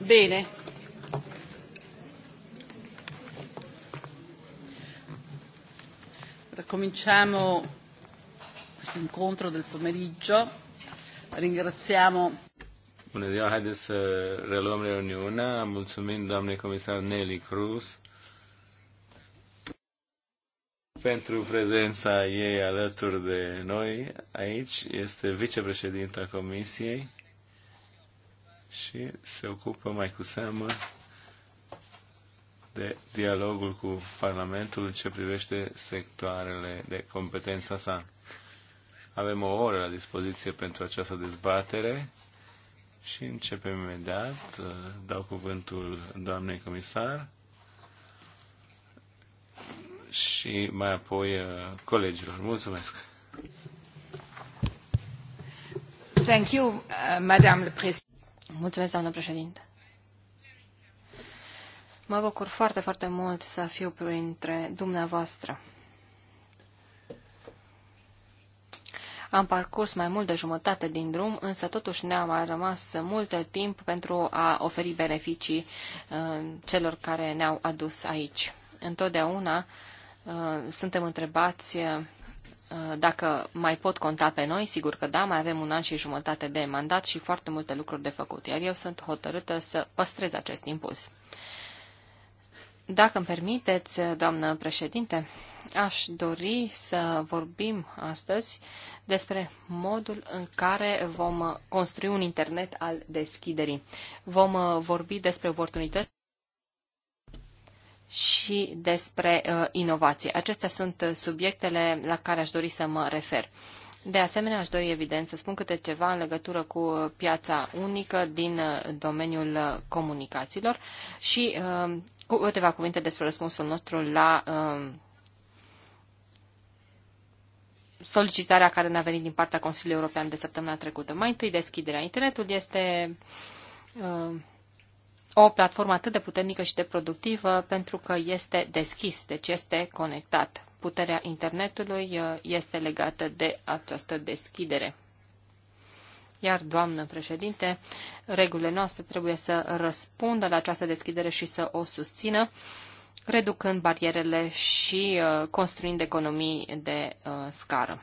Bine. Cominciamo questo incontro del pomeriggio. Ringraziamo. Bună ziua, haideți să reluăm reuniunea. Mulțumim doamnei comisar Nelly Cruz pentru prezența ei alături de noi aici. Este vicepreședinta Comisiei și se ocupă mai cu seamă de dialogul cu Parlamentul în ce privește sectoarele de competența sa. Avem o oră la dispoziție pentru această dezbatere și începem imediat. Dau cuvântul doamnei comisar și mai apoi uh, colegilor. Mulțumesc! Thank you, uh, Madame le Mulțumesc, doamnă președinte. Mă bucur foarte, foarte mult să fiu printre dumneavoastră. Am parcurs mai mult de jumătate din drum, însă totuși ne-a mai rămas mult timp pentru a oferi beneficii uh, celor care ne-au adus aici. Întotdeauna uh, suntem întrebați uh, Uh, dacă mai pot conta pe noi, sigur că da, mai avem un an și jumătate de mandat și foarte multe lucruri de făcut, iar eu sunt hotărâtă să păstrez acest impuls. Dacă îmi permiteți, doamnă președinte, aș dori să vorbim astăzi despre modul în care vom construi un internet al deschiderii. Vom uh, vorbi despre oportunități și despre uh, inovație. Acestea sunt uh, subiectele la care aș dori să mă refer. De asemenea, aș dori, evident, să spun câte ceva în legătură cu uh, piața unică din uh, domeniul comunicațiilor și uh, cu câteva cuvinte despre răspunsul nostru la uh, solicitarea care ne-a venit din partea Consiliului European de săptămâna trecută. Mai întâi, deschiderea. Internetul este uh, o platformă atât de puternică și de productivă pentru că este deschis, deci este conectat. Puterea internetului uh, este legată de această deschidere. Iar, doamnă președinte, regulile noastre trebuie să răspundă la această deschidere și să o susțină, reducând barierele și uh, construind economii de uh, scară.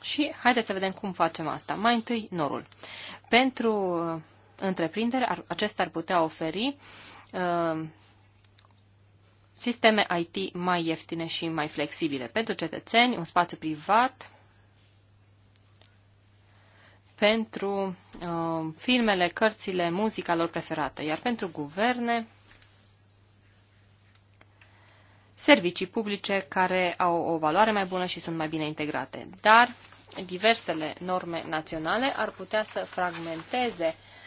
Și haideți să vedem cum facem asta. Mai întâi, norul. Pentru întreprinderi, ar, acesta ar putea oferi uh, sisteme IT mai ieftine și mai flexibile pentru cetățeni, un spațiu privat, pentru uh, filmele, cărțile, muzica lor preferată, iar pentru guverne, servicii publice care au o valoare mai bună și sunt mai bine integrate. Dar diversele norme naționale ar putea să fragmenteze uh,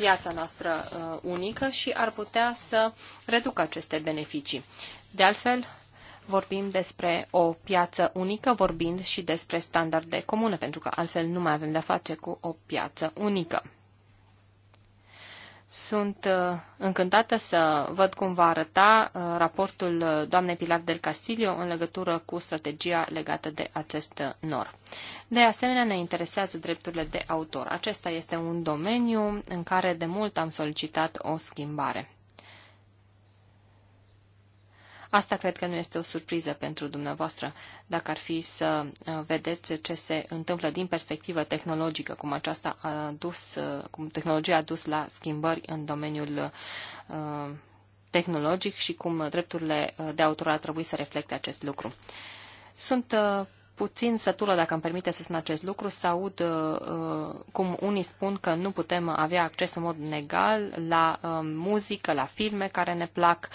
piața noastră uh, unică și ar putea să reducă aceste beneficii. De altfel, vorbim despre o piață unică, vorbind și despre standarde comune, pentru că altfel nu mai avem de-a face cu o piață unică. Sunt uh, încântată să văd cum va arăta uh, raportul uh, doamnei Pilar del Castillo în legătură cu strategia legată de acest nor. De asemenea, ne interesează drepturile de autor. Acesta este un domeniu în care de mult am solicitat o schimbare. Asta cred că nu este o surpriză pentru dumneavoastră, dacă ar fi să uh, vedeți ce se întâmplă din perspectivă tehnologică, cum aceasta a dus, uh, cum tehnologia a dus la schimbări în domeniul uh, tehnologic și cum drepturile de autor ar trebui să reflecte acest lucru. Sunt puțin sătulă, dacă îmi permite să spun acest lucru, să aud uh, uh, cum unii spun că nu putem avea acces în mod egal la uh, muzică, la filme care ne plac,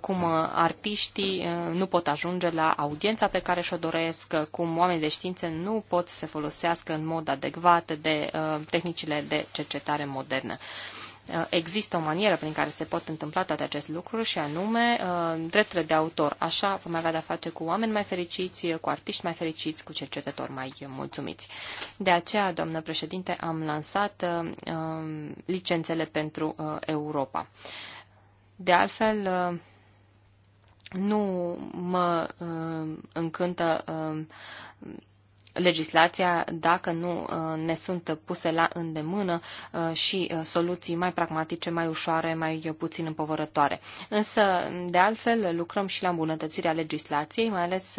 cum artiștii nu pot ajunge la audiența pe care și-o doresc, cum oamenii de știință nu pot să se folosească în mod adecvat de tehnicile de cercetare modernă. Uh, Uh, există o manieră prin care se pot întâmpla toate aceste lucruri și anume uh, drepturile de autor. Așa vom avea de-a face cu oameni mai fericiți, cu artiști mai fericiți, cu cercetători mai mulțumiți. De aceea, doamnă președinte, am lansat uh, um, licențele pentru Europa. De altfel, nu mă încântă legislația dacă nu uh, ne sunt puse la îndemână uh, și uh, soluții mai pragmatice, mai ușoare, mai puțin împovărătoare. Însă, de altfel, lucrăm și la îmbunătățirea legislației, mai ales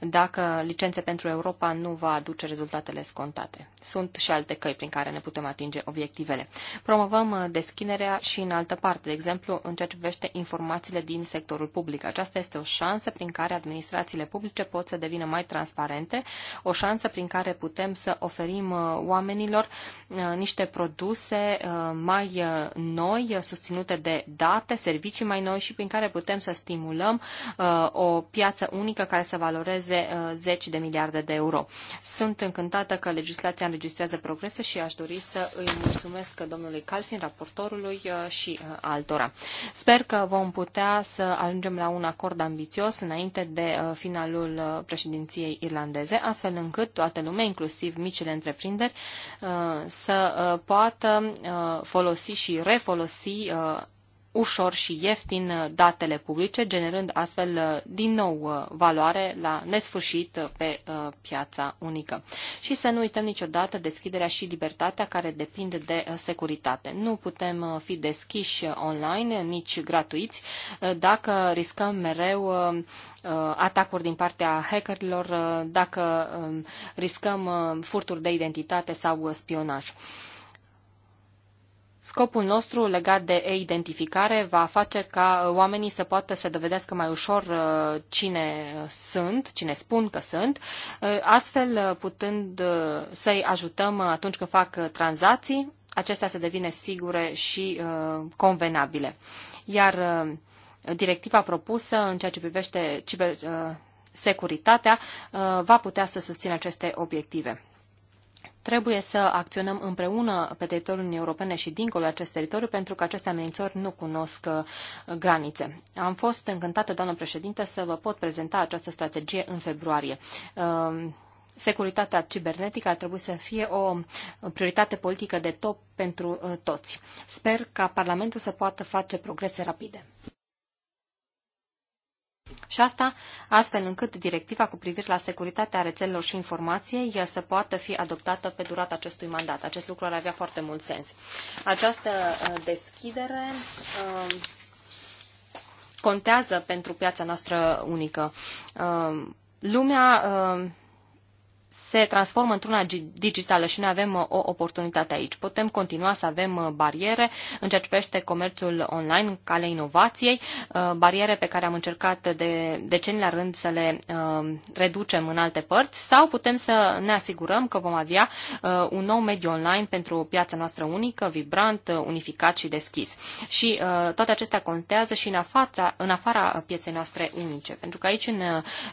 dacă licențe pentru Europa nu va aduce rezultatele scontate. Sunt și alte căi prin care ne putem atinge obiectivele. Promovăm deschinerea și în altă parte, de exemplu, în ceea ce privește informațiile din sectorul public. Aceasta este o șansă prin care administrațiile publice pot să devină mai transparente, o șansă prin care putem să oferim uh, oamenilor uh, niște produse uh, mai noi, susținute de date, servicii mai noi și prin care putem să stimulăm o piață unică care să valoreze 10 de miliarde de euro. Sunt încântată că legislația înregistrează progrese și aș dori să îi mulțumesc domnului Calfin, raportorului și altora. Sper că vom putea să ajungem la un acord ambițios înainte de finalul președinției irlandeze, astfel încât încât toată lumea, inclusiv micile întreprinderi, uh, să uh, poată uh, folosi și refolosi ușor și ieftin uh, datele publice, generând astfel uh, din nou uh, valoare la nesfârșit pe piața unică. Și să nu uităm niciodată deschiderea și libertatea care depind de securitate. Nu putem fi deschiși online, nici gratuiți, dacă riscăm mereu atacuri din partea hackerilor, dacă um, riscăm furturi de identitate sau spionaj. Scopul nostru legat de e-identificare va face ca oamenii să poată să dovedească mai ușor uh, cine sunt, cine spun că sunt, uh, astfel uh, putând să-i ajutăm atunci când fac tranzacții, acestea să devină sigure și convenabile. Iar directiva propusă în ceea ce privește ciber, securitatea va putea să susțină aceste obiective. Trebuie să acționăm împreună pe teritoriul Uniunii Europene și dincolo de acest teritoriu, pentru că aceste amenințări nu cunosc uh, granițe. Am fost încântată, doamnă președinte, să vă pot prezenta această strategie în februarie uh, securitatea cibernetică ar trebui să fie o prioritate politică de top pentru uh, toți. Sper ca Parlamentul să poată face progrese rapide. Și asta astfel încât directiva cu privire la securitatea rețelelor și informației să poată fi adoptată pe durata acestui mandat. Acest lucru ar avea foarte mult sens. Această uh, deschidere uh, contează pentru piața noastră unică. Uh, lumea se transformă într-una digitală și noi avem uh, o oportunitate aici. Putem continua să avem uh, bariere în ceea ce privește comerțul online, calea inovației, uh, bariere pe care am încercat de decenii la rând să le reducem în alte părți sau putem să ne asigurăm că vom avea un nou mediu online pentru piața noastră unică, vibrant, unificat și deschis. Și toate acestea contează și în, afața, în afara pieței noastre unice, pentru că aici în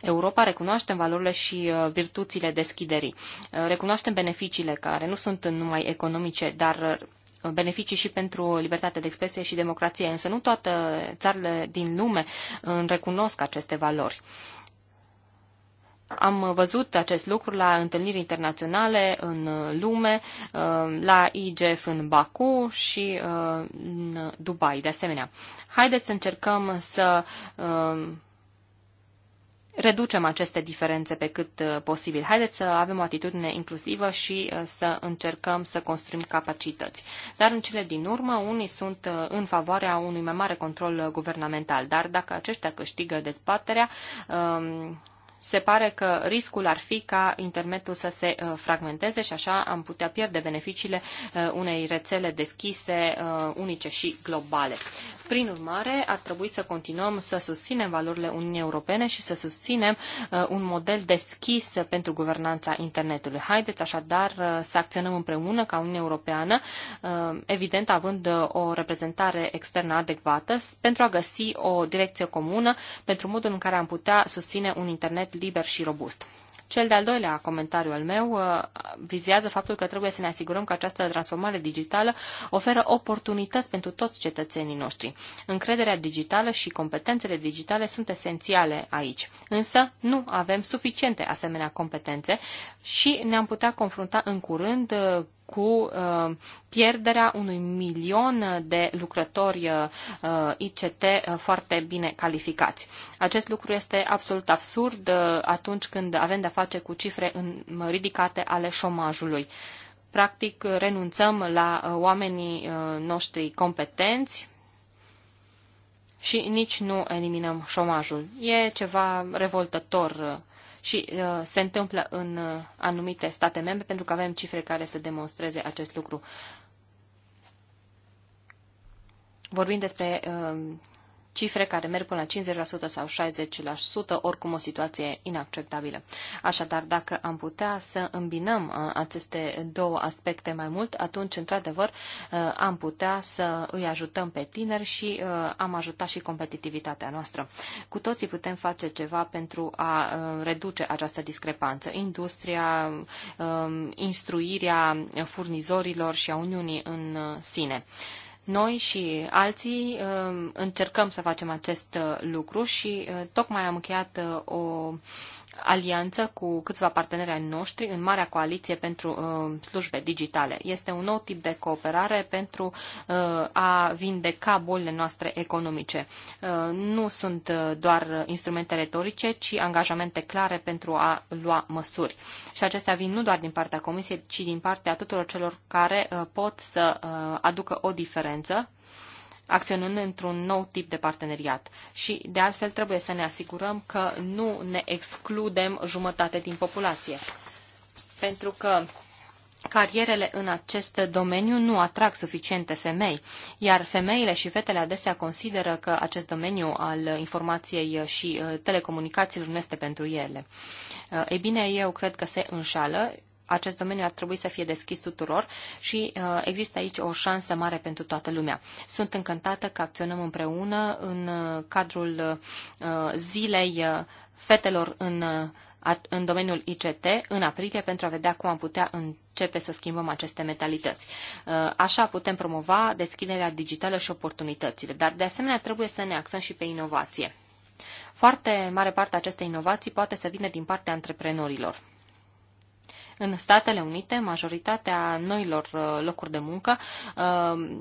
Europa recunoaștem valorile și virtuțile de deschiderii. Uh, recunoaștem beneficiile care nu sunt numai economice, dar uh, beneficii și pentru libertatea de expresie și democrație, însă nu toate țările din lume uh, recunosc aceste valori. Am văzut acest lucru la întâlniri internaționale în lume, la IGF în Baku și în Dubai, de asemenea. Haideți să încercăm să reducem aceste diferențe pe cât uh, posibil. Haideți să avem o atitudine inclusivă și uh, să încercăm să construim capacități. Dar în cele din urmă, unii sunt uh, în favoarea unui mai mare control guvernamental. Dar dacă aceștia câștigă dezbaterea, um, se pare că riscul ar fi ca internetul să se uh, fragmenteze și așa am putea pierde beneficiile uh, unei rețele deschise, uh, unice și globale. Prin urmare, ar trebui să continuăm să susținem valorile Uniunii Europene și să susținem un model deschis pentru guvernanța internetului. Haideți așadar să acționăm împreună ca Uniunea Europeană, evident având o reprezentare externă adecvată, pentru a găsi o direcție comună pentru modul în care am putea susține un internet liber și robust. Cel de-al doilea comentariu al meu uh, vizează faptul că trebuie să ne asigurăm că această transformare digitală oferă oportunități pentru toți cetățenii noștri. Încrederea digitală și competențele digitale sunt esențiale aici, însă nu avem suficiente asemenea competențe și ne-am putea confrunta în curând uh, cu uh, pierderea unui milion de lucrători uh, ICT uh, foarte bine calificați. Acest lucru este absolut absurd atunci când avem de-a face cu cifre ridicate ale șomajului. Practic, renunțăm la oamenii noștri competenți, și nici nu eliminăm șomajul. E ceva revoltător și uh, se întâmplă în uh, anumite state membre pentru că avem cifre care să demonstreze acest lucru. Vorbim despre uh, cifre care merg până la 50% sau 60%, oricum o situație inacceptabilă. Așadar, dacă am putea să îmbinăm uh, aceste două aspecte mai mult, atunci, într-adevăr, uh, am putea să îi ajutăm pe tineri și uh, am ajutat și competitivitatea noastră. Cu toții putem face ceva pentru a reduce această discrepanță. Industria, um, instruirea furnizorilor și a Uniunii în sine. Noi și alții um, încercăm să facem acest uh, lucru și uh, tocmai am încheiat uh, o alianță cu câțiva parteneri ai noștri în Marea Coaliție pentru uh, Slujbe Digitale. Este un nou tip de cooperare pentru uh, a vindeca bolile noastre economice. Uh, nu sunt uh, doar instrumente retorice, ci angajamente clare pentru a lua măsuri. Și acestea vin nu doar din partea Comisiei, ci din partea tuturor celor care uh, pot să uh, aducă o diferență acționând într-un nou tip de parteneriat. Și, de altfel, trebuie să ne asigurăm că nu ne excludem jumătate din populație. Pentru că carierele în acest domeniu nu atrag suficiente femei, iar femeile și fetele adesea consideră că acest domeniu al informației și uh, telecomunicațiilor nu este pentru ele. Uh, ei bine, eu cred că se înșală acest domeniu ar trebui să fie deschis tuturor și uh, există aici o șansă mare pentru toată lumea. Sunt încântată că acționăm împreună în uh, cadrul uh, zilei fetelor în în domeniul ICT în aprilie pentru a vedea cum am putea începe să schimbăm aceste mentalități. Așa putem promova deschiderea digitală și oportunitățile, dar de asemenea trebuie să ne axăm și pe inovație. Foarte mare parte a acestei inovații poate să vină din partea antreprenorilor. În Statele Unite, majoritatea noilor uh, locuri de muncă uh,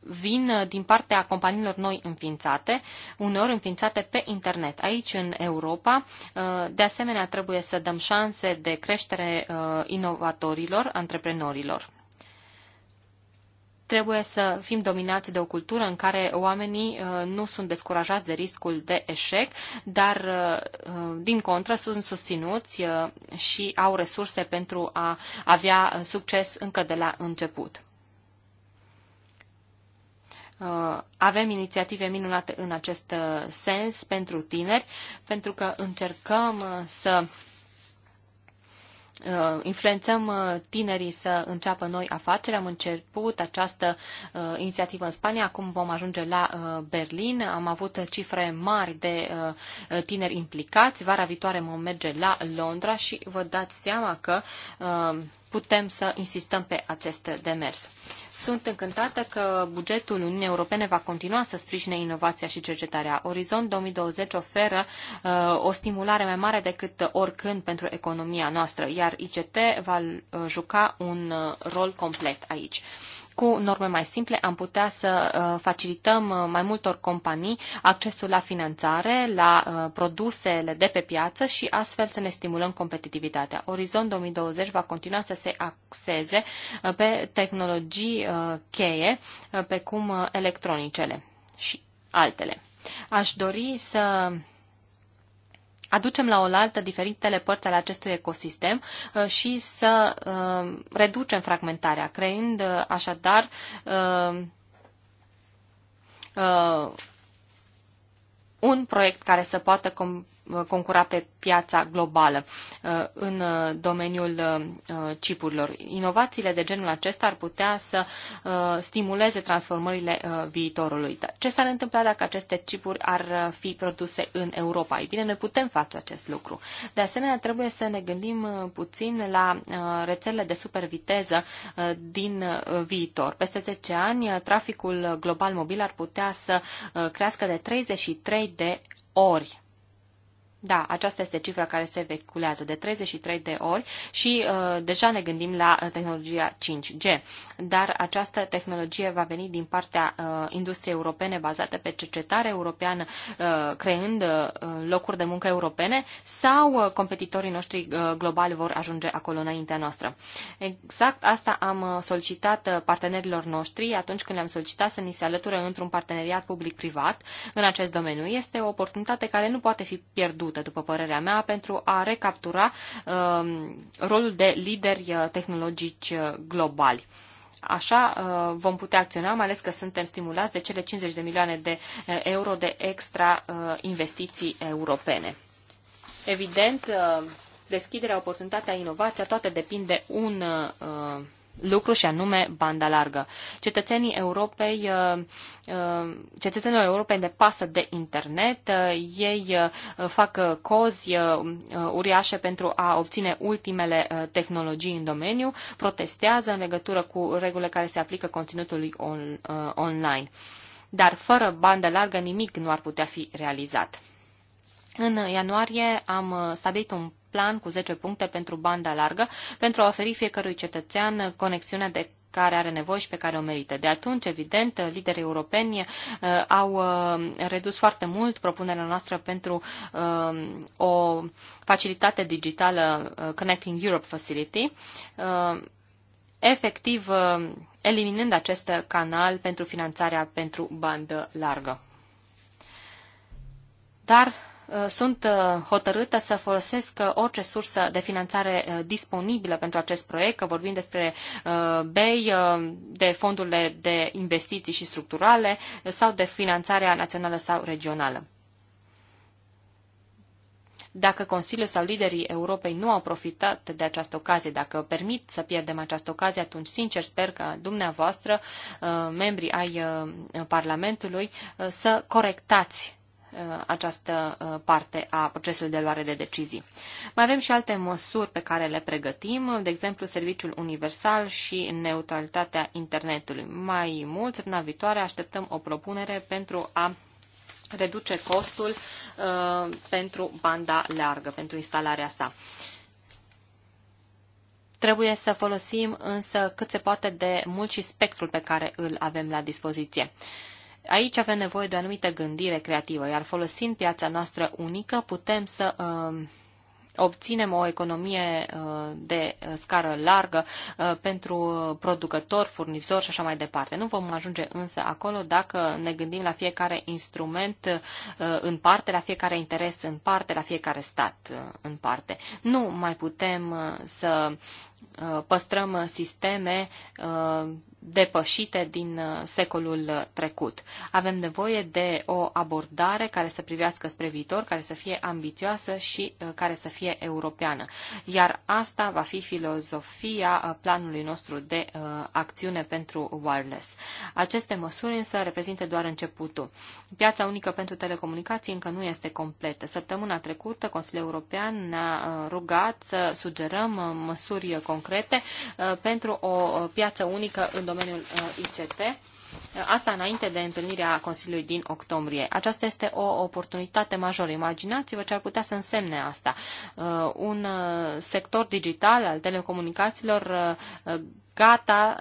vin uh, din partea companiilor noi înființate, uneori înființate pe internet. Aici, în Europa, de asemenea, trebuie să dăm șanse de creștere inovatorilor, antreprenorilor trebuie să fim dominați de o cultură în care oamenii uh, nu sunt descurajați de riscul de eșec, dar uh, uh, din contră sunt susținuți și au resurse pentru a avea succes încă de la început. Avem inițiative minunate în acest sens pentru tineri, pentru că încercăm să Uh, influențăm uh, tinerii să înceapă noi afaceri. Am început această uh, inițiativă în Spania, acum vom ajunge la Berlin. Am avut cifre mari de tineri implicați. Vara viitoare vom merge la Londra și vă dați seama că putem să insistăm pe acest demers. Sunt încântată că bugetul Uniunii Europene va continua să sprijine inovația și cercetarea. Orizont 2020 oferă uh, o stimulare mai mare decât oricând pentru economia noastră, iar ICT va uh, juca un uh, rol complet aici. Uh, cu norme mai simple am putea să uh, facilităm uh, mai multor companii accesul la finanțare, la uh, produsele de pe piață și astfel să ne stimulăm competitivitatea. Orizont 2020 va continua să se axeze pe tehnologii cheie, pe cum electronicele și altele. Aș dori să aducem la oaltă diferitele părți ale acestui ecosistem uh, și să uh, reducem fragmentarea, creând uh, așadar un proiect care să poată Uh, concura pe piața globală uh, în uh, domeniul chipurilor. Inovațiile de genul acesta ar putea să stimuleze transformările viitorului. Ce s-ar întâmpla dacă aceste chipuri ar fi produse în Europa? Ei bine, noi putem face acest lucru. De asemenea, trebuie să ne gândim puțin la rețelele de superviteză din viitor. Peste 10 ani, traficul global mobil ar putea să crească de 33 de ori da, aceasta este cifra care se vehiculează de 33 de ori și uh, deja ne gândim la uh, tehnologia 5G, dar această tehnologie va veni din partea uh, industriei europene bazată pe cercetare europeană, uh, creând uh, locuri de muncă europene sau uh, competitorii noștri uh, globali vor ajunge acolo înaintea noastră. Exact asta am uh, solicitat uh, partenerilor noștri atunci când le-am solicitat să ni se alăture într-un parteneriat public-privat în acest domeniu. Este o oportunitate care nu poate fi pierdută pierdută, după părerea mea, pentru a recaptura um, rolul de lideri uh, tehnologici uh, globali. Așa uh, vom putea acționa, mai ales că suntem stimulați de cele 50 de milioane de euro de extra investiții europene. Evident, deschiderea, oportunitatea, inovația, toate depinde de un lucru și anume banda largă. Cetățenii Europei, uh, uh, cetățenilor Europei de pasă de internet, uh, ei fac cozi uriașe pentru a obține ultimele tehnologii în domeniu, protestează în legătură cu regulile care se aplică conținutului on, online. Dar fără bandă largă nimic nu ar putea fi realizat. În ianuarie am stabilit un plan cu 10 puncte pentru banda largă, pentru a oferi fiecărui cetățean conexiunea de care are nevoie și pe care o merită. De atunci, evident, liderii europeni uh, au uh, redus foarte mult propunerea noastră pentru uh, o facilitate digitală uh, Connecting Europe Facility, uh, efectiv uh, eliminând acest canal pentru finanțarea pentru bandă largă. Dar Uh, sunt uh, hotărâtă să folosesc uh, orice sursă de finanțare disponibilă pentru acest proiect, că vorbim despre BEI, de fondurile de investiții și structurale sau de finanțarea națională sau regională. Dacă Consiliul sau liderii Europei nu au profitat de această ocazie, dacă permit să pierdem această ocazie, atunci sincer sper că dumneavoastră, membrii ai Parlamentului, să corectați Uh, această uh, parte a procesului de luare de decizii. Mai avem și alte măsuri pe care le pregătim, de exemplu serviciul universal și neutralitatea internetului. Mai mult, săptămâna viitoare, așteptăm o propunere pentru a reduce costul uh, pentru banda largă, pentru instalarea sa. Trebuie să folosim însă cât se poate de mult și spectrul pe care îl avem la dispoziție. Uh, Aici avem nevoie de o anumită gândire creativă, iar folosind piața noastră unică, putem să uh, obținem o economie uh, de scară largă uh, pentru producător, furnizor, și așa mai departe. Nu vom ajunge însă acolo dacă ne gândim la fiecare instrument uh, în parte, la fiecare interes în parte, la fiecare stat în parte. Nu mai putem să păstrăm sisteme depășite din uh, secolul uh, trecut. Avem nevoie de o abordare care să privească spre viitor, care să fie ambițioasă și uh, care să fie europeană. Iar asta va fi filozofia planului nostru de acțiune pentru wireless. Aceste măsuri însă reprezintă doar începutul. Piața unică pentru telecomunicații încă nu este completă. Săptămâna trecută, Consiliul European ne-a rugat să sugerăm măsuri concrete pentru o piață unică în domeniul domeniul uh, ICT, uh, Asta înainte de întâlnirea Consiliului din octombrie. Aceasta este o oportunitate majoră. Imaginați-vă ce ar putea să însemne asta. Uh, un sector digital al telecomunicațiilor gata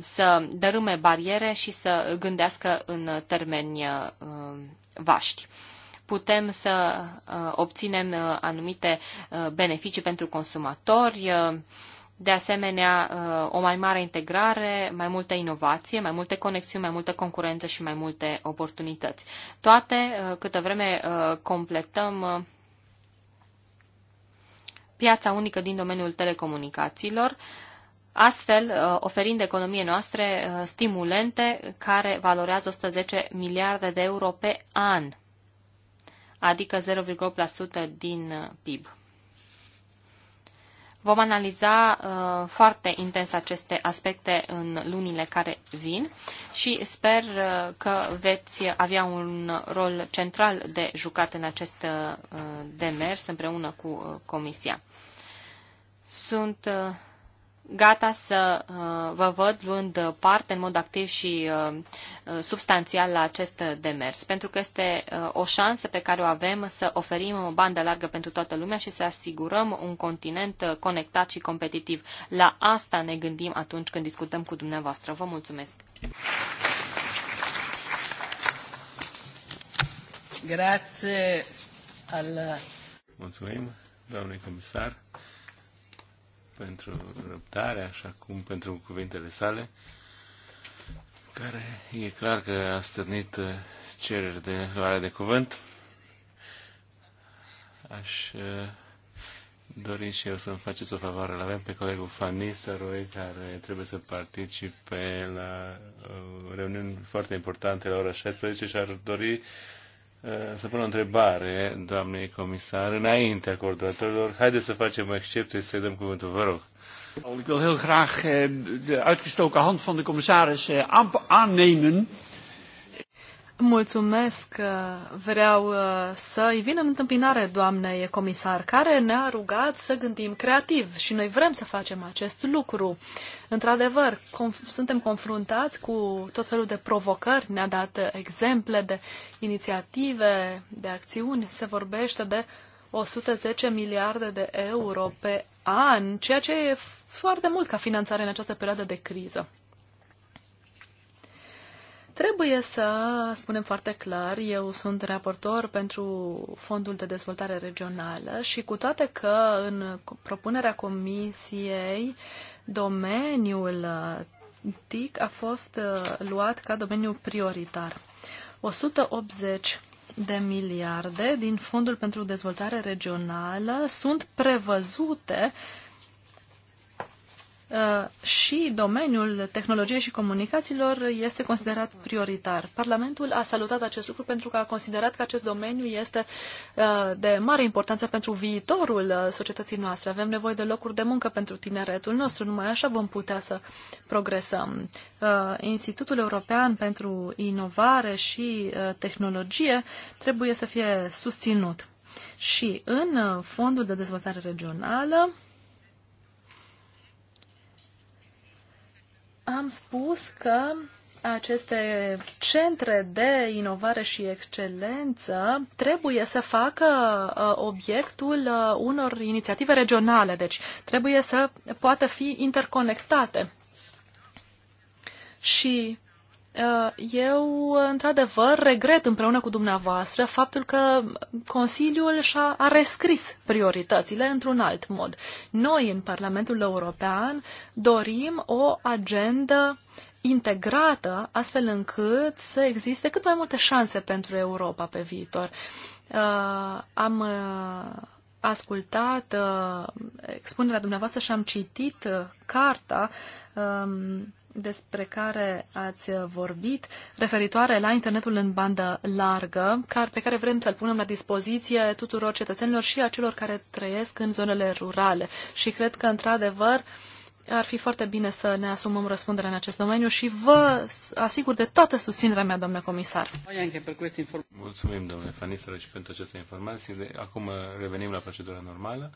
să dărâme bariere și să gândească în termeni vaști putem să obținem anumite beneficii pentru consumatori, de asemenea uh, o mai mare integrare, mai multă inovație, mai multe conexiuni, mai multă concurență și mai multe oportunități. Toate, uh, câtă vreme uh, completăm piața unică din domeniul telecomunicațiilor, astfel oferind economiei noastre stimulente care valorează 110 miliarde de euro pe an, adică 0,8% din PIB. Vom analiza uh, foarte intens aceste aspecte în lunile care vin și sper uh, că veți avea un rol central de jucat în acest uh, uh demers împreună cu uh, Comisia. Sunt uh, gata să uh, vă văd luând parte în mod activ și uh, uh, substanțial la acest demers, pentru că este o șansă pe care o avem să oferim o bandă largă pentru toată lumea și să asigurăm un continent conectat și competitiv. La asta ne gândim atunci când discutăm cu dumneavoastră. Vă mulțumesc! Grazie al... Mulțumim, doamne comisar pentru răbdare, așa cum pentru cuvintele sale, care e clar că a stârnit uh, cereri de luare de cuvânt. Aș uh, dori și eu să-mi faceți o favoare. L avem pe colegul Fanisteroi, care trebuie să participe la uh, reuniuni foarte importante la ora 16 și ar dori Eh, să pun o întrebare, doamnei comisar, înaintea coordonatorilor. Haideți să facem o excepție și să-i dăm cuvântul, vă rog. Ik wil heel graag eh, de uitgestoken hand van de commissaris eh, aannemen. Mulțumesc. Uh, vreau uh, să îi vin în întâmpinare doamnei comisar, care ne-a rugat să gândim creativ și noi vrem să facem acest lucru. Într-adevăr, conf- suntem confruntați cu tot felul de provocări, ne-a dat exemple de inițiative, de acțiuni. Se vorbește de 110 miliarde de euro pe an, ceea ce e foarte mult ca finanțare în această perioadă de criză. Trebuie să spunem foarte clar, eu sunt raportor pentru Fondul de Dezvoltare Regională și cu toate că în propunerea comisiei domeniul uh, TIC a fost uh, luat ca domeniu prioritar. 180 de miliarde din Fondul pentru Dezvoltare Regională sunt prevăzute uh, Uh, și domeniul tehnologiei și comunicațiilor este considerat prioritar. Parlamentul a salutat acest lucru pentru că a considerat că acest domeniu este uh, de mare importanță pentru viitorul uh, societății noastre. Avem nevoie de locuri de muncă pentru tineretul nostru, numai așa vom putea să progresăm. Institutul European pentru Inovare și Tehnologie trebuie să fie susținut. Și în Fondul de Dezvoltare Regională, am spus că aceste centre de inovare și excelență trebuie să facă uh, obiectul uh, unor inițiative regionale, deci trebuie să poată fi interconectate. Și Uh, eu, într-adevăr, regret împreună cu dumneavoastră faptul că Consiliul și-a a rescris prioritățile într-un alt mod. Noi, în Parlamentul European, dorim o agendă integrată, astfel încât să existe cât mai multe șanse pentru Europa pe viitor. Uh, am uh, ascultat uh, expunerea dumneavoastră și am citit uh, carta. Uh, despre care ați vorbit, referitoare la internetul în bandă largă, pe care vrem să-l punem la dispoziție tuturor cetățenilor și a celor care trăiesc în zonele rurale. Și cred că, într-adevăr, ar fi foarte bine să ne asumăm răspunderea în acest domeniu și vă asigur de toată susținerea mea, domnule comisar. Mulțumim, domnule Fanistră, și pentru aceste informații. De, acum uh, revenim la procedura normală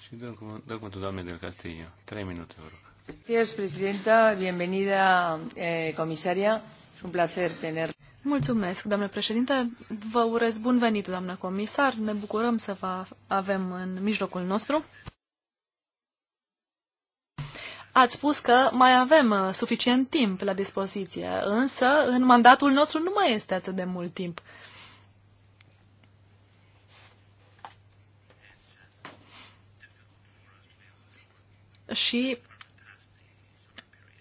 și dăm cuvântul doamnei del Castillo. Trei minute, vă rog. Gracias, presidenta. Bienvenida, eh, comisaria. Es un placer tener... Mulțumesc, doamnă președinte. Vă urez bun venit, doamnă comisar. Ne bucurăm să vă avem în mijlocul nostru. Ați spus că mai avem uh, suficient timp la dispoziție, însă în mandatul nostru nu mai este atât de mult timp. Și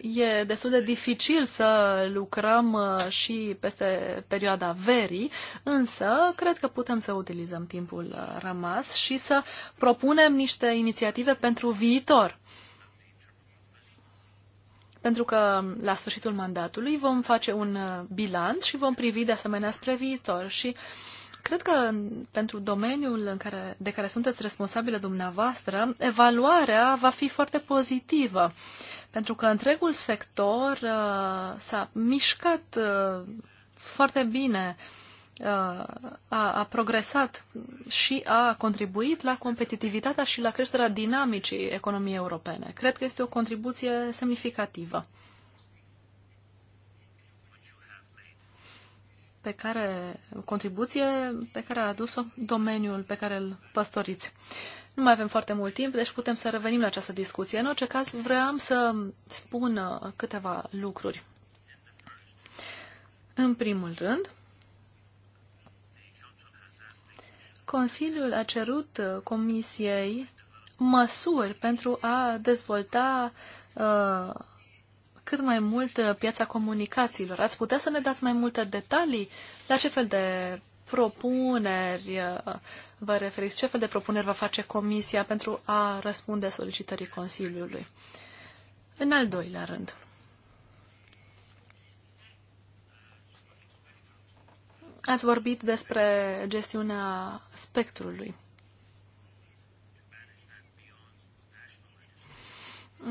e destul de dificil să lucrăm uh, și peste perioada verii, însă cred că putem să utilizăm timpul uh, rămas și să propunem niște inițiative pentru viitor. Pentru că um, la sfârșitul mandatului vom face un uh, bilanț și vom privi de asemenea spre viitor și uh, Cred că pentru domeniul în care, de care sunteți responsabile dumneavoastră, evaluarea va fi foarte pozitivă, pentru că întregul sector uh, s-a mișcat uh, foarte bine, uh, a, a progresat și a contribuit la competitivitatea și la creșterea dinamicii economiei europene. Cred că este o contribuție semnificativă. pe care, contribuție pe care a adus-o domeniul pe care îl păstoriți. Nu mai avem foarte mult timp, deci putem să revenim la această discuție. În orice caz, vreau să spun uh, câteva lucruri. În primul rând, Consiliul a cerut uh, Comisiei măsuri pentru a dezvolta uh, cât mai mult uh, piața comunicațiilor. Ați putea să ne dați mai multe detalii la ce fel de propuneri uh, vă referiți, ce fel de propuneri va face Comisia pentru a răspunde solicitării Consiliului. În al doilea rând, ați vorbit despre gestiunea spectrului.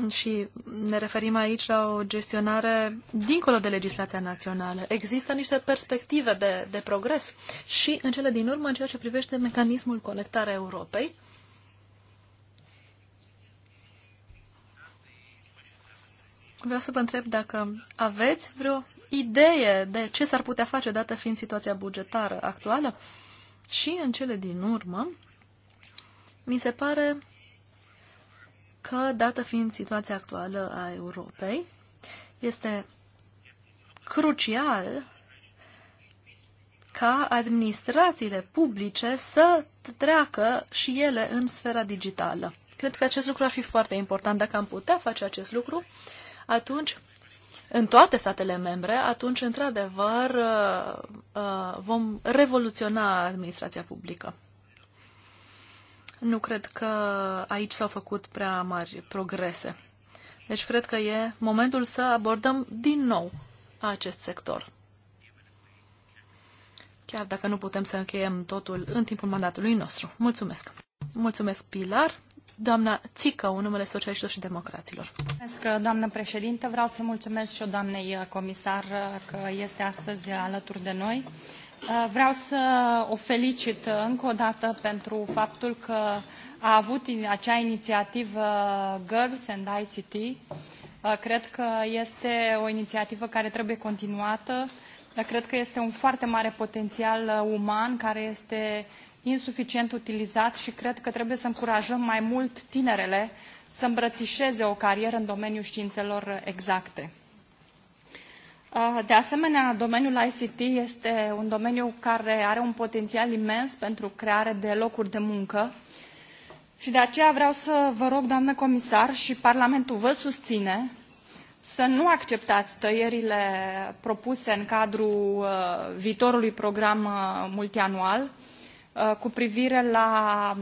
și ne referim aici la o gestionare dincolo de legislația națională. Există niște perspective de, de progres și, în cele din urmă, în ceea ce privește mecanismul conectarea Europei, vreau să vă întreb dacă aveți vreo idee de ce s-ar putea face, dată fiind situația bugetară actuală. Și, în cele din urmă, mi se pare că, dată fiind situația actuală a Europei, este crucial ca administrațiile publice să treacă și ele în sfera digitală. Cred că acest lucru ar fi foarte important. Dacă am putea face acest lucru, atunci, în toate statele membre, atunci, într-adevăr, uh, uh, vom revoluționa administrația publică. Nu cred că aici s-au făcut prea mari progrese. Deci cred că e momentul să abordăm din nou acest sector. Chiar dacă nu putem să încheiem totul în timpul mandatului nostru. Mulțumesc! Mulțumesc, Pilar! Doamna Țică, un numele Socialiștilor și Democraților. Mulțumesc, doamnă președintă. Vreau să mulțumesc și o doamnei comisar că este astăzi alături de noi. Uh, vreau să o felicit încă o dată pentru faptul că a avut acea inițiativă Girls and ICT. Uh, cred că este o inițiativă care trebuie continuată. Uh, cred că este un foarte mare potențial uman care este insuficient utilizat și cred că trebuie să încurajăm mai mult tinerele să îmbrățișeze o carieră în domeniul științelor exacte. Uh, de asemenea, domeniul ICT este un domeniu care are un potențial imens pentru creare de locuri de muncă și de aceea vreau să vă rog, doamnă comisar, și Parlamentul vă susține să nu acceptați tăierile propuse în cadrul uh, viitorului program uh, multianual cu privire la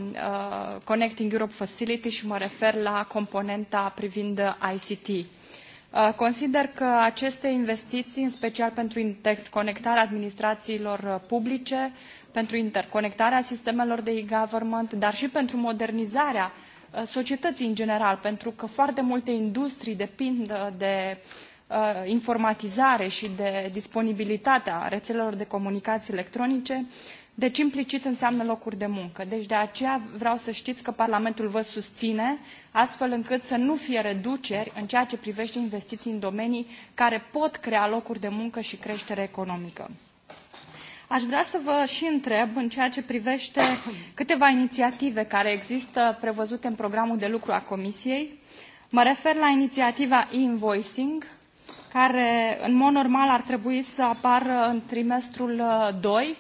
Connecting Europe Facility și mă refer la componenta privind ICT. Uh, consider că aceste investiții, în special pentru interconectarea administrațiilor uh, publice, pentru interconectarea sistemelor de e-government, dar și pentru modernizarea uh, societății în general, pentru că foarte multe industrii depind de informatizare și de disponibilitatea rețelelor de comunicații electronice, deci implicit înseamnă locuri de muncă. Deci de aceea vreau să știți că Parlamentul vă susține astfel încât să nu fie reduceri în ceea ce privește investiții în domenii care pot crea locuri de muncă și creștere economică. Aș vrea să vă și întreb în ceea ce privește câteva inițiative care există prevăzute în programul de lucru a Comisiei. Mă refer la inițiativa e-invoicing, care în mod normal ar trebui să apară în trimestrul 2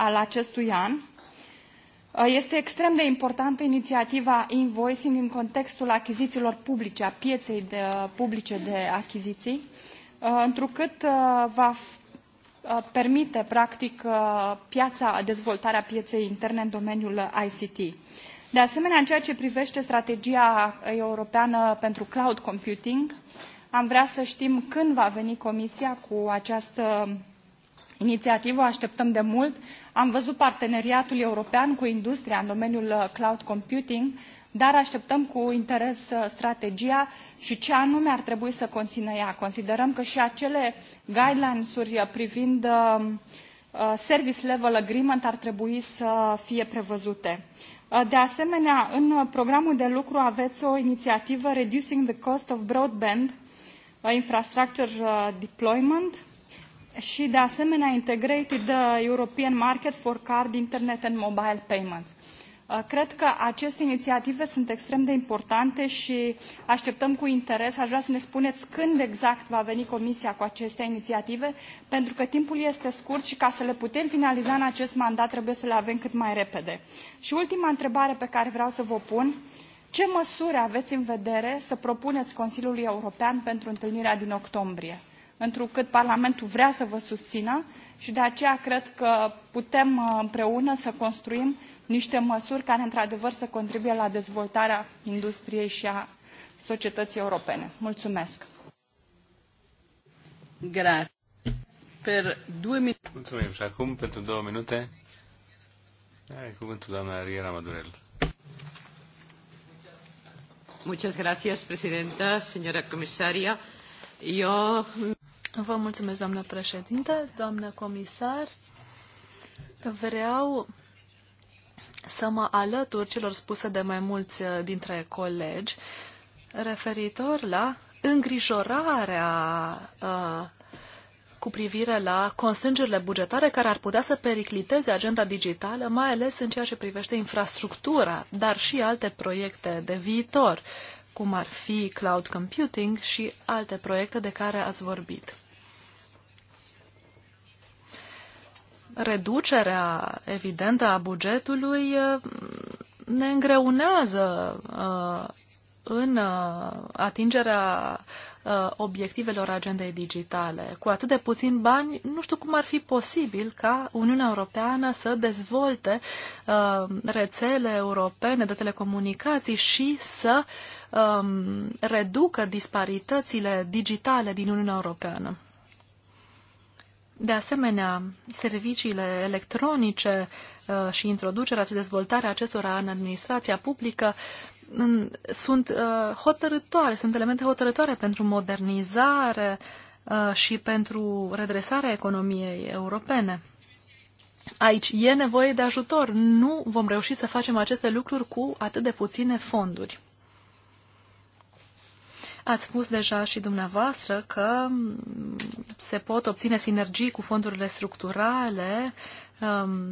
al acestui an. Uh, este extrem de importantă inițiativa invoicing în contextul achizițiilor publice, a pieței de, publice de achiziții, uh, întrucât uh, va permite, practic, piața, dezvoltarea pieței interne în domeniul ICT. De asemenea, în ceea ce privește strategia europeană pentru cloud computing, am vrea să știm când va veni Comisia cu această Inițiativă așteptăm de mult. Am văzut parteneriatul european cu industria în domeniul uh, cloud computing, dar așteptăm cu interes uh, strategia și ce anume ar trebui să conțină ea. Considerăm că și acele guidelines-uri uh, privind um, service level agreement ar trebui să fie prevăzute. De asemenea, în programul de lucru aveți o inițiativă Reducing the Cost of Broadband Infrastructure Deployment, și, de asemenea, Integrated European Market for Card, Internet and Mobile Payments. Uh, cred că aceste inițiative sunt extrem de importante și așteptăm cu interes. Aș vrea să ne spuneți când exact va veni Comisia cu aceste inițiative, pentru că timpul este scurt și ca să le putem finaliza în acest mandat trebuie să le avem cât mai repede. Și ultima întrebare pe care vreau să vă pun. Ce măsuri aveți în vedere să propuneți Consiliului European pentru întâlnirea din octombrie? întrucât Parlamentul vrea să vă susțină și de aceea cred că putem uh, împreună să construim niște măsuri care într-adevăr să contribuie la dezvoltarea industriei și a societății europene. Mulțumesc! Grazie. Per due minute. Mulțumim. Și acum, pentru două minute, are cuvântul doamna Riera Madurel. Muchas gracias, presidenta, señora comisaria. Eu... Vă mulțumesc, doamnă președintă, doamnă comisar. Vreau să mă alătur celor spuse de mai mulți uh, dintre colegi referitor la îngrijorarea uh, cu privire la constrângerile bugetare care ar putea să pericliteze agenda digitală, mai ales în ceea ce privește infrastructura, dar și alte proiecte de viitor cum ar fi cloud computing și alte proiecte de care ați vorbit. Reducerea evidentă a bugetului uh, ne îngreunează uh, în uh, atingerea obiectivelor agendei digitale. Cu atât de puțin bani, nu știu cum ar fi posibil ca Uniunea Europeană să dezvolte rețele europene de telecomunicații și să uh, um, reducă disparitățile digitale din Uniunea Europeană. De asemenea, serviciile electronice uh, și introducerea și dezvoltarea acestora în administrația publică în, sunt uh, hotărătoare, sunt elemente hotărătoare pentru modernizare uh, și pentru redresarea economiei europene. Aici e nevoie de ajutor. Nu vom reuși să facem aceste lucruri cu atât de puține fonduri. Ați spus deja și dumneavoastră că se pot obține sinergii cu fondurile structurale, um,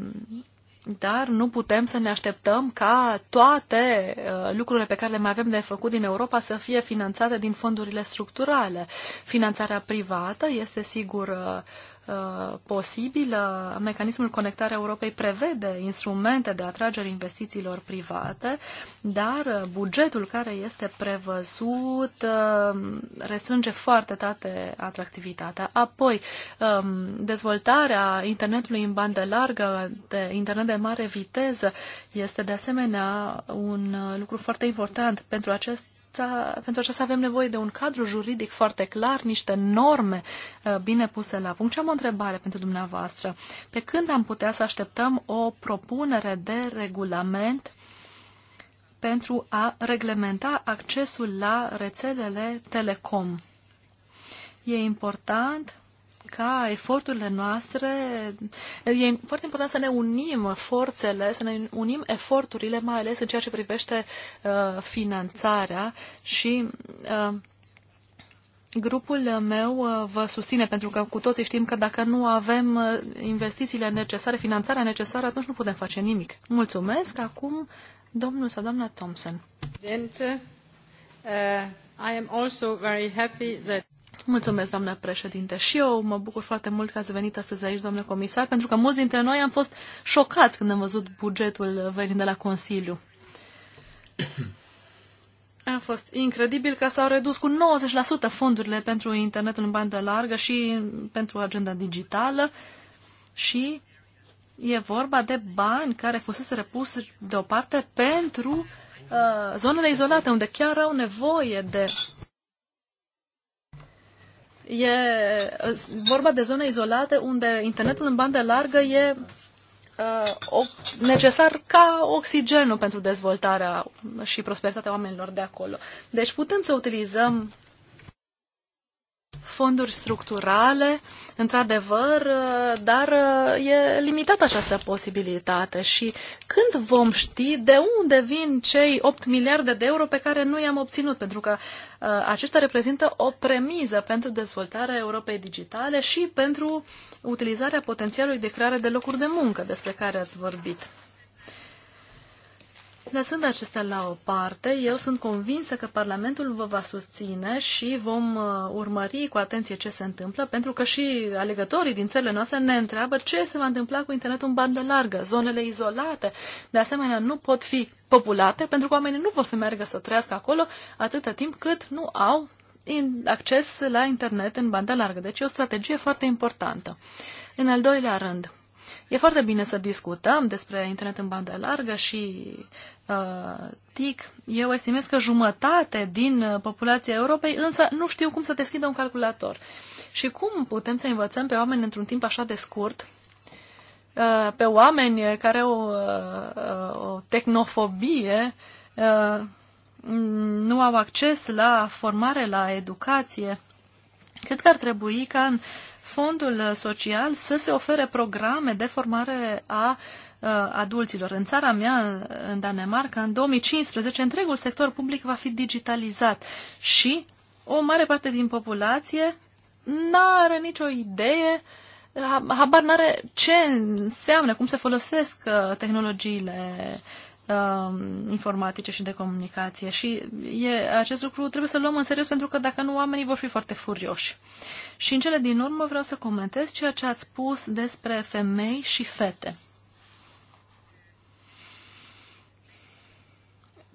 dar nu putem să ne așteptăm ca toate uh, lucrurile pe care le mai avem de făcut din Europa să fie finanțate din fondurile structurale. Finanțarea privată este sigur uh, Uh, posibilă. Mecanismul Conectarea Europei prevede instrumente de atragere investițiilor private, dar uh, bugetul care este prevăzut uh, restrânge foarte tate atractivitatea. Apoi, um, dezvoltarea internetului în bandă largă, de internet de mare viteză, este de asemenea un lucru foarte important pentru acest aceasta, pentru aceasta avem nevoie de un cadru juridic foarte clar, niște norme uh, bine puse la punct. Și am o întrebare pentru dumneavoastră. Pe când am putea să așteptăm o propunere de regulament pentru a reglementa accesul la rețelele telecom? E important ca eforturile noastre, e foarte important să ne unim forțele, să ne unim eforturile, mai ales în ceea ce privește uh, finanțarea și uh, Grupul meu uh, vă susține pentru că cu toții știm că dacă nu avem uh, investițiile necesare, finanțarea necesară, atunci nu putem face nimic. Mulțumesc. Acum, domnul sau doamna Thompson. Uh, I am also very happy that... Mulțumesc, doamna președinte. Și eu mă bucur foarte mult că ați venit astăzi aici, doamnă comisar, pentru că mulți dintre noi am fost șocați când am văzut bugetul venind de la Consiliu. A fost incredibil că s-au redus cu 90% fondurile pentru internetul în bandă largă și pentru agenda digitală și e vorba de bani care fusese repus deoparte pentru uh, zonele izolate unde chiar au nevoie de E uh, vorba de zone izolate unde internetul în bandă largă e uh, necesar ca oxigenul pentru dezvoltarea și prosperitatea oamenilor de acolo. Deci putem să utilizăm fonduri structurale, într-adevăr, uh, dar uh, e limitată această posibilitate și când vom ști de unde vin cei 8 miliarde de euro pe care nu i-am obținut, pentru că Uh, acesta reprezintă o premiză pentru dezvoltarea Europei digitale și pentru utilizarea potențialului de creare de locuri de muncă despre care ați vorbit. Lăsând acestea la o parte, eu sunt convinsă că Parlamentul vă va susține și vom uh, urmări cu atenție ce se întâmplă, pentru că și alegătorii din țările noastre ne întreabă ce se va întâmpla cu internetul în bandă largă. Zonele izolate, de asemenea, nu pot fi populate, pentru că oamenii nu vor să meargă să trăiască acolo atâta timp cât nu au acces la internet în bandă largă. Deci e o strategie foarte importantă. În al doilea rând, E foarte bine să discutăm despre internet în bandă largă și uh, TIC. Eu estimez că jumătate din uh, populația Europei însă nu știu cum să deschidă un calculator. Și cum putem să învățăm pe oameni într-un timp așa de scurt uh, pe oameni care au uh, o tehnofobie, nu au acces la formare, la educație. Cred că ar trebui ca în fondul uh, social să se ofere programe de formare a uh, adulților. În țara mea, uh, în Danemarca, în 2015, întregul sector public va fi digitalizat și o mare parte din populație nu are nicio idee, habar n-are ce înseamnă, cum se folosesc tehnologiile uh, informatice și de comunicație. Și e, acest lucru trebuie să luăm în serios pentru că dacă nu, oamenii vor fi foarte furioși. Și în cele din urmă vreau să comentez ceea ce ați spus despre femei și fete.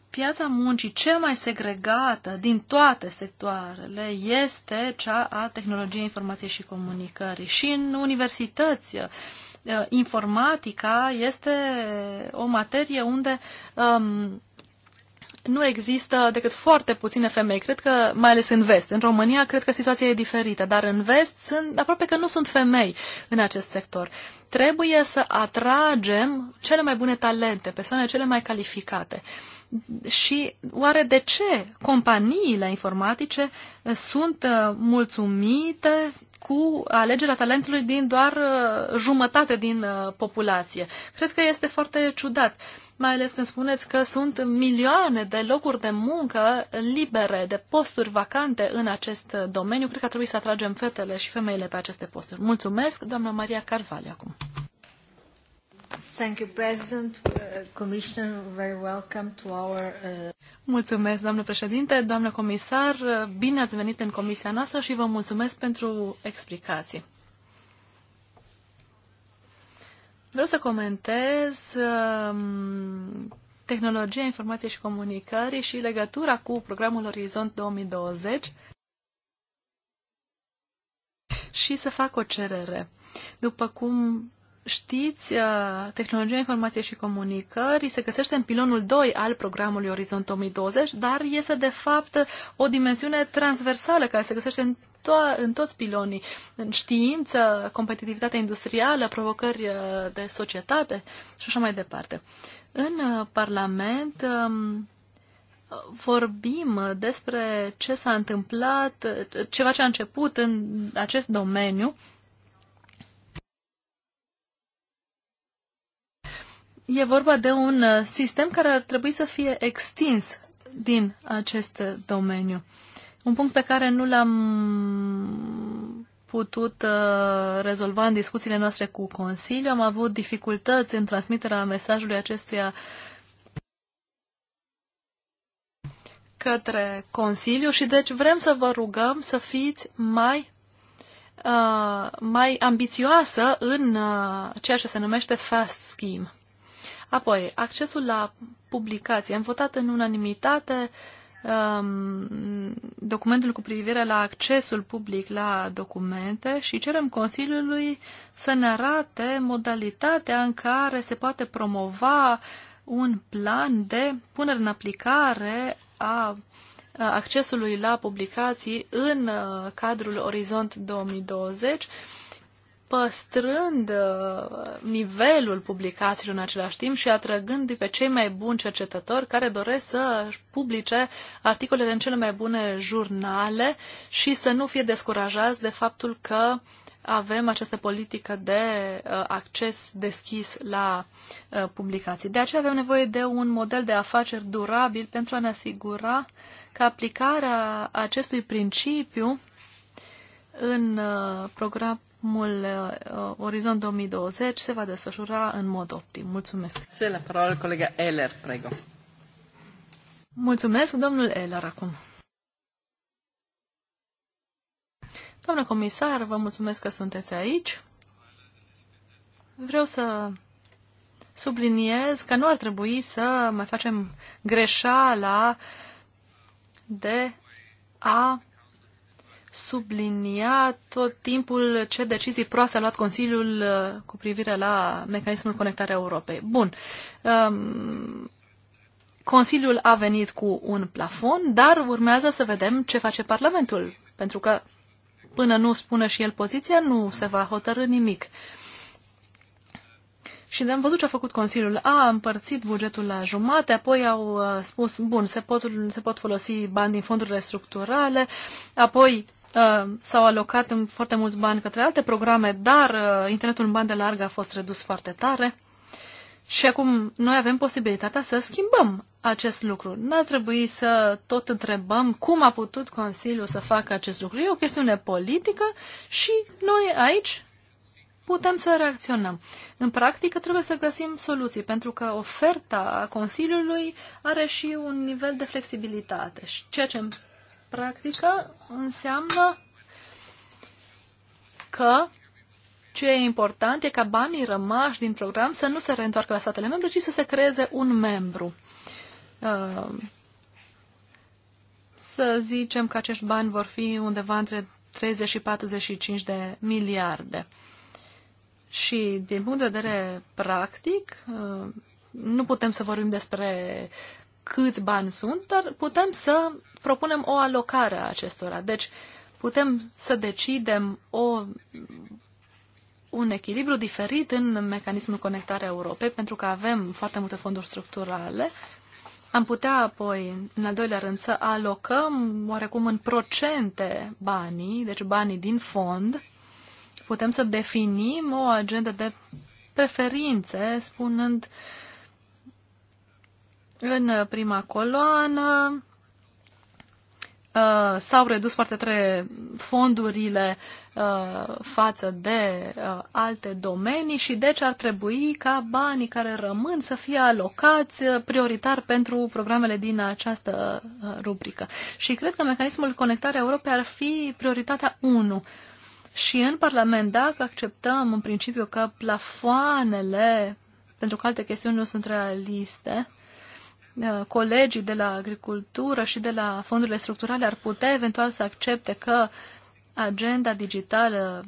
piața muncii cea mai segregată din toate sectoarele este cea a tehnologiei informației și comunicării. Și în universități Eh, informatica este o materie unde um, nu există decât foarte puține femei, cred că, mai ales în vest. În România, cred că situația e diferită, dar în vest sunt, aproape că nu sunt femei în acest sector. Trebuie să atragem cele mai bune talente, persoane cele mai calificate. Și oare de ce companiile informatice sunt uh, mulțumite cu alegerea talentului din doar uh, jumătate din uh, populație. Cred că este foarte ciudat, mai ales când spuneți că sunt milioane de locuri de muncă libere, de posturi vacante în acest uh, domeniu. Cred că trebuie să atragem fetele și femeile pe aceste posturi. Mulțumesc, doamna Maria Carvalho, acum. Thank you, President. Uh, Commissioner, very welcome to our... Uh, mulțumesc, doamnă președinte, doamnă comisar. Uh, bine ați venit în comisia noastră și vă mulțumesc pentru explicații. Vreau să comentez um, tehnologia informației și comunicării și legătura cu programul Orizont 2020 și să fac o cerere. După cum știți, uh, tehnologia informației și comunicării se găsește în pilonul 2 al programului Orizont 2020, dar este de fapt o dimensiune transversală care se găsește în, to- în toți pilonii, în știință, competitivitate industrială, provocări uh, de societate și așa mai departe. În uh, Parlament um, vorbim despre ce s-a întâmplat, ceva ce a început în acest domeniu, E vorba de un uh, sistem care ar trebui să fie extins din acest domeniu. Un punct pe care nu l-am putut uh, rezolva în discuțiile noastre cu Consiliu. Am avut dificultăți în transmiterea mesajului acestuia către Consiliu și deci vrem să vă rugăm să fiți mai, uh, mai ambițioasă în uh, ceea ce se numește fast scheme. Apoi, accesul la publicații. Am votat în unanimitate um, documentul cu privire la accesul public la documente și cerem Consiliului să ne arate modalitatea în care se poate promova un plan de punere în aplicare a accesului la publicații în uh, cadrul Orizont 2020 păstrând uh, nivelul publicațiilor în același timp și atrăgând pe cei mai buni cercetători care doresc să publice articolele în cele mai bune jurnale și să nu fie descurajați de faptul că avem această politică de uh, acces deschis la uh, publicații. De aceea avem nevoie de un model de afaceri durabil pentru a ne asigura că aplicarea acestui principiu în program, programul uh, Orizont 2020 se va desfășura în mod optim. Mulțumesc. Se la parolă colega Eller, prego. Mulțumesc, domnul Eller, acum. Doamna comisar, vă mulțumesc că sunteți aici. Vreau să subliniez că nu ar trebui să mai facem greșeala de a sublinia tot timpul ce decizii proaste a luat Consiliul uh, cu privire la mecanismul conectarea Europei. Bun. Um, Consiliul a venit cu un plafon, dar urmează să vedem ce face Parlamentul, pentru că până nu spune și el poziția, nu se va hotărâ nimic. Și de-am văzut ce a făcut Consiliul. A împărțit bugetul la jumate, apoi au uh, spus, bun, se pot, se pot folosi bani din fondurile structurale, apoi Uh, s-au alocat în foarte mulți bani către alte programe, dar uh, internetul în bandă largă a fost redus foarte tare. Și acum noi avem posibilitatea să schimbăm acest lucru. N-ar trebui să tot întrebăm cum a putut Consiliul să facă acest lucru. E o chestiune politică și noi aici putem să reacționăm. În practică trebuie să găsim soluții, pentru că oferta Consiliului are și un nivel de flexibilitate, ceea ce îmi practică înseamnă că ce e important e ca banii rămași din program să nu se reîntoarcă la statele membre, ci să se creeze un membru. Uh, să zicem că acești bani vor fi undeva între 30 și 45 de miliarde. Și din punct de vedere practic, uh, nu putem să vorbim despre câți bani sunt, dar putem să propunem o alocare a acestora. Deci putem să decidem o, un echilibru diferit în mecanismul conectare Europei, pentru că avem foarte multe fonduri structurale. Am putea apoi, în al doilea rând, să alocăm oarecum în procente banii, deci banii din fond. Putem să definim o agendă de preferințe, spunând uh, în uh, prima coloană uh, s-au redus foarte tare fondurile uh, față de alte domenii și deci ar trebui ca banii care rămân să fie alocați prioritar pentru programele din această rubrică. Și cred că mecanismul conectarea Europei ar fi prioritatea 1. Și în Parlament, dacă acceptăm în principiu că plafoanele, pentru că alte chestiuni nu sunt realiste, Uh, colegii de la agricultură și de la fondurile structurale ar putea eventual să accepte că agenda digitală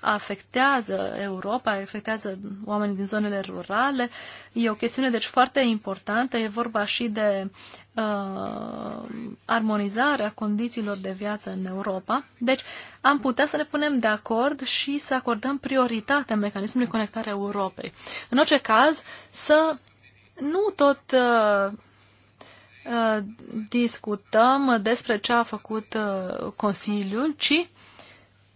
afectează Europa, afectează oamenii din zonele rurale. E o chestiune, deci, foarte importantă. E vorba și de uh, armonizarea condițiilor de viață în Europa. Deci, am putea să ne punem de acord și să acordăm prioritate mecanismului conectare Europei. În orice caz, să nu tot uh, uh, discutăm despre ce a făcut uh, Consiliul, ci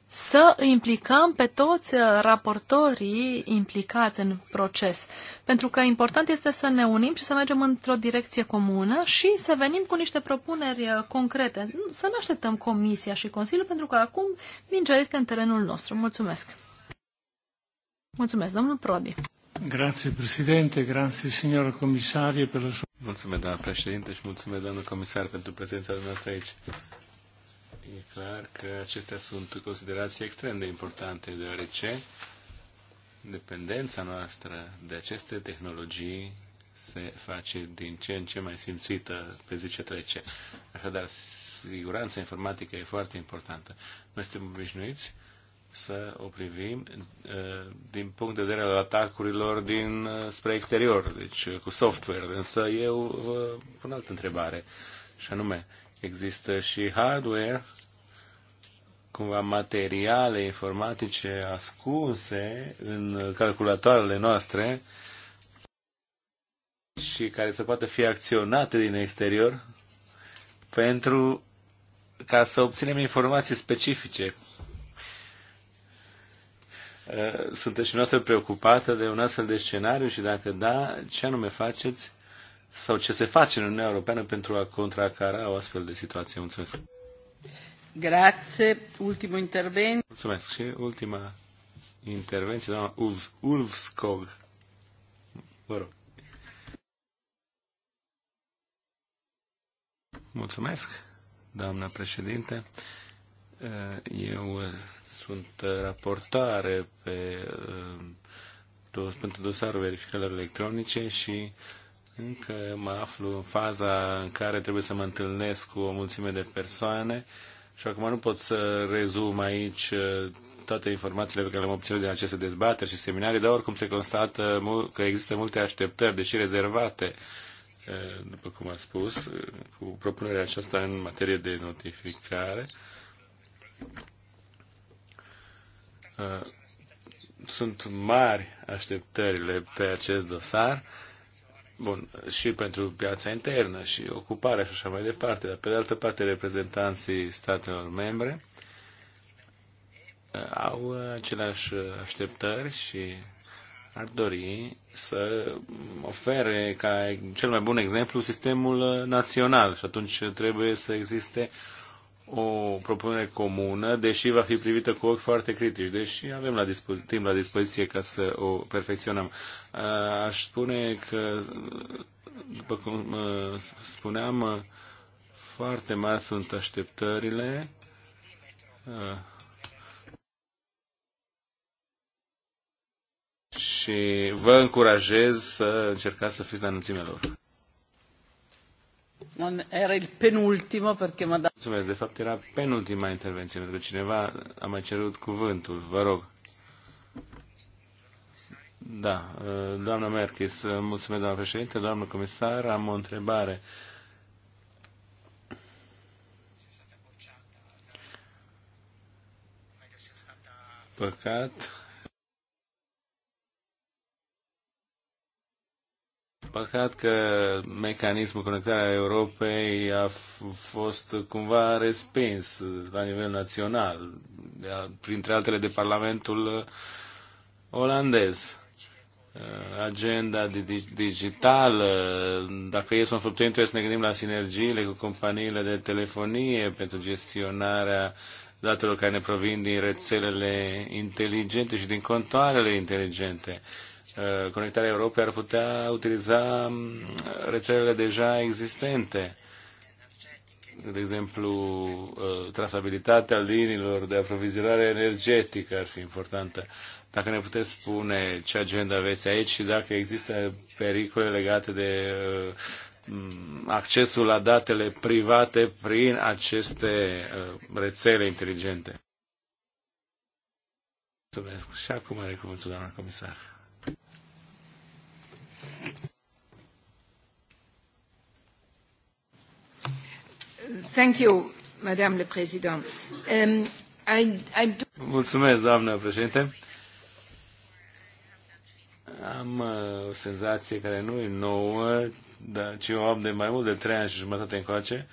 să implicăm pe toți uh, raportorii implicați în proces. Pentru că important este să ne unim și să mergem într-o direcție comună și să venim cu niște propuneri uh, concrete. Să nu așteptăm Comisia și Consiliul, pentru că acum mingea este în terenul nostru. Mulțumesc! Mulțumesc, domnul Prodi! Grazie, grazie, la... Mulțumesc, doamna președinte, și mulțumesc, doamna comisar, pentru prezența dumneavoastră. aici. E clar că acestea sunt considerații extrem de importante, deoarece dependența noastră de aceste tehnologii se face din ce în ce mai simțită pe zi ce trece. Așadar, siguranța informatică e foarte importantă. Noi suntem obișnuiți să o privim eh, din punct de vedere al atacurilor din, eh, spre exterior, deci eh, cu software. Însă eu vă pun altă întrebare, și anume, există și hardware, cumva materiale informatice ascunse în calculatoarele noastre și care să poată fi acționate din exterior pentru ca să obținem informații specifice Eh, sunteți și noastră preocupată de un astfel de scenariu și dacă da, ce anume faceți sau ce se face în Uniunea Europeană pentru a contracara o astfel de situație? Mulțumesc! Grazie, ultimul intervenție. Mulțumesc și ultima intervenție, doamna Ulf, Ulfskog. Vă rog. Mulțumesc, doamna președinte. Eh, eu eh, sunt eh, raportare pe, pentru dosarul verificărilor electronice și încă mă aflu în faza în care trebuie să mă întâlnesc cu o mulțime de persoane și acum nu pot să rezum aici toate informațiile pe care le-am obținut din aceste dezbateri și seminarii, dar oricum se constată că există multe așteptări, deși rezervate, după cum am spus, cu propunerea aceasta în materie de notificare. Uh, sunt mari așteptările pe acest dosar, bun, și pentru piața internă și ocuparea și așa mai departe, dar pe de altă parte reprezentanții statelor membre uh, au aceleași așteptări și ar dori să ofere ca cel mai bun exemplu sistemul național și atunci trebuie să existe o propunere comună, deși va fi privită cu ochi foarte critici, deși avem la dispo- timp la dispoziție ca să o perfecționăm. Uh, aș spune că, după cum uh, spuneam, uh, foarte mari sunt așteptările. Și vă încurajez să încercați să fiți la înălțimea lor. Era il penultimo perché dat. Mulțumesc, de fapt era penultima intervenție, pentru că cineva a mai cerut cuvântul, vă rog. Da, uh, doamna Merkis, uh, mulțumesc, doamna președinte, doamna comisar, am o întrebare. Păcat păcat că mecanismul conectarea Europei a fost cumva respins la nivel național, printre altele de Parlamentul olandez. Agenda digitală, dacă e sunt o trebuie să ne gândim la sinergiile cu companiile de telefonie pentru gestionarea datelor care ne provin din rețelele inteligente și din contoarele inteligente. Uh, Uh, conectarea Europei ar putea utiliza um, rețelele deja existente. De exemplu, uh, trasabilitatea liniilor de aprovizionare energetică ar fi importantă. Dacă ne puteți spune ce agenda aveți aici și dacă există pericole legate de uh, accesul la datele private prin aceste rețele inteligente. Mulțumesc. Și acum are cuvântul doamna comisar. Um, Mulțumesc, doamnă președinte. Am uh, o senzație care nu e nouă, dar ce o am de mai mult de trei ani și jumătate încoace,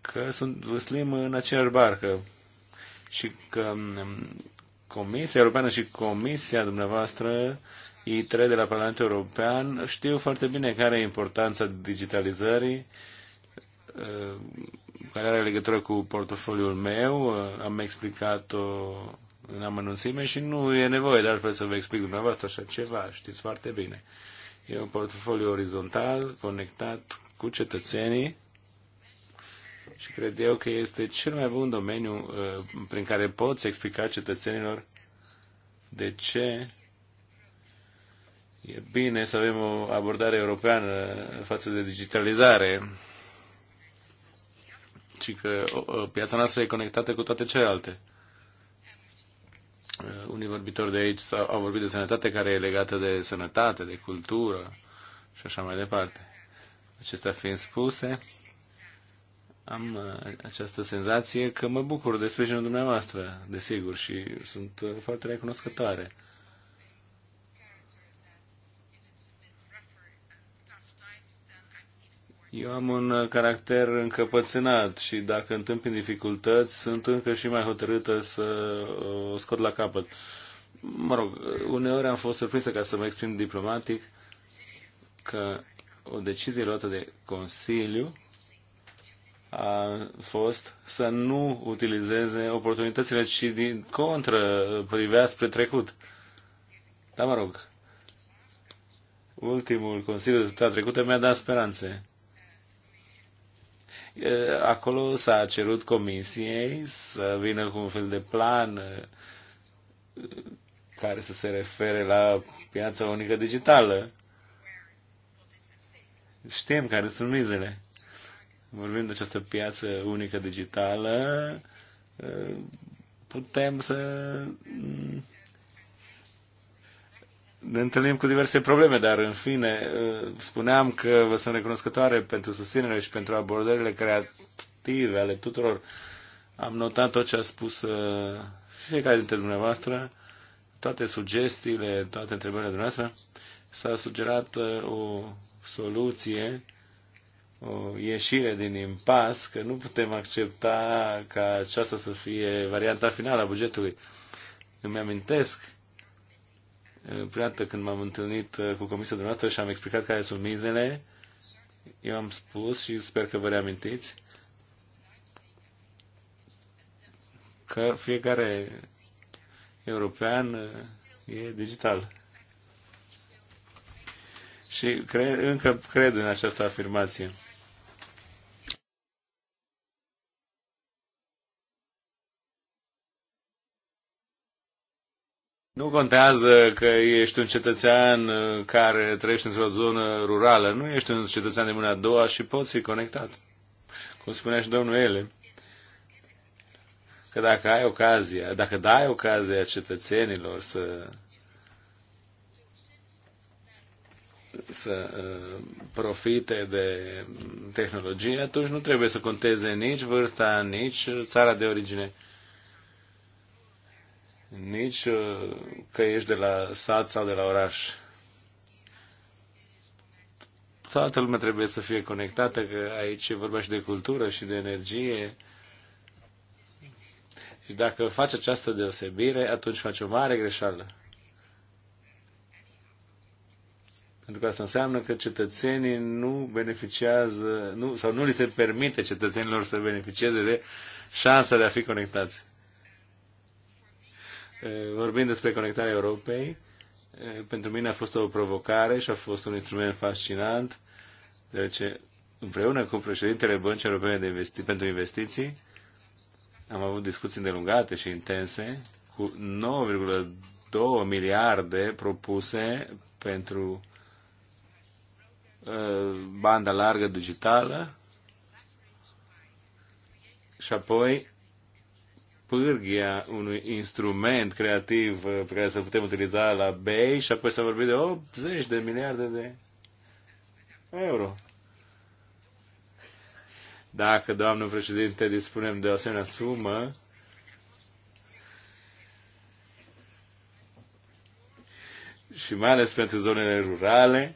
că sunt văslim în aceeași barcă și că um, Comisia Europeană și Comisia dumneavoastră ei trei de la Parlamentul European știu foarte bine care e importanța digitalizării Uh, care are legătură cu portofoliul meu, uh, am explicat-o în amănunțime și nu e nevoie de altfel să vă explic dumneavoastră așa ceva, știți foarte bine. E un portofoliu orizontal, conectat cu cetățenii și cred eu că este cel mai bun domeniu uh, prin care poți explica cetățenilor de ce e bine să avem o abordare europeană față de digitalizare ci că piața noastră e conectată cu toate celelalte. Uh, unii vorbitori de aici au vorbit de sănătate care e legată de sănătate, de cultură și așa mai departe. Acestea fiind spuse, am uh, această senzație că mă bucur de sprijinul dumneavoastră, desigur, și sunt uh, foarte recunoscătoare. Eu am un uh, caracter încăpățânat și dacă întâmpin dificultăți, sunt încă și mai hotărâtă să uh, o scot la capăt. Mă rog, uneori am fost surprinsă ca să mă exprim diplomatic că o decizie luată de Consiliu a fost să nu utilizeze oportunitățile, ci din contră privea spre trecut. Dar mă rog, ultimul Consiliu de trecută mi-a dat speranțe. Acolo s-a cerut comisiei să vină cu un fel de plan care să se refere la piața unică digitală. Știm care sunt mizele. Vorbim de această piață unică digitală, putem să ne întâlnim cu diverse probleme, dar în fine, eh, spuneam că vă sunt recunoscătoare pentru susținere și pentru abordările creative ale tuturor. Am notat tot ce a spus eh, fiecare dintre dumneavoastră, toate sugestiile, toate întrebările dumneavoastră. S-a sugerat eh, o soluție, o ieșire din impas, că nu putem accepta ca aceasta să fie varianta finală a bugetului. Îmi amintesc Prima dată când m-am întâlnit uh, cu comisia dumneavoastră și am explicat care sunt mizele, eu am spus și sper că vă reamintiți că fiecare european uh, e digital. Și cre- încă cred în această afirmație. Nu contează că ești un cetățean uh, care trăiește într-o zonă rurală, nu ești un cetățean de mâna a doua și poți fi conectat. Cum spunea și domnul Ele, că dacă ai ocazia, dacă dai ocazia cetățenilor să să uh, profite de tehnologie, atunci nu trebuie să conteze nici vârsta, nici țara de origine nici uh, că ești de la sat sau de la oraș. Toată lumea trebuie să fie conectată, că aici e vorba și de cultură și de energie. Și dacă faci această deosebire, atunci faci o mare greșeală. Pentru că asta înseamnă că cetățenii nu beneficiază, nu, sau nu li se permite cetățenilor să beneficieze de șansa de a fi conectați. Eh, Vorbind despre conectarea Europei, eh, pentru mine a fost o provocare și a fost un instrument fascinant, deoarece împreună cu președintele Băncii Europene de Investi- pentru Investiții am avut discuții îndelungate și intense cu 9,2 miliarde propuse pentru eh, banda largă digitală și apoi pârghia unui instrument creativ uh, pe care să putem utiliza la BEI și apoi să vorbim de 80 de miliarde de euro. Dacă, doamnă președinte, dispunem de o asemenea sumă, și mai ales pentru zonele rurale,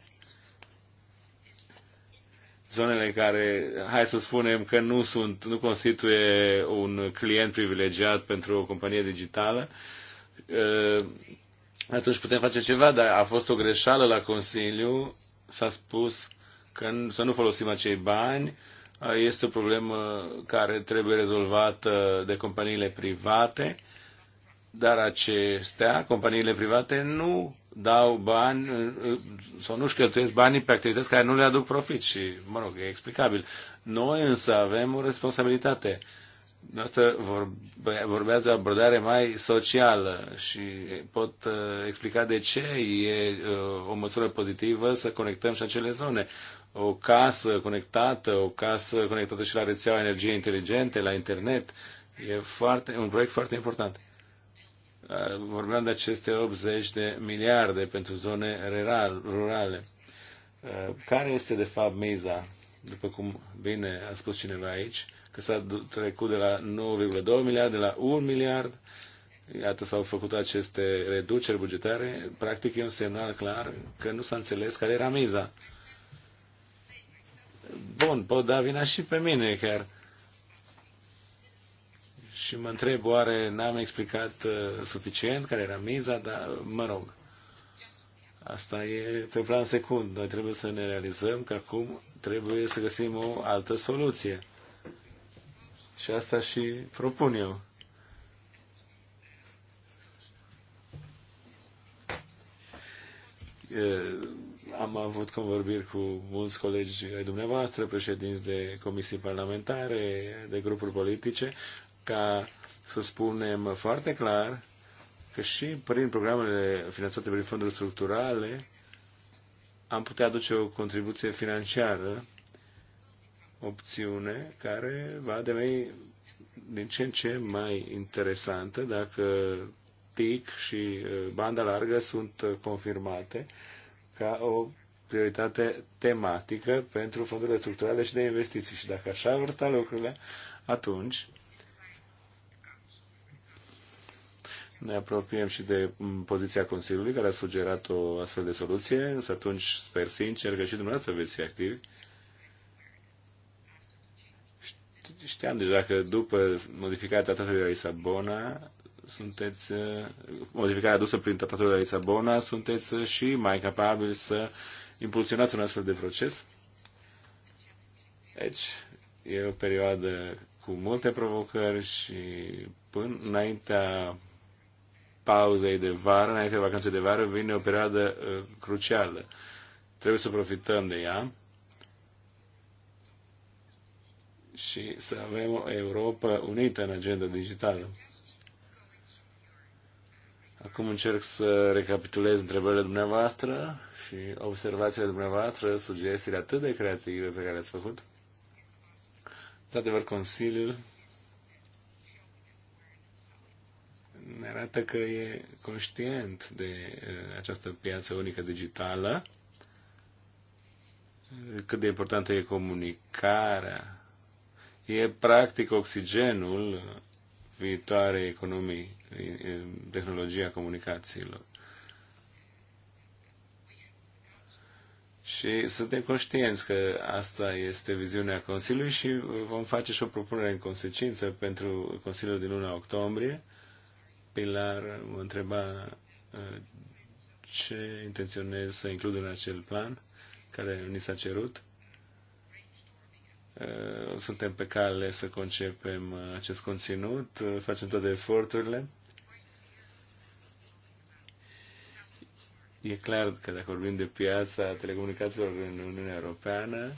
zonele care, hai să spunem că nu sunt, nu constituie un client privilegiat pentru o companie digitală, uh, atunci putem face ceva, dar a fost o greșeală la Consiliu, s-a spus că să nu folosim acei bani, uh, este o problemă care trebuie rezolvată de companiile private dar acestea, companiile private, nu dau bani sau nu-și cheltuiesc banii pe activități care nu le aduc profit și, mă rog, e explicabil. Noi însă avem o responsabilitate. Noastră vorbează de o abordare mai socială și pot uh, explica de ce e uh, o măsură pozitivă să conectăm și acele zone. O casă conectată, o casă conectată și la rețeaua energiei inteligente, la internet, e foarte, un proiect foarte important vorbeam de aceste 80 de miliarde pentru zone rurale. Uh, care este, de fapt, miza? După cum bine a spus cineva aici, că s-a trecut de la 9,2 miliarde la 1 miliard, iată s-au făcut aceste reduceri bugetare, practic e un semnal clar că nu s-a înțeles care era miza. Bun, pot da vina și pe mine chiar și mă întreb oare n-am explicat uh, suficient care era miza, dar mă rog. Asta e pe plan secund. Noi trebuie să ne realizăm că acum trebuie să găsim o altă soluție. Și asta și propun eu. Uh, am avut convorbiri cu mulți colegi ai dumneavoastră, președinți de comisii parlamentare, de grupuri politice ca să spunem foarte clar că și prin programele finanțate prin fonduri structurale am putea aduce o contribuție financiară, opțiune care va deveni din ce în ce mai interesantă dacă TIC și uh, banda largă sunt uh, confirmate ca o prioritate tematică pentru fondurile structurale și de investiții. Și dacă așa vor sta lucrurile, atunci Ne apropiem și de mm, poziția Consiliului care a sugerat o astfel de soluție, însă atunci sper sincer că și dumneavoastră veți fi activi. Știam deja că după modificarea tratatului de la Lisabona, sunteți, uh, modificarea adusă prin tratatul de la Lisabona, sunteți uh, și mai capabili să impulsionați un astfel de proces. Deci, e o perioadă cu multe provocări și până înaintea pauzei de vară, înainte de vacanțe de vară, vine o perioadă uh, crucială. Trebuie să profităm de ea și să avem o Europa unită în agenda digitală. Acum încerc să recapitulez întrebările dumneavoastră și observațiile dumneavoastră, sugestiile atât de creative pe care le-ați făcut. De adevăr, Consiliul ne arată că e conștient de această piață unică digitală, cât de importantă e comunicarea. E practic oxigenul viitoarei economii, tehnologia comunicațiilor. Și suntem conștienți că asta este viziunea Consiliului și vom face și o propunere în consecință pentru Consiliul din luna octombrie Pilar mă întreba uh, ce intenționez să includ în acel plan care ni s-a cerut. Uh, suntem pe cale să concepem uh, acest conținut, facem toate eforturile. E clar că dacă vorbim de piața telecomunicațiilor în Uniunea Europeană,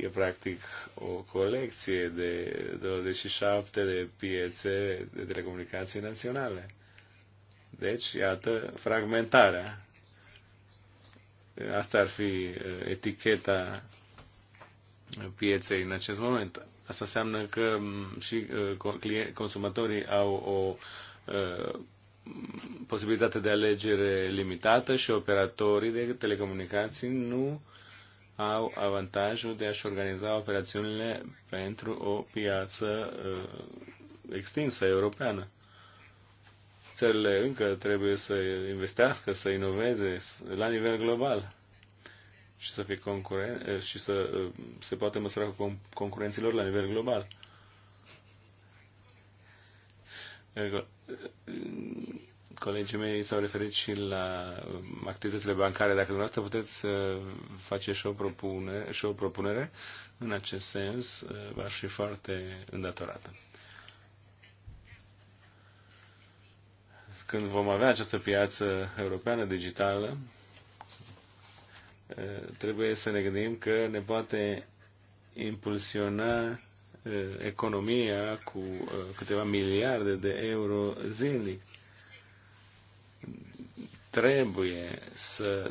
E practic o colecție de 27 de piețe de telecomunicații naționale. Deci, iată, fragmentarea. Asta ar fi uh, eticheta pieței în acest moment. Asta înseamnă că mm, și uh, consumatorii au o uh, posibilitate de alegere limitată și operatorii de telecomunicații nu au avantajul de a-și organiza operațiunile pentru o piață uh, extinsă europeană. Țările încă trebuie să investească, să inoveze la nivel global și să fie concuren- uh, și să uh, se poată măsura cu concurenților la nivel global. Colegii mei s-au referit și la um, activitățile bancare. Dacă dumneavoastră puteți uh, face și o, propune, și o propunere în acest sens, uh, va fi foarte îndatorată. Când vom avea această piață europeană digitală, uh, trebuie să ne gândim că ne poate impulsiona economia cu câteva miliarde de euro zilnic trebuie să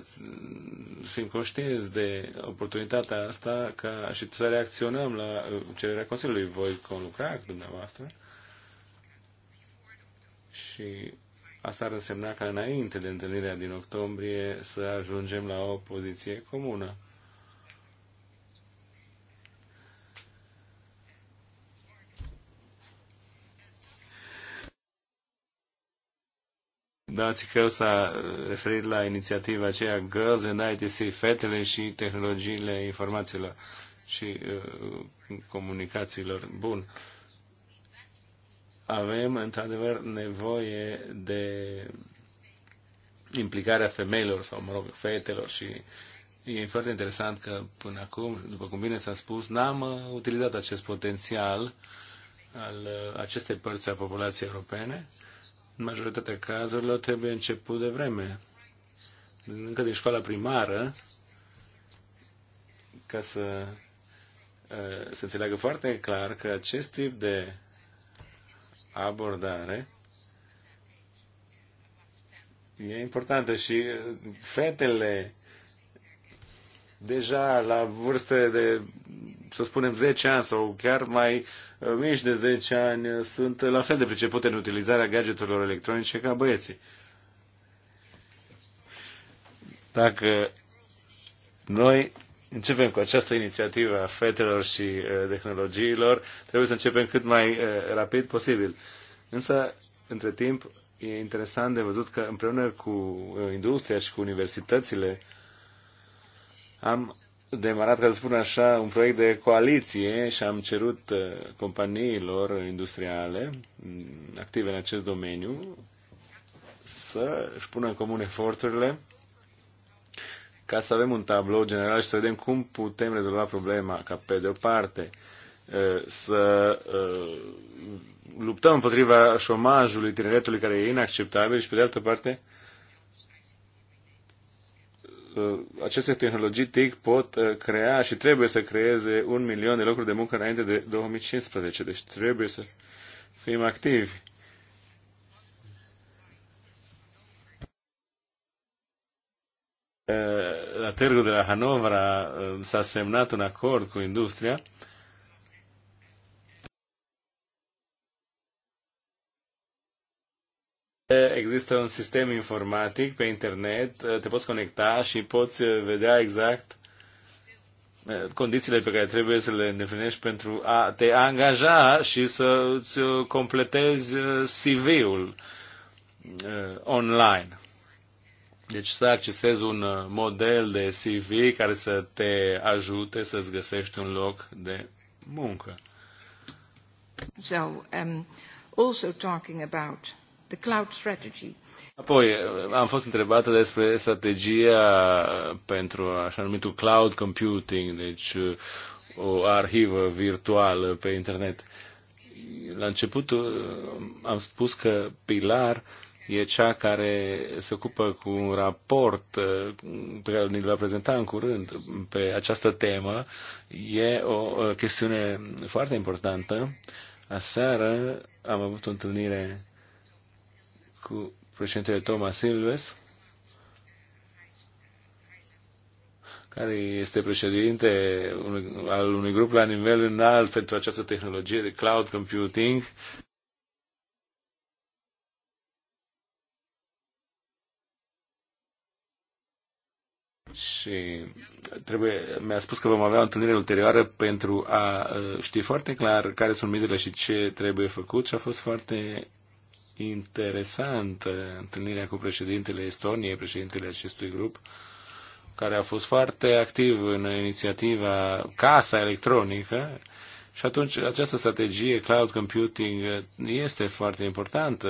fim conștienți de oportunitatea asta ca și să reacționăm la cererea Consiliului. Voi conlucra cu dumneavoastră și asta ar însemna ca înainte de întâlnirea din octombrie să ajungem la o poziție comună. Dați că s-a referit la inițiativa aceea Girls and ITC, fetele și tehnologiile informațiilor și uh, comunicațiilor. Bun. Avem, într-adevăr, nevoie de implicarea femeilor sau, mă rog, fetelor și e foarte interesant că până acum, după cum bine s-a spus, n-am uh, utilizat acest potențial al uh, acestei părți a populației europene în majoritatea cazurilor trebuie început de vreme, încă din școala primară, ca să se înțeleagă foarte clar că acest tip de abordare e importantă și fetele deja la vârste de să spunem, 10 ani sau chiar mai uh, mici de 10 ani uh, sunt uh, la fel de pricepute în utilizarea gadgeturilor electronice ca băieții. Dacă noi începem cu această inițiativă a fetelor și tehnologiilor, trebuie să începem cât mai rapid posibil. Însă, între timp, e interesant de văzut că împreună cu industria și cu universitățile am demarat, ca să spun așa, un proiect de coaliție și am cerut uh, companiilor industriale mm, active în acest domeniu să își pună în comun eforturile ca să avem un tablou general și să vedem cum putem rezolva problema, ca pe de o parte uh, să uh, luptăm împotriva șomajului tineretului care e inacceptabil și pe de altă parte aceste tehnologii TIC pot uh, crea și trebuie să creeze un milion de locuri de muncă înainte de 2015. Deci trebuie să fim activi. Uh, la Târgul de la Hanovra uh, s-a semnat un acord cu industria Există un sistem informatic pe internet, te poți conecta și poți uh, vedea exact uh, condițiile pe care trebuie să le îndeplinești pentru a te angaja și să îți uh, completezi CV-ul online. Deci să accesezi un model de CV care să te ajute să-ți găsești un loc de muncă. So, um, also talking about the cloud strategy. Apoi eh, am fost întrebată despre strategia eh, pentru așa numitul cloud computing, deci eh, o arhivă virtuală pe internet. La început am spus că Pilar e cea care se ocupă cu un raport pe care ni l va prezenta în curând pe această temă. E o chestiune foarte importantă. Aseară am avut o întâlnire cu președintele Thomas Silves, care este președinte al unui grup la nivel înalt pentru această tehnologie de cloud computing. și trebuie, mi-a spus că vom avea o întâlnire ulterioară pentru a uh, ști foarte clar care sunt mizele și ce trebuie făcut și a fost foarte interesantă întâlnirea cu președintele Estoniei, președintele acestui grup, care a fost foarte activ în inițiativa Casa Electronică și atunci această strategie cloud computing este foarte importantă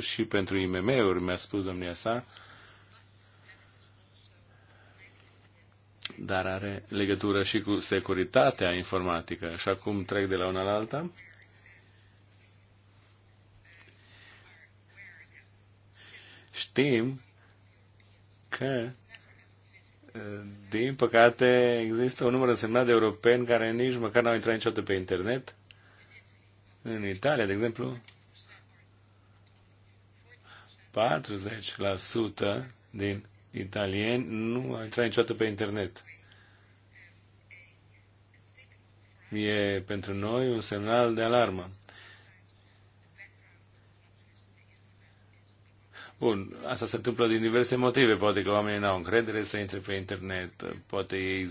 și pentru IMM-uri, mi-a spus domnia sa, dar are legătură și cu securitatea informatică. Și acum trec de la una la alta. Știm că, din păcate, există un număr însemnat de europeni care nici măcar n-au intrat niciodată pe internet. În Italia, de exemplu, 40% din italieni nu au intrat niciodată pe internet. E pentru noi un semnal de alarmă. Bun, asta se întâmplă din diverse motive. Poate că oamenii nu au încredere să intre pe internet, poate, ei,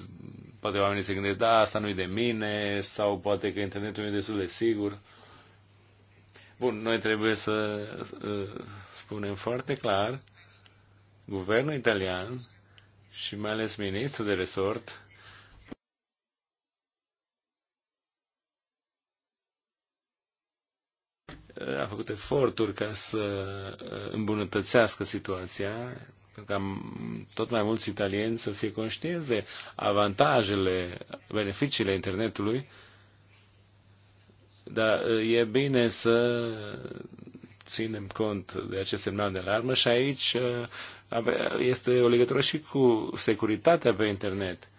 poate oamenii se gândesc, da, asta nu-i de mine, sau poate că internetul nu e destul de sigur. Bun, noi trebuie să spunem foarte clar, guvernul italian și mai ales ministrul de resort a făcut eforturi ca să uh, îmbunătățească situația, pentru ca tot mai mulți italieni să fie conștienți de avantajele, beneficiile internetului, dar uh, e bine să ținem cont de acest semnal de alarmă și aici uh, este o legătură și cu securitatea pe internet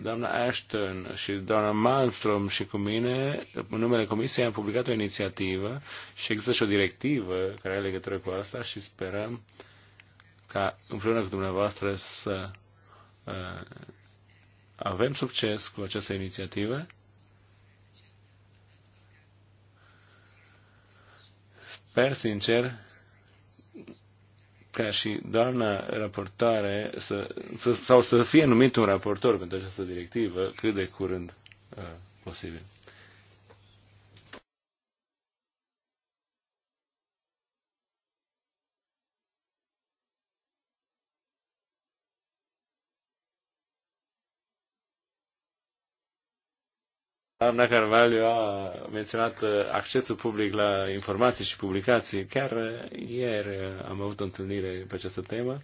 doamna Ashton și doamna Malmström și cu mine, în numele Comisiei, am publicat o inițiativă și există și o directivă care are legătură cu asta și sperăm ca împreună cu dumneavoastră să uh, avem succes cu această inițiativă. Sper sincer ca și doamna raportare să, să, sau să fie numit un raportor pentru această directivă cât de curând uh, posibil. Doamna Carvalho a menționat uh, accesul public la informații și publicații. Chiar uh, ieri uh, am avut o întâlnire pe această temă.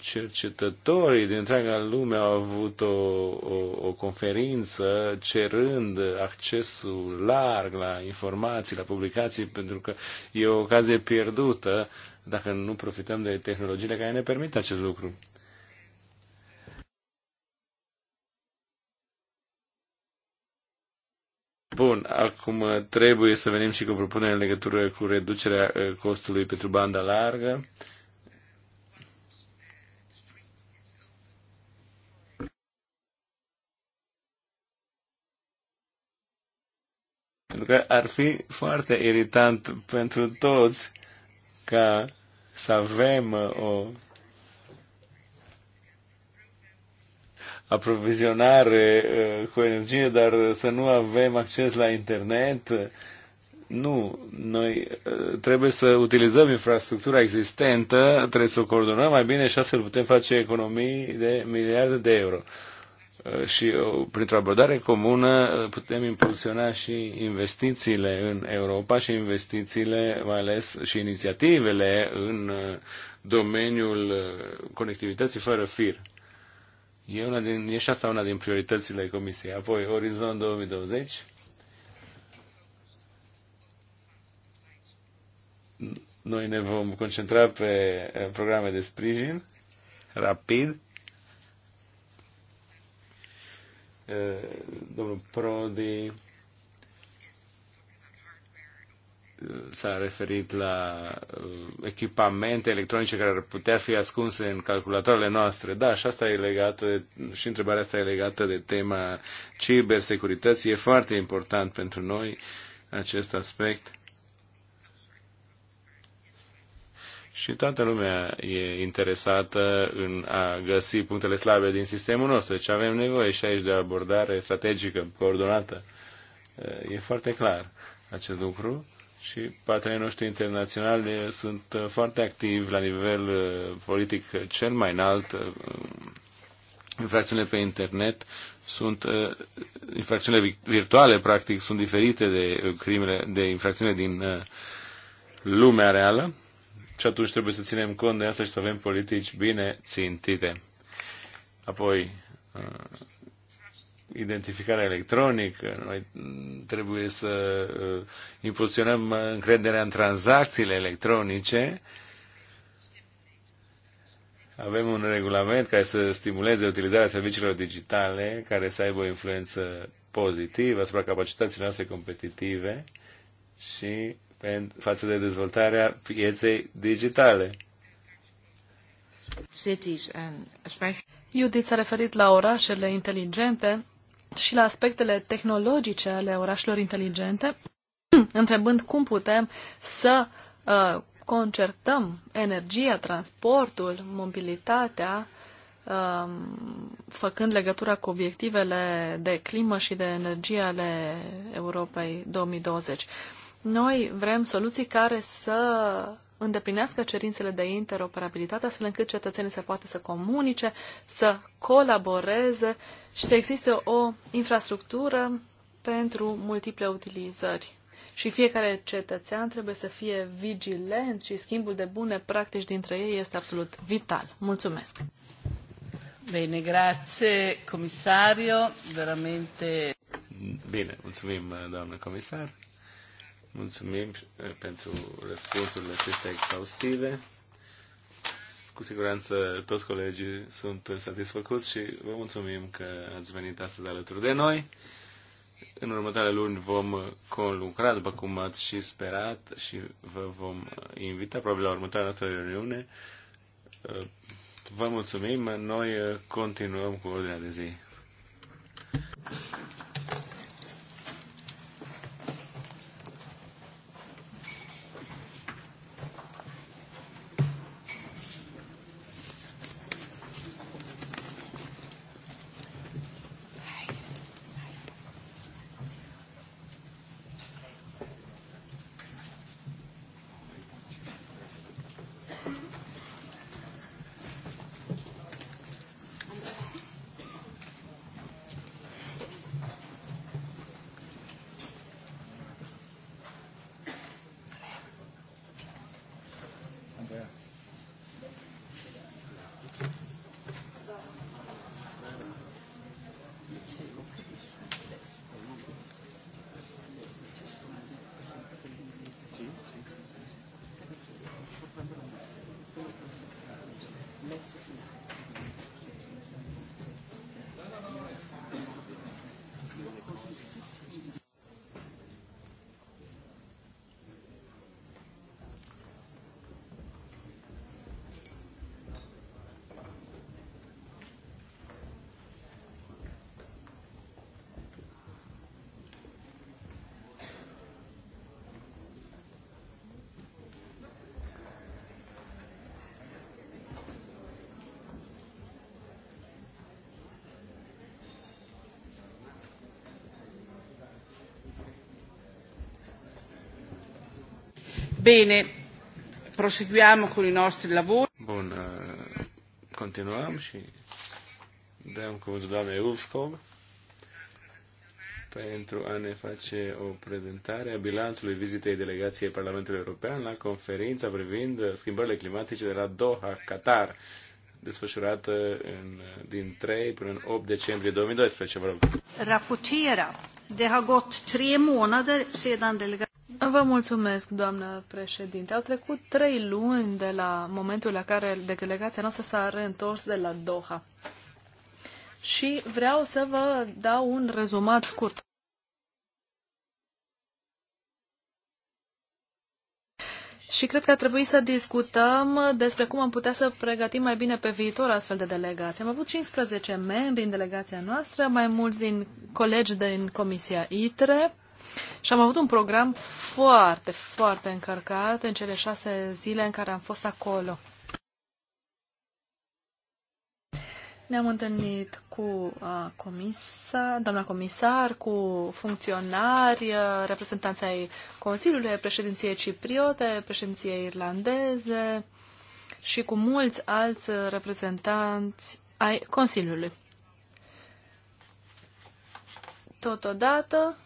Cercetătorii din întreaga lume au avut o, o, o conferință cerând accesul larg la informații, la publicații, pentru că e o ocazie pierdută dacă nu profităm de tehnologiile care ne permit acest lucru. Bun, acum trebuie să venim și cu propunere în legătură cu reducerea uh, costului pentru banda largă. Pentru că ar fi foarte irritant pentru toți ca să avem uh, o aprovizionare uh, cu energie, dar să nu avem acces la internet. Nu, noi uh, trebuie să utilizăm infrastructura existentă, trebuie să o coordonăm mai bine și astfel putem face economii de miliarde de euro. Uh, și printr-o abordare comună putem impulsiona și investițiile în Europa și investițiile, mai ales și inițiativele în domeniul conectivității fără fir. E, una din, e și asta una din prioritățile Comisiei. Apoi, Orizont 2020. Noi ne vom concentra pe eh, programe de sprijin rapid. Eh, domnul Prodi, s-a referit la uh, echipamente electronice care ar putea fi ascunse în calculatoarele noastre. Da, și asta e legată, și întrebarea asta e legată de tema cibersecurității. E foarte important pentru noi acest aspect. Și toată lumea e interesată în a găsi punctele slabe din sistemul nostru. Deci avem nevoie și aici de o abordare strategică, coordonată. E foarte clar acest lucru și partenerii noștri internaționali eh, sunt eh, foarte activi la nivel eh, politic cel mai înalt. Infracțiunile pe internet sunt infracțiunile virtuale, practic, sunt diferite de crimele, de infracțiunile din lumea reală și atunci trebuie să ținem cont de asta și să avem politici bine țintite. Apoi, identificarea electronică, noi trebuie să uh, impulsionăm încrederea în tranzacțiile electronice. Avem un regulament care să stimuleze utilizarea serviciilor digitale, care să aibă o influență pozitivă asupra capacității noastre competitive și față de dezvoltarea pieței digitale. Judith s-a referit la orașele inteligente și la aspectele tehnologice ale orașelor inteligente, întrebând cum putem să uh, concertăm energia, transportul, mobilitatea, uh, făcând legătura cu obiectivele de climă și de energie ale Europei 2020. Noi vrem soluții care să îndeplinească cerințele de interoperabilitate, astfel încât cetățenii să poată să comunice, să colaboreze și să existe o infrastructură pentru multiple utilizări. Și fiecare cetățean trebuie să fie vigilent și schimbul de bune practici dintre ei este absolut vital. Mulțumesc! Bine, grazie, comisario, veramente... Bine, mulțumim, doamnă comisar. Mulțumim eh, pentru răspunsurile acestea exhaustive. Cu siguranță toți colegii sunt satisfăcuți și vă mulțumim că ați venit astăzi alături de noi. În următoarele luni vom conlucra, după cum ați și sperat, și vă vom invita probabil la următoarea noastră reuniune. Eh, vă mulțumim, noi continuăm cu ordinea de zi. Bine, proseguiamo cu i nostri lavori. Bun, eh, continuăm și dăm cu doamne Ulfskog pentru a ne face o prezentare a bilanțului vizitei delegației Parlamentului European la conferința privind schimbările climatice de la Doha, Qatar, desfășurată în, din 3 până în 8 decembrie 2012. Vă rog. a Det har gått tre månader sedan delegația Vă mulțumesc, doamnă președinte. Au trecut trei luni de la momentul la care delegația noastră s-a reîntors de la Doha. Și vreau să vă dau un rezumat scurt. Și cred că ar trebui să discutăm despre cum am putea să pregătim mai bine pe viitor astfel de delegații. Am avut 15 membri în delegația noastră, mai mulți din colegi din Comisia ITRE și am avut un program foarte, foarte încărcat în cele șase zile în care am fost acolo. Ne-am întâlnit cu uh, comisar, doamna comisar, cu funcționari, uh, reprezentanții ai Consiliului, președinției cipriote, președinției irlandeze și cu mulți alți reprezentanți ai Consiliului. Totodată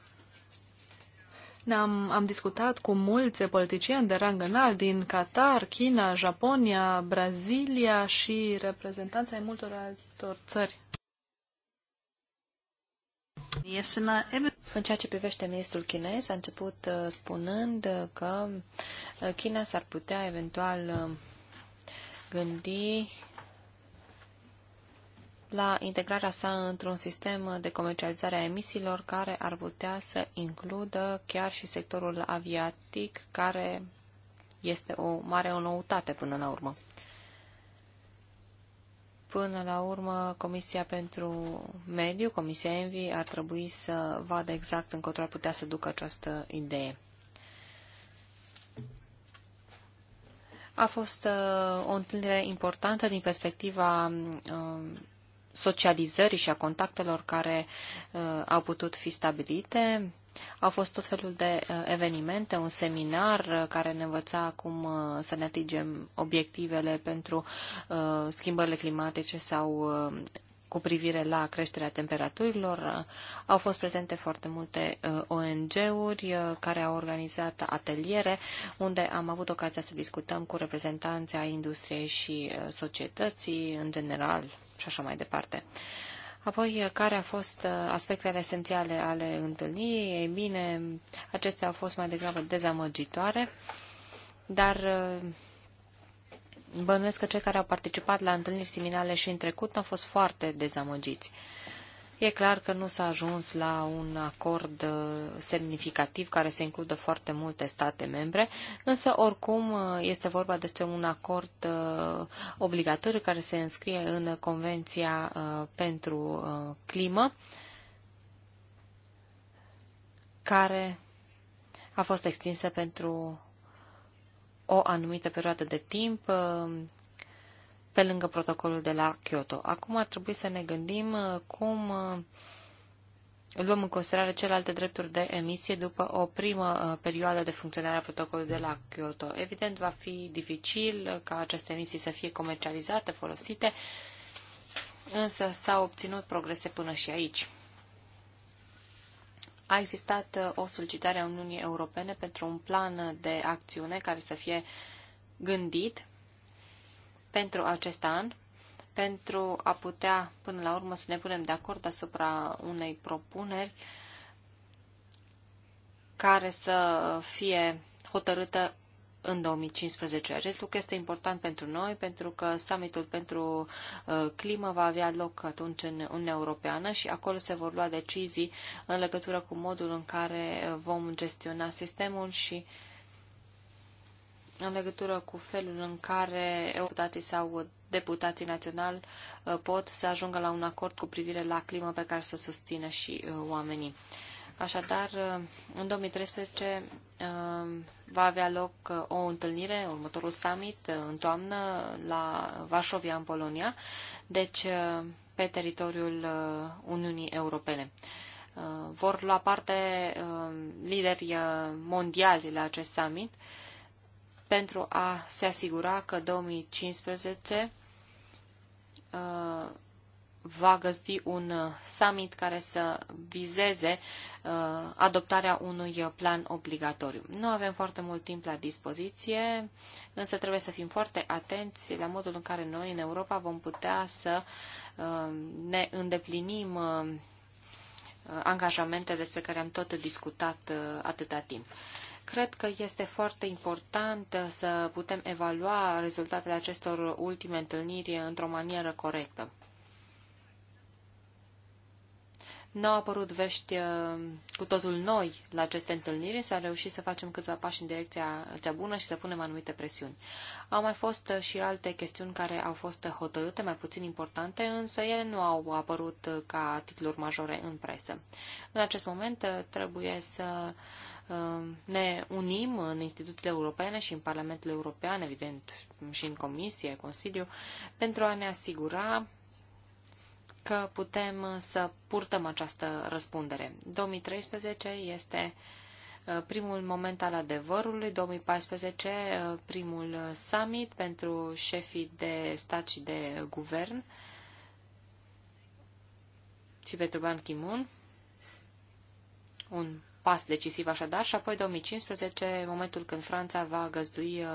ne-am, am discutat cu mulți politicieni de rang înalt din Qatar, China, Japonia, Brazilia și reprezentanța ai multor altor țări. În ceea ce privește ministrul chinez, a început uh, spunând uh, că uh, China s-ar putea eventual gândi la integrarea sa într-un sistem de comercializare a emisiilor care ar putea să includă chiar și sectorul aviatic, care este o mare noutate până la urmă. Până la urmă, Comisia pentru Mediu, Comisia Envi, ar trebui să vadă exact încotro ar putea să ducă această idee. A fost uh, o întâlnire importantă din perspectiva uh, socializării și a contactelor care uh, au putut fi stabilite. Au fost tot felul de uh, evenimente, un seminar uh, care ne învăța cum uh, să ne atingem obiectivele pentru uh, schimbările climatice sau uh, cu privire la creșterea temperaturilor. Au fost prezente foarte multe uh, ONG-uri uh, care au organizat ateliere unde am avut ocazia să discutăm cu reprezentanții a industriei și uh, societății în general și așa mai departe. Apoi, care au fost uh, aspectele esențiale ale întâlnirii? Ei bine, acestea au fost mai degrabă dezamăgitoare, dar uh, bănuiesc că cei care au participat la întâlniri seminale și în trecut au fost foarte dezamăgiți. E clar că nu s-a ajuns la un acord uh, semnificativ care să includă foarte multe state membre, însă oricum uh, este vorba despre un acord uh, obligatoriu care se înscrie în Convenția pentru Climă, care a fost extinsă pentru o anumită perioadă de timp pe lângă protocolul de la Kyoto. Acum ar trebui să ne gândim uh, cum uh, luăm în considerare celelalte drepturi de emisie după o primă uh, perioadă de funcționare a protocolului de la Kyoto. Evident, va fi dificil ca aceste emisii să fie comercializate, folosite, însă s-au obținut progrese până și aici. A existat o solicitare a Uniunii Europene pentru un plan de acțiune care să fie gândit pentru acest an, pentru a putea, până la urmă, să ne punem de acord asupra unei propuneri care să fie hotărâtă în 2015. Acest lucru este important pentru noi, pentru că summitul pentru uh, climă va avea loc atunci în Uniunea Europeană și acolo se vor lua decizii în legătură cu modul în care uh, vom gestiona sistemul și uh, în legătură cu felul în care deputații sau deputații naționali uh, pot să ajungă la un acord cu privire la climă pe care să susțină și uh, oamenii. Așadar, uh, în 2013 va avea loc o întâlnire, următorul summit, în toamnă, la Varsovia, în Polonia, deci pe teritoriul Uniunii Europene. Vor lua parte liderii mondiali la acest summit pentru a se asigura că 2015 uh, va găzdi un uh, summit care să vizeze uh, adoptarea unui plan obligatoriu. Nu avem foarte mult timp la dispoziție, însă trebuie să fim foarte atenți la modul în care noi în Europa vom putea să ne îndeplinim angajamente despre care am tot discutat atâta timp. Cred că este foarte important să putem evalua rezultatele acestor ultime întâlniri într-o manieră corectă. N-au apărut vești uh, cu totul noi la aceste întâlniri, s-a reușit să facem câțiva pași în direcția cea bună și să punem anumite presiuni. Au mai fost uh, și alte chestiuni care au fost uh, hotărâte, mai puțin importante, însă ele nu au apărut ca titluri majore în presă. În acest moment trebuie să ne unim în instituțiile europene și în Parlamentul European, evident, și în Comisie, Consiliu, pentru a ne asigura că putem să purtăm această răspundere. 2013 este uh, primul moment al adevărului, 2014 uh, primul summit pentru șefii de stat și de guvern și pentru Ban Ki-moon, un pas decisiv așadar și apoi 2015, momentul când Franța va găzdui uh,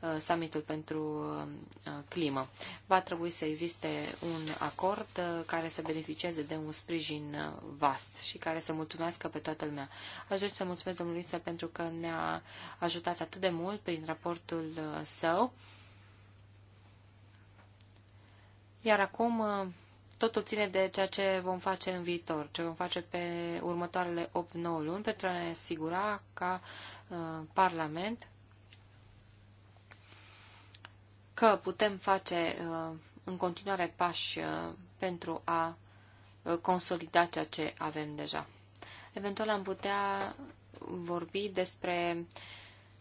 uh, summitul pentru uh, climă. Va trebui să existe un acord care să beneficieze de un sprijin vast și care să mulțumească pe toată lumea. Aș dori să mulțumesc domnului Lisa pentru că ne-a ajutat atât de mult prin raportul său. Iar acum totul ține de ceea ce vom face în viitor, ce vom face pe următoarele 8-9 luni pentru a ne asigura ca uh, Parlament că putem face uh, în continuare pași uh, pentru a uh, consolida ceea ce avem deja. Eventual am putea vorbi despre uh,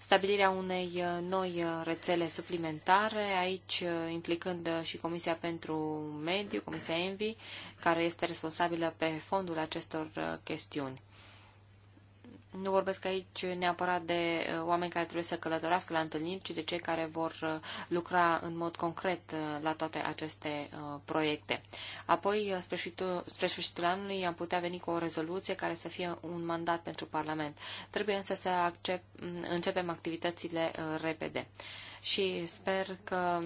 stabilirea unei uh, noi uh, rețele suplimentare, aici uh, implicând și Comisia pentru Mediu, Comisia Envi, care este responsabilă pe fondul acestor chestiuni. Nu vorbesc aici neapărat de uh, oameni care trebuie să călătorească la întâlniri, ci de cei care vor uh, lucra în mod concret uh, la toate aceste proiecte. Apoi, spre sfârșitul, spre sfârșitul anului, am putea veni cu o rezoluție care să fie un mandat pentru Parlament. Trebuie însă să accept, mm, începem activitățile repede. Și sper că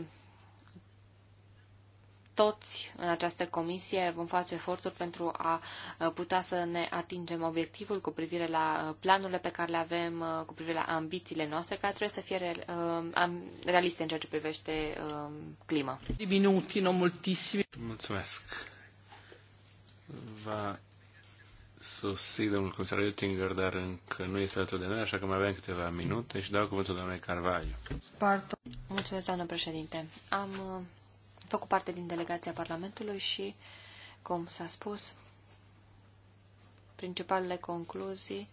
toți în această comisie vom face eforturi pentru a putea să ne atingem obiectivul cu privire la planurile pe care le avem, cu privire la ambițiile noastre, care trebuie să fie realiste în ceea ce privește clima. Minuti, nu multisimi. Mulțumesc. Va sosi domnul comisar Oettinger, dar încă nu este alături de noi, așa că mai avem câteva minute și dau cuvântul doamnei Carvalho. Mulțumesc, doamnă președinte. Am făcut parte din delegația Parlamentului și, cum s-a spus, principalele concluzii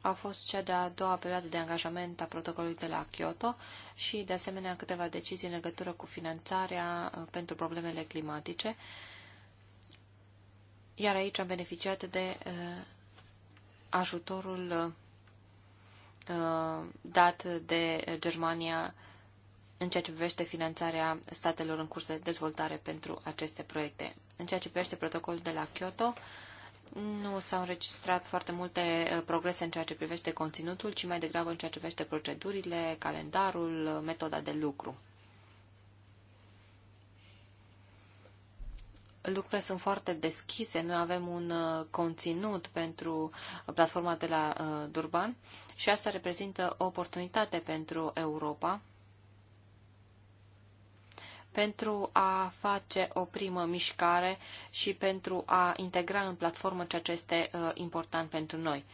a fost cea de-a doua perioadă de angajament a protocolului de la Kyoto și, de asemenea, câteva decizii în legătură cu finanțarea uh, pentru problemele climatice. Iar aici am beneficiat de uh, ajutorul uh, dat de Germania în ceea ce privește finanțarea statelor în curs de dezvoltare pentru aceste proiecte. În ceea ce privește protocolul de la Kyoto, nu s-au înregistrat foarte multe uh, progrese în ceea ce privește conținutul, ci mai degrabă în ceea ce privește procedurile, calendarul, uh, metoda de lucru. lucrurile sunt foarte deschise. Noi avem un uh, conținut pentru platforma de la Durban și asta reprezintă o oportunitate pentru Europa pentru a face o primă mișcare și pentru a integra în platformă ceea ce este uh, important pentru noi.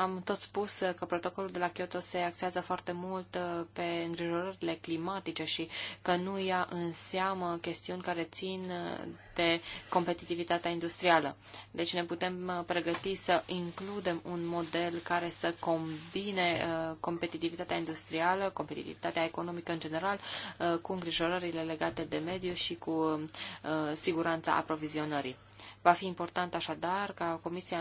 Am tot spus că protocolul de la Kyoto se axează foarte mult uh, pe îngrijorările climatice și că nu ia în seamă chestiuni care țin uh, de competitivitatea industrială. Deci ne putem uh, pregăti să includem un model care să combine competitivitatea industrială, competitivitatea economică în general, cu îngrijorările legate de mediu și cu siguranța aprovizionării. Va fi important așadar ca Comisia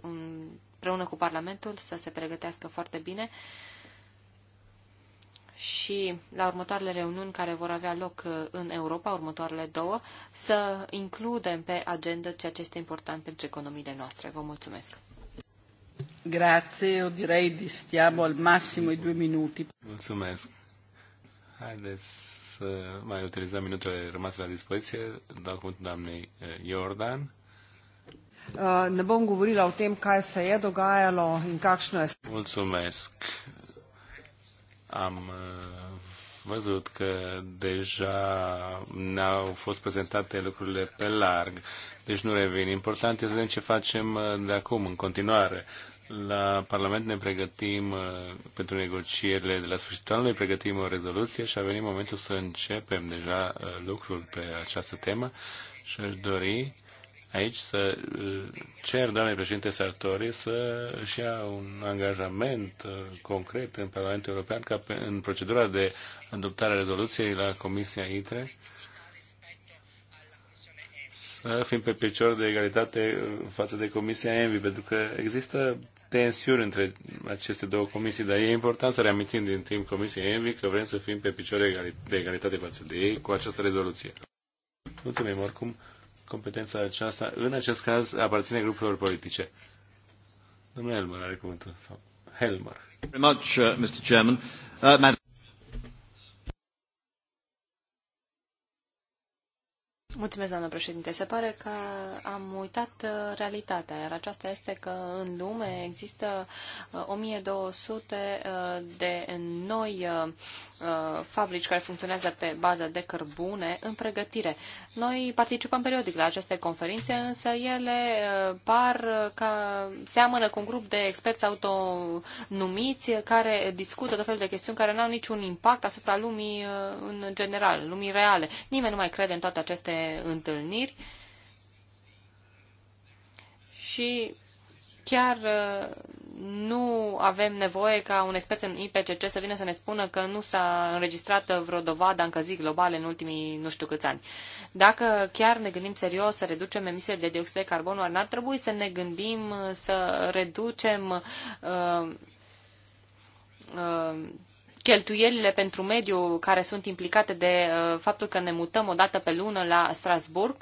în împreună cu Parlamentul să se pregătească foarte bine și la următoarele reuniuni care vor avea loc uh, în Europa, următoarele două, să includem pe agenda ceea ce este important pentru economiile noastre. Vă mulțumesc! Grazie, eu direi di stiamo al massimo i due minuti. Mulțumesc. Haideți să mai utilizăm minutele rămase la dispoziție. Dau cuvântul doamnei Iordan eh, Uh, ne bom govorila o tem, kaj se je dogajalo in kakšno je. Mulțumesc. Am uh, văzut că deja ne-au fost prezentate lucrurile pe larg, deci nu revin. Important este să vedem ce facem uh, de acum, în continuare. La Parlament ne pregătim pentru negocierile de la sfârșitul anului, pregătim o rezoluție și a venit momentul să începem deja lucrul pe această temă și aș dori aici să cer doamne președinte Sartori să își ia un angajament uh, concret în Parlamentul European ca pe, în procedura de adoptare a rezoluției la Comisia ITRE să fim pe picior de egalitate uh, față de Comisia ENVI, pentru că există tensiuni între aceste două comisii, dar e important să reamintim din timp Comisia ENVI că vrem să fim pe picior de egalitate față de ei cu această rezoluție. Mulțumim oricum competența aceasta, în acest caz, aparține grupurilor politice. Domnul Helmer are cuvântul. Helmer. Very much, uh, Mr. Chairman. Uh, Mulțumesc, doamnă președinte. Se pare că am uitat uh, realitatea, iar aceasta este că în lume există 1200 uh, uh, de noi fabrici care funcționează pe bază de cărbune în pregătire. Noi participăm periodic la aceste conferințe, însă ele par ca seamănă cu un grup de experți autonumiți care discută tot felul de chestiuni care nu au niciun impact asupra lumii în general, lumii reale. Nimeni nu mai crede în toate aceste întâlniri și chiar uh, nu avem nevoie ca un expert în IPCC să vină să ne spună că nu s-a înregistrat vreo dovadă a încălzirii globale în ultimii nu știu câți ani. Dacă chiar ne gândim serios să reducem emisiile de dioxid de carbon, oare n-ar trebui să ne gândim să reducem uh, uh, cheltuielile pentru mediu care sunt implicate de uh, faptul că ne mutăm o dată pe lună la Strasburg,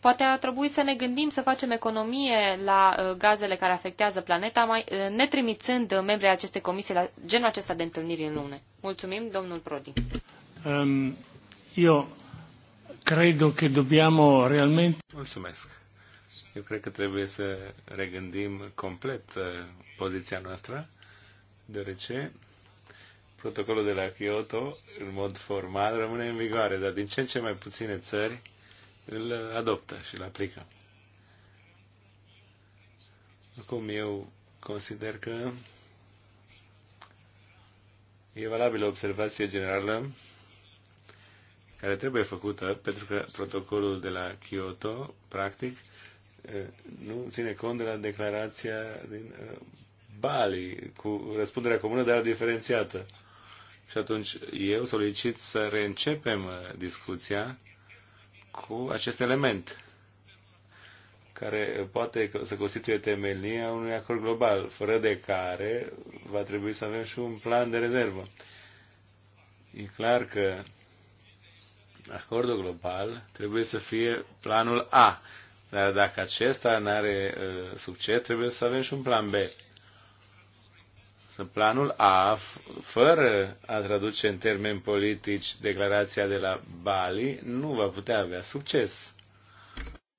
poate ar trebui să ne gândim să facem economie la uh, gazele care afectează planeta, mai, uh, netrimițând membrii acestei comisii la genul acesta de întâlniri în lună. Mulțumim, domnul Prodi. Um, eu cred că dobbiamo realmente... Mulțumesc. Eu cred că trebuie să regândim complet poziția noastră, deoarece protocolul de la Kyoto, în mod formal, rămâne în vigoare, dar din ce în ce mai puține țări îl adoptă și îl aplică. Acum eu consider că e valabilă observație generală care trebuie făcută, pentru că protocolul de la Kyoto, practic, nu ține cont de la declarația din Bali, cu răspunderea comună, dar diferențiată. Și atunci eu solicit să reîncepem uh, discuția cu acest element care poate să constituie temelia unui acord global, fără de care va trebui să avem și un plan de rezervă. E clar că acordul global trebuie să fie planul A, dar dacă acesta nu are uh, succes, trebuie să avem și un plan B în planul A, fără a traduce în termeni politici declarația de la Bali, nu va putea avea succes.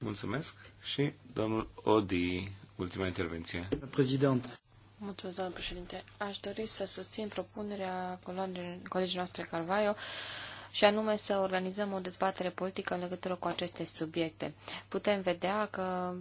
Mulțumesc și domnul Odi, ultima intervenție. Prezident. Mulțumesc, domnul președinte. Aș dori să susțin propunerea colegii noastre Carvaio și anume să organizăm o dezbatere politică în legătură cu aceste subiecte. Putem vedea că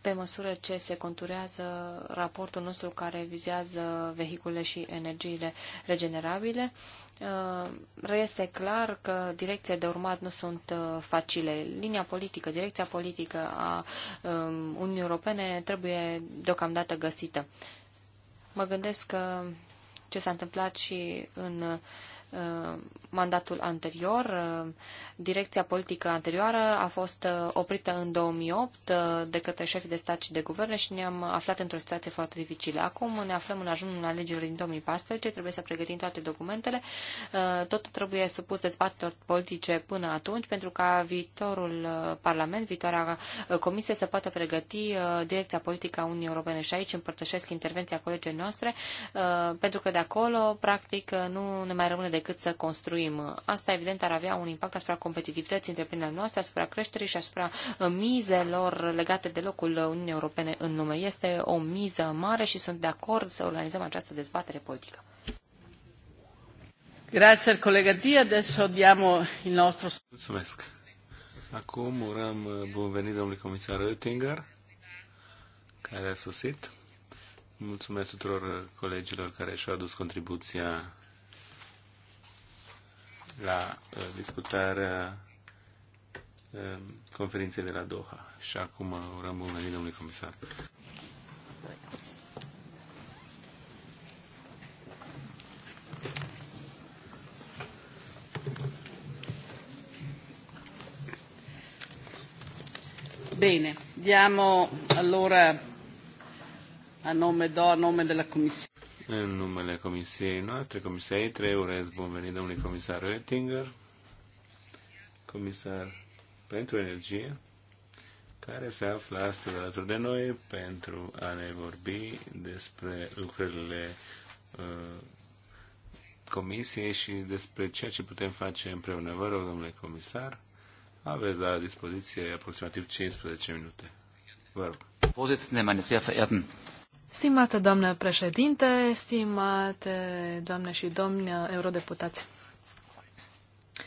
pe măsură ce se conturează raportul nostru care vizează vehiculele și energiile regenerabile, uh, reiese clar că direcția de urmat nu sunt uh, facile. Linia politică, direcția politică a um, Uniunii Europene trebuie deocamdată găsită. Mă gândesc că ce s-a întâmplat și în Uh, mandatul anterior. Uh, direcția politică anterioară a fost uh, oprită în 2008 de către șefii de stat și de guvern și ne-am aflat într-o situație foarte dificilă. Acum ne aflăm în ajunul alegerilor din 2014, trebuie să pregătim toate documentele. Tot trebuie supus dezbaterilor politice până atunci pentru ca viitorul Parlament, viitoarea Comisie să poată pregăti direcția politică a Uniunii Europene și aici împărtășesc intervenția colegii noastre pentru că de acolo, practic, nu ne mai rămâne de decât să construim. Asta, evident, ar avea un impact asupra competitivității întreprinderilor noastre, asupra creșterii și asupra uh, mizelor legate de locul Uniunii Europene în lume. Este o miză mare și sunt de acord să organizăm această dezbatere politică. Grazie colega Dia. adesso diamo il nostro... Mulțumesc. Acum urăm uh, bun venit domnului comisar Oettinger, care a sosit. Mulțumesc tuturor uh, colegilor care și-au adus contribuția la uh, discutarea um, conferinței de la Doha. Și acum urăm bun venit, domnule comisar. Bene, diamo allora a nome, do a nome della Commissione. În numele comisiei noastre, Comisia E3, urez bun venit domnului comisar Oettinger, comisar pentru energie, care se află astăzi alături de noi pentru a ne vorbi despre lucrurile uh, comisiei și despre ceea ce putem face împreună. Vă rog, domnule comisar, aveți la dispoziție aproximativ 15 minute. Vă rog. Vorsitzende, meine sehr verehrten Stimată doamnă președinte, stimate doamne și domni eurodeputați,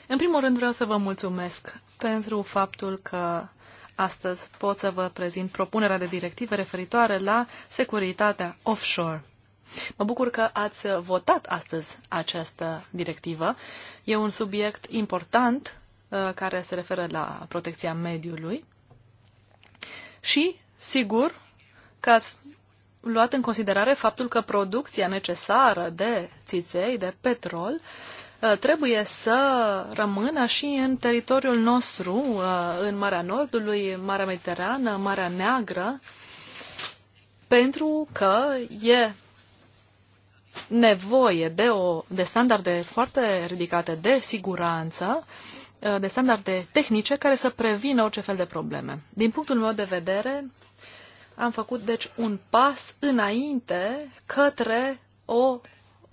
în primul rând vreau să vă mulțumesc pentru faptul că astăzi pot să vă prezint propunerea de directivă referitoare la securitatea offshore. Mă bucur că ați votat astăzi această directivă. E un subiect important uh, care se referă la protecția mediului și, sigur, că ați luat în considerare faptul că producția necesară de țiței, de petrol, uh, trebuie să rămână și în teritoriul nostru, uh, în Marea Nordului, Marea Mediterană, Marea Neagră, pentru că e nevoie de, o, de standarde foarte ridicate de siguranță, uh, de standarde tehnice care să prevină orice fel de probleme. Din punctul meu de vedere, am făcut, deci, un pas înainte către o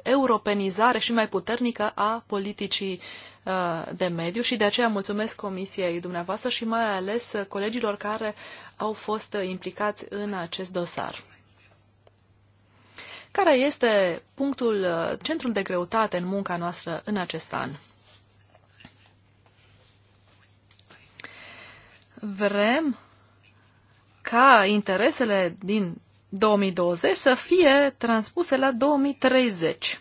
europenizare și mai puternică a politicii uh, de mediu și de aceea mulțumesc Comisiei dumneavoastră și mai ales colegilor care au fost implicați în acest dosar. Care este punctul, uh, centrul de greutate în munca noastră în acest an? Vrem ca interesele din 2020 să fie transpuse la 2030.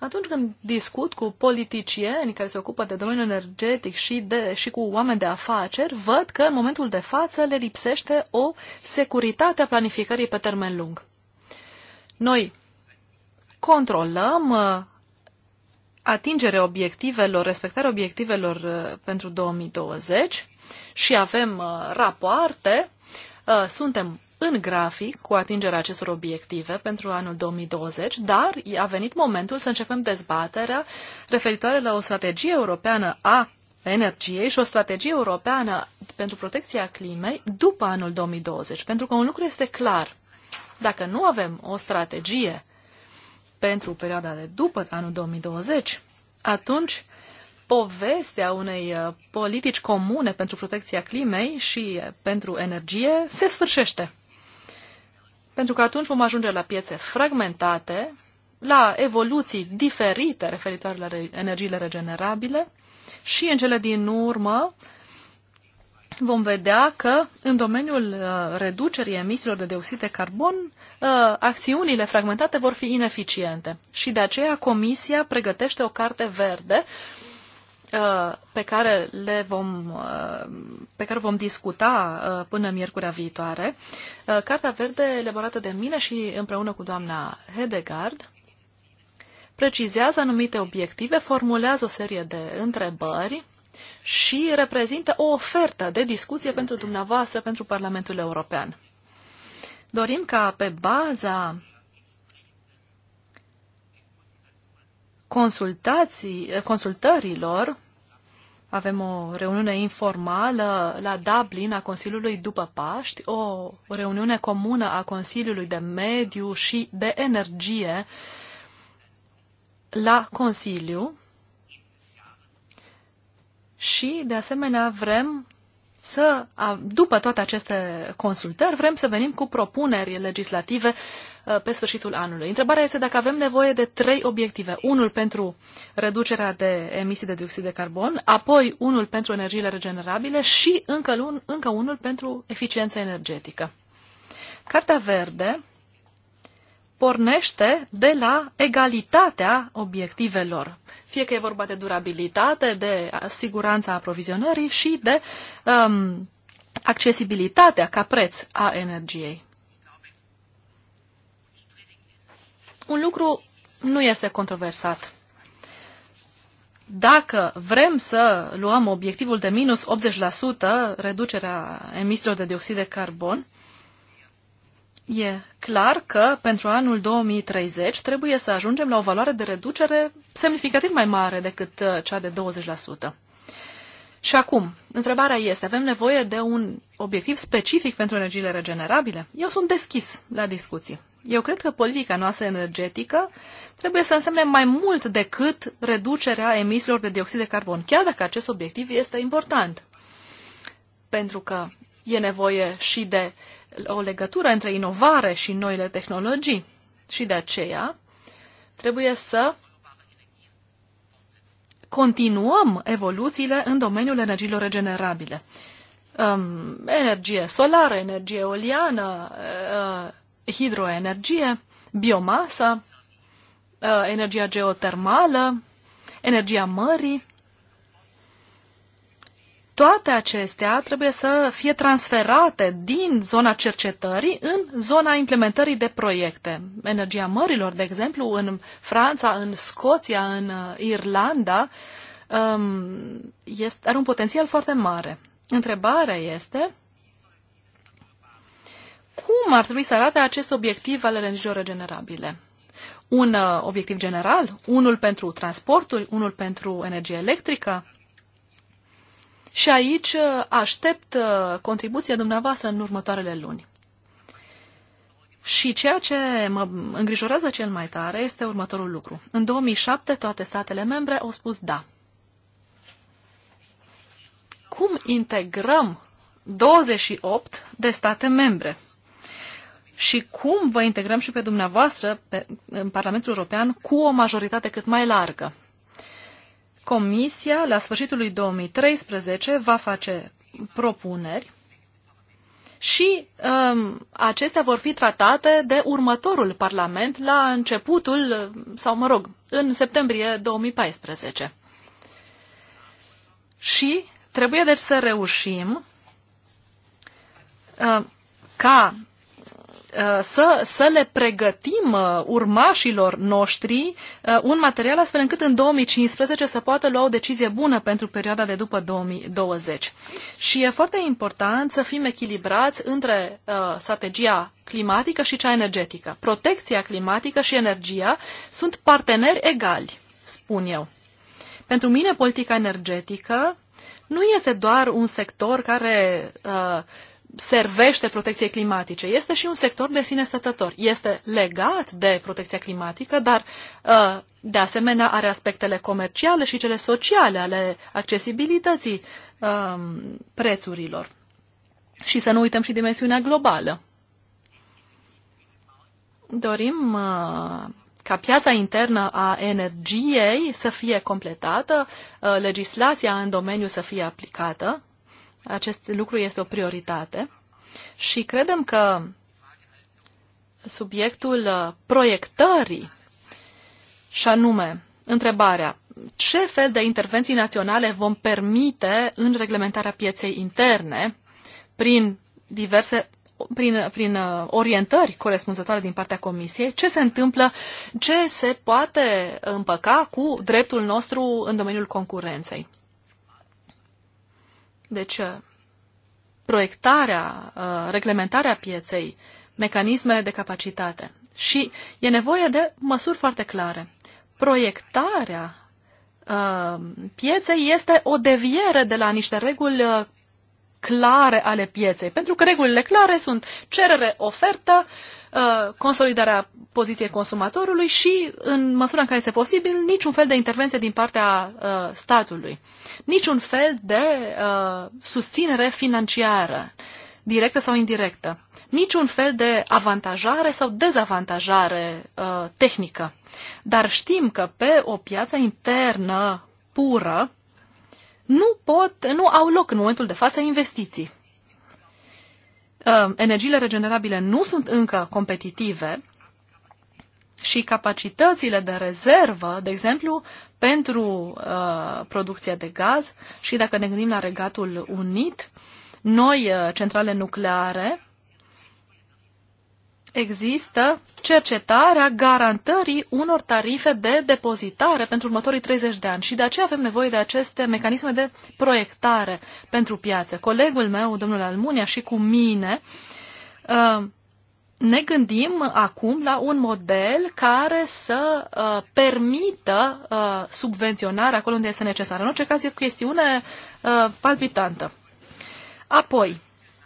Atunci când discut cu politicieni care se ocupă de domeniul energetic și, de, și cu oameni de afaceri, văd că în momentul de față le lipsește o securitate a planificării pe termen lung. Noi controlăm uh, atingerea obiectivelor, respectarea obiectivelor uh, pentru 2020, și avem uh, rapoarte, uh, suntem în grafic cu atingerea acestor obiective pentru anul 2020, dar a venit momentul să începem dezbaterea referitoare la o strategie europeană a energiei și o strategie europeană pentru protecția climei după anul 2020. Pentru că un lucru este clar. Dacă nu avem o strategie pentru perioada de după anul 2020, atunci povestea unei uh, politici comune pentru protecția climei și pentru energie se sfârșește. Pentru că atunci vom ajunge la piețe fragmentate, la evoluții diferite referitoare la energiile regenerabile și în cele din urmă vom vedea că în domeniul uh, reducerii emisiilor de dioxid de carbon, uh, acțiunile fragmentate vor fi ineficiente. Și de aceea Comisia pregătește o carte verde uh, Uh, pe care le vom, uh, pe care vom discuta uh, până miercurea viitoare. Carta verde elaborată de mine și împreună cu doamna Hedegard precizează anumite obiective, formulează o serie de întrebări și reprezintă o ofertă de discuție pentru dumneavoastră, pentru Parlamentul European. Dorim ca pe baza consultații, consultărilor. Avem o reuniune informală la Dublin a Consiliului după Paști, o reuniune comună a Consiliului de Mediu și de Energie la Consiliu și, de asemenea, vrem să, după toate aceste consultări, vrem să venim cu propuneri legislative uh, pe sfârșitul anului. Întrebarea este dacă avem nevoie de trei obiective. Unul pentru reducerea de emisii de dioxid de carbon, apoi unul pentru energiile regenerabile și încă, un, încă unul pentru eficiența energetică. Cartea verde pornește de la egalitatea obiectivelor. Fie că e vorba de durabilitate, de siguranța aprovizionării și de um, accesibilitatea ca preț a energiei. Un lucru nu este controversat. Dacă vrem să luăm obiectivul de minus 80% reducerea emisiilor de dioxid de carbon, E clar că pentru anul 2030 trebuie să ajungem la o valoare de reducere semnificativ mai mare decât uh, cea de 20%. Și acum, întrebarea este, avem nevoie de un obiectiv specific pentru energiile regenerabile? Eu sunt deschis la discuții. Eu cred că politica noastră energetică trebuie să însemne mai mult decât reducerea emisiilor de dioxid de carbon, chiar dacă acest obiectiv este important. Pentru că e nevoie și de o legătură între inovare și noile tehnologii. Și de aceea trebuie să continuăm evoluțiile în domeniul energiilor regenerabile. Um, energie solară, energie eoliană, uh, hidroenergie, biomasa, uh, energia geotermală, energia mării, toate acestea trebuie să fie transferate din zona cercetării în zona implementării de proiecte. Energia mărilor, de exemplu, în Franța, în Scoția, în uh, Irlanda, um, este, are un potențial foarte mare. Întrebarea este cum ar trebui să arate acest obiectiv al energiilor regenerabile? Un uh, obiectiv general, unul pentru transportul, unul pentru energie electrică, și aici uh, aștept uh, contribuția dumneavoastră în următoarele luni. Și ceea ce mă îngrijorează cel mai tare este următorul lucru. În 2007 toate statele membre au spus da. Cum integrăm 28 de state membre? Și cum vă integrăm și pe dumneavoastră pe, în Parlamentul European cu o majoritate cât mai largă? Comisia, la sfârșitul lui 2013, va face propuneri și um, acestea vor fi tratate de următorul Parlament la începutul, sau mă rog, în septembrie 2014. Și trebuie deci să reușim uh, ca Uh, să, să le pregătim uh, urmașilor noștri uh, un material astfel încât în 2015 să poată lua o decizie bună pentru perioada de după 2020. Și e foarte important să fim echilibrați între strategia climatică și cea energetică. Protecția climatică și energia sunt parteneri egali, spun eu. Pentru mine, politica energetică nu este doar un sector care uh, servește protecției climatice. Este și un sector de sine stătător. Este legat de protecția climatică, dar uh, de asemenea are aspectele comerciale și cele sociale ale accesibilității um, prețurilor. Și să nu uităm și dimensiunea globală. Dorim uh, ca piața internă a energiei să fie completată, uh, legislația în domeniu să fie aplicată acest lucru este o prioritate și credem că subiectul uh, proiectării și anume întrebarea ce fel de intervenții naționale vom permite în reglementarea pieței interne prin diverse prin, prin uh, orientări corespunzătoare din partea Comisiei, ce se întâmplă, ce se poate împăca cu dreptul nostru în domeniul concurenței. Deci, uh, proiectarea, uh, reglementarea pieței, mecanismele de capacitate. Și e nevoie de măsuri foarte clare. Proiectarea uh, pieței este o deviere de la niște reguli clare ale pieței, pentru că regulile clare sunt cerere, ofertă, uh, consolidarea poziției consumatorului și, în măsura în care este posibil, niciun fel de intervenție din partea uh, statului, niciun fel de uh, susținere financiară, directă sau indirectă, niciun fel de avantajare sau dezavantajare tehnică. Dar știm că pe o piață internă pură, nu pot, nu au loc în momentul de față investiții. Ehm, energiile regenerabile nu sunt încă competitive și capacitățile de rezervă, de exemplu, pentru uh, producția de gaz și dacă ne gândim la Regatul Unit, noi uh, centrale nucleare există cercetarea garantării unor tarife de depozitare pentru următorii 30 de ani și de aceea avem nevoie de aceste mecanisme de proiectare pentru piață. Colegul meu, domnul Almunia, și cu mine uh, ne gândim acum la un model care să uh, permită uh, subvenționarea acolo unde este necesară. În orice caz, e o chestiune palpitantă. Apoi,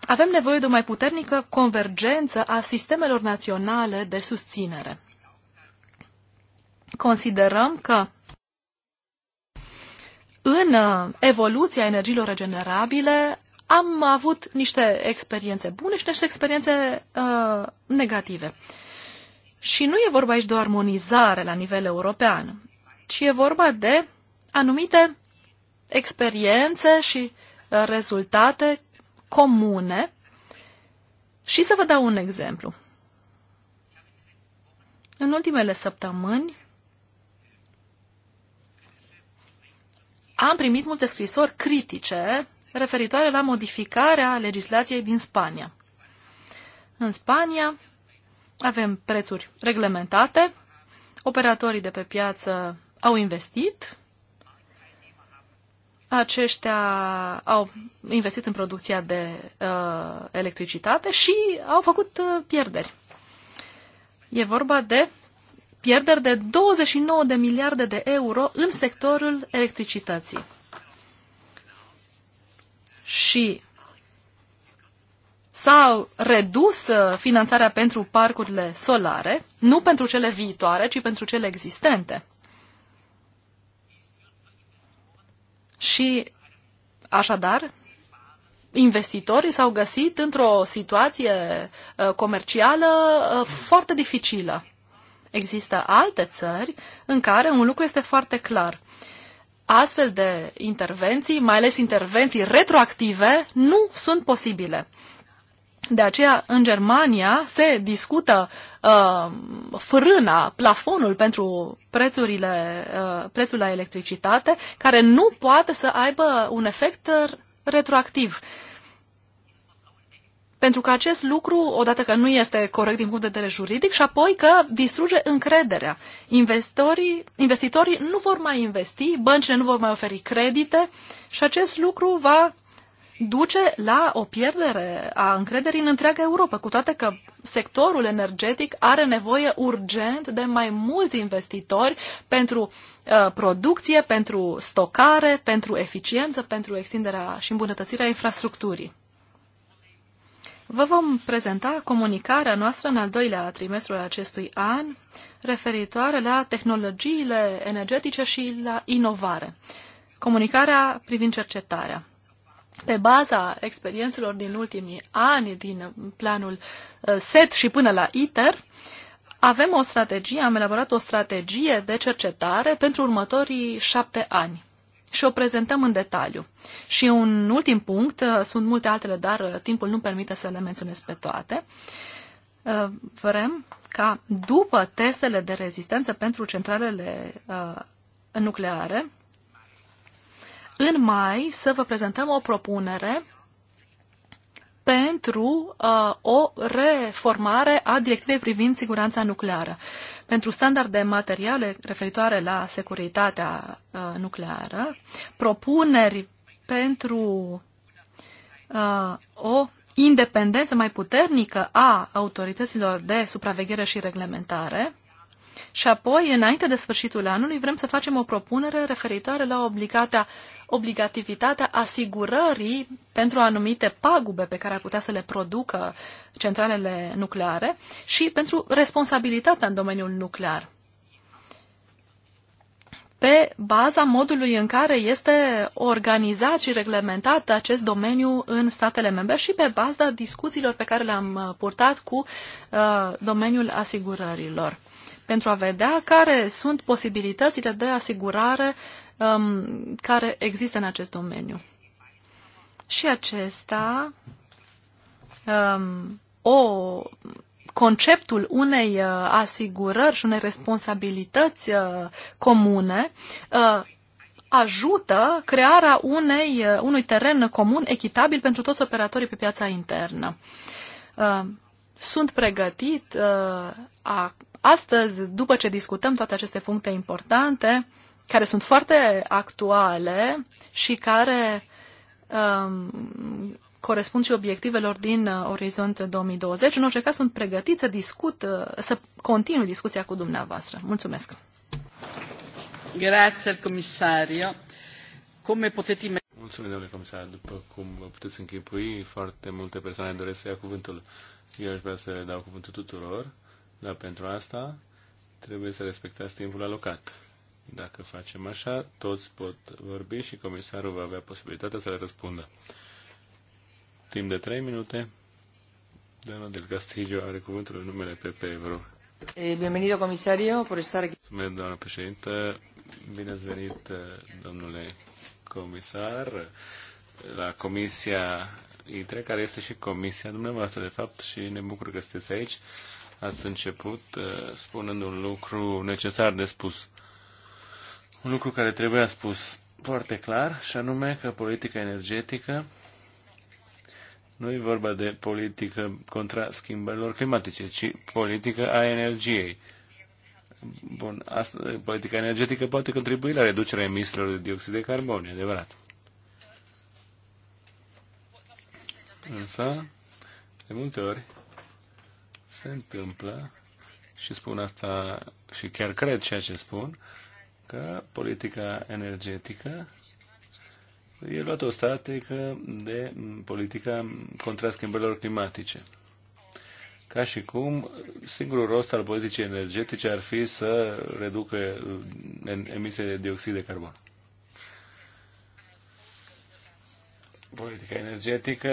avem nevoie de o mai puternică convergență a sistemelor naționale de susținere. Considerăm că în uh, evoluția energiilor regenerabile am avut niște experiențe bune și niște experiențe uh, negative. Și nu e vorba aici de o armonizare la nivel european, ci e vorba de anumite experiențe și uh, rezultate comune. Și să vă dau un exemplu. În ultimele săptămâni am primit multe scrisori critice referitoare la modificarea legislației din Spania. În Spania avem prețuri reglementate, operatorii de pe piață au investit aceștia au investit în producția de uh, electricitate și au făcut uh, pierderi. E vorba de pierderi de 29 de miliarde de euro în sectorul electricității. Și s-au redus uh, finanțarea pentru parcurile solare, nu pentru cele viitoare, ci pentru cele existente. Și așadar, investitorii s-au găsit într-o situație uh, comercială uh, foarte dificilă. Există alte țări în care un lucru este foarte clar. Astfel de intervenții, mai ales intervenții retroactive, nu sunt posibile. De aceea, în Germania se discută uh, frâna, plafonul pentru prețurile, uh, prețul la electricitate, care nu poate să aibă un efect retroactiv. Pentru că acest lucru, odată că nu este corect din punct de vedere juridic, și apoi că distruge încrederea. Investitorii, investitorii nu vor mai investi, băncile nu vor mai oferi credite și acest lucru va duce la o pierdere a încrederii în întreaga Europa, cu toate că sectorul energetic are nevoie urgent de mai mulți investitori pentru uh, producție, pentru stocare, pentru eficiență, pentru extinderea și îmbunătățirea infrastructurii. Vă vom prezenta comunicarea noastră în al doilea trimestru al acestui an referitoare la tehnologiile energetice și la inovare. Comunicarea privind cercetarea pe baza experiențelor din ultimii ani, din planul uh, SET și până la ITER, avem o strategie, am elaborat o strategie de cercetare pentru următorii șapte ani și o prezentăm în detaliu. Și un ultim punct, uh, sunt multe altele, dar uh, timpul nu permite să le menționez pe toate. Vrem ca după testele de rezistență pentru centralele nucleare, în mai să vă prezentăm o propunere pentru uh, o reformare a directivei privind siguranța nucleară. Pentru standarde materiale referitoare la securitatea uh, nucleară, propuneri pentru uh, o independență mai puternică a autorităților de supraveghere și reglementare, și apoi, înainte de sfârșitul anului, vrem să facem o propunere referitoare la obligația, obligativitatea asigurării pentru anumite pagube pe care ar putea să le producă centralele nucleare și pentru responsabilitatea în domeniul nuclear pe baza modului în care este organizat și reglementat acest domeniu în statele membre și pe baza discuțiilor pe care le-am uh, purtat cu uh, domeniul asigurărilor, pentru a vedea care sunt posibilitățile de asigurare um, care există în acest domeniu. Și acesta, um, o, conceptul unei uh, asigurări și unei responsabilități uh, comune uh, ajută crearea unei, uh, unui teren comun echitabil pentru toți operatorii pe piața internă. Uh, sunt pregătit uh, astăzi, după ce discutăm toate aceste puncte importante, care sunt foarte actuale și care um, corespund și obiectivelor din uh, Orizont 2020. În orice caz, sunt pregătit să discut, uh, să continui discuția cu dumneavoastră. Mulțumesc! Grazie, comisario. Come potete Mulțumesc, domnule comisar. După cum vă puteți închipui, foarte multe persoane doresc să ia cuvântul. Eu aș vrea să le dau cuvântul tuturor, dar pentru asta trebuie să respectați timpul alocat. Dacă facem așa, toți pot vorbi și comisarul va avea posibilitatea să le răspundă. Timp de 3 minute. Dana del Castillo are cuvântul în numele PP Evro. Eh, bienvenido, comisario, por estar aquí. Mulțumesc, doamna președintă. Bine ați venit, domnule comisar, la Comisia ITRE, care este și comisia dumneavoastră, de fapt, și ne bucur că sunteți aici. Ați început eh, spunând un lucru necesar de spus un lucru care trebuia spus foarte clar, și anume că politica energetică nu e vorba de politică contra schimbărilor climatice, ci politică a energiei. Bun, asta, politica energetică poate contribui la reducerea emisiilor de dioxid de carbon, e adevărat. Însă, de multe ori, se întâmplă, și spun asta și chiar cred ceea ce spun, că politica energetică e luată o statică de politica contra schimbărilor climatice. Ca și cum singurul rost al politicii energetice ar fi să reducă emisiile de dioxid de carbon. politica energetică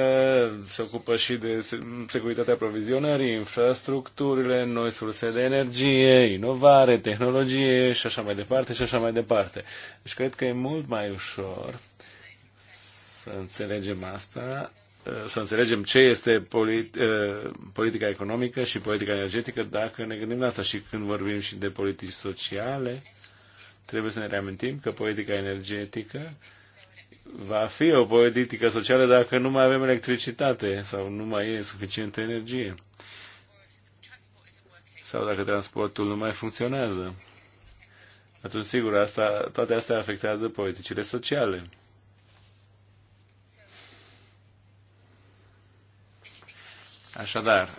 se ocupă și de securitatea aprovizionării, infrastructurile, noi surse de energie, inovare, tehnologie și așa mai departe și așa mai departe. Deci cred că e mult mai ușor să înțelegem asta, să înțelegem ce este polit, eh, politica economică și politica energetică dacă ne gândim la asta și când vorbim și de politici sociale, trebuie să ne reamintim că politica energetică va fi o politică socială dacă nu mai avem electricitate sau nu mai e suficientă energie sau dacă transportul nu mai funcționează. Atunci, sigur, asta, toate astea afectează politicile sociale. Așadar,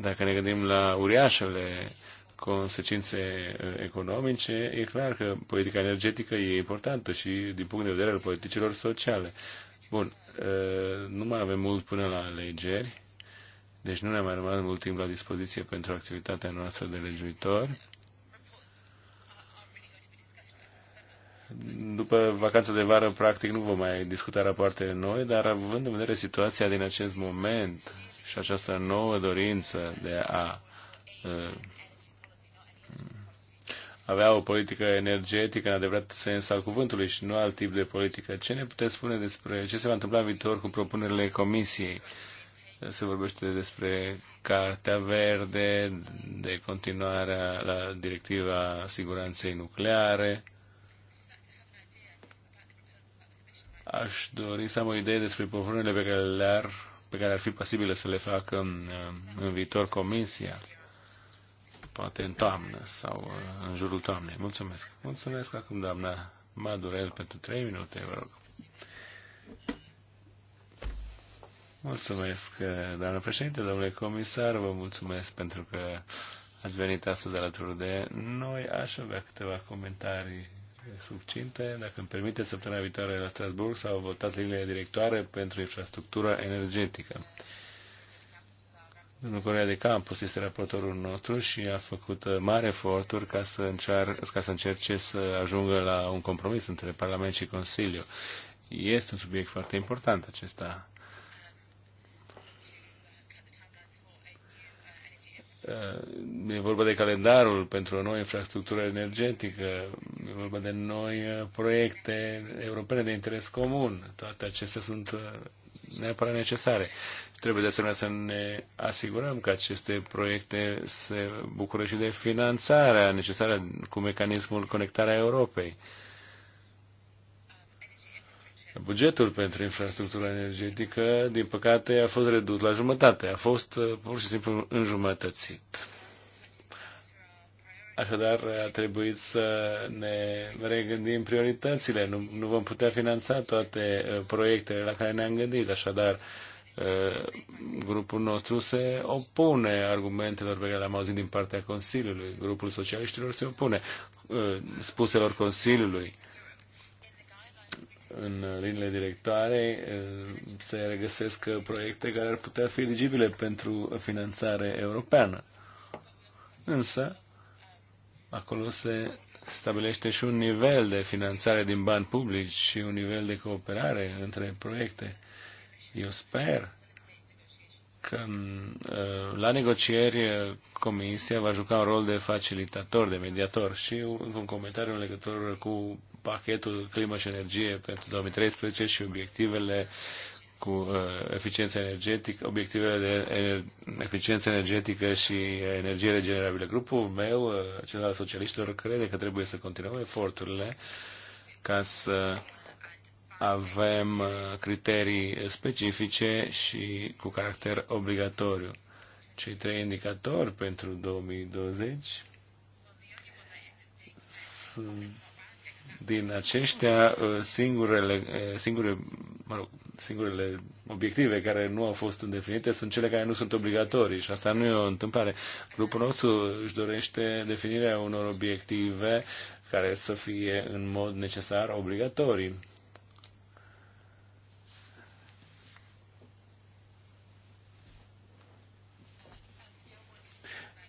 dacă ne gândim la uriașele consecințe eh, economice, e clar că politica energetică e importantă și din punct de vedere al politicilor sociale. Bun, eh, nu mai avem mult până la alegeri, deci nu ne-a mai rămas mult timp la dispoziție pentru activitatea noastră de legiuitor. După vacanța de vară, practic, nu vom mai discuta rapoarte noi, dar având în vedere situația din acest moment și această nouă dorință de a eh, avea o politică energetică în adevărat sens al cuvântului și nu alt tip de politică. Ce ne puteți spune despre ce se va întâmpla în viitor cu propunerile Comisiei? Se vorbește despre Cartea Verde, de continuarea la directiva siguranței nucleare. Aș dori să am o idee despre propunerile pe care, le-ar, pe care ar fi posibil să le facă în, uh, în viitor Comisia poate în toamnă sau uh, în jurul toamnei. Mulțumesc. Mulțumesc acum, doamna Madurel, pentru 3 minute, vă rog. Mulțumesc, uh, doamna președinte, domnule comisar, vă mulțumesc pentru că ați venit astăzi alături de noi. Aș avea câteva comentarii subcinte. Dacă îmi permite, săptămâna viitoare la Strasburg s-au votat liniile directoare pentru infrastructura energetică. Domnul Corea de Campus este raportorul nostru și a făcut uh, mari eforturi ca să, încear, ca să încerce să ajungă la un compromis între Parlament și Consiliu. Este un subiect foarte important acesta. Uh, e vorba de calendarul pentru o nouă infrastructură energetică, e vorba de noi uh, proiecte europene de interes comun. Toate acestea sunt neapărat necesare. Trebuie de asemenea să ne asigurăm că aceste proiecte se bucură și de finanțarea necesară cu mecanismul Conectarea Europei. Bugetul pentru infrastructura energetică, din păcate, a fost redus la jumătate. A fost uh, pur și simplu înjumătățit. Așadar, a trebuit să ne regândim prioritățile. Nu, nu vom putea finanța toate uh, proiectele la care ne-am gândit. Așadar, Eh, grupul nostru se opune argumentelor pe care le-am auzit din partea Consiliului. Grupul socialiștilor se opune eh, spuselor Consiliului. În liniile directoare eh, se regăsesc proiecte care ar putea fi eligibile pentru finanțare europeană. Însă, acolo se stabilește și un nivel de finanțare din bani publici și un nivel de cooperare între proiecte eu sper că uh, la negocieri uh, Comisia va juca un rol de facilitator, de mediator. Și un comentariu în legătură cu pachetul climă și energie pentru 2013 și obiectivele cu uh, eficiență energetică, obiectivele de eficiență energetică și energie regenerabilă. Grupul meu, cel al socialiștilor, crede că trebuie să continuăm eforturile ca să avem uh, criterii specifice și cu caracter obligatoriu. Cei trei indicatori pentru 2020 sunt din aceștia uh, singurele, uh, singure, mă rog, singurele obiective care nu au fost îndefinite sunt cele care nu sunt obligatorii și asta nu e o întâmplare. Grupul nostru își dorește definirea unor obiective care să fie în mod necesar obligatorii.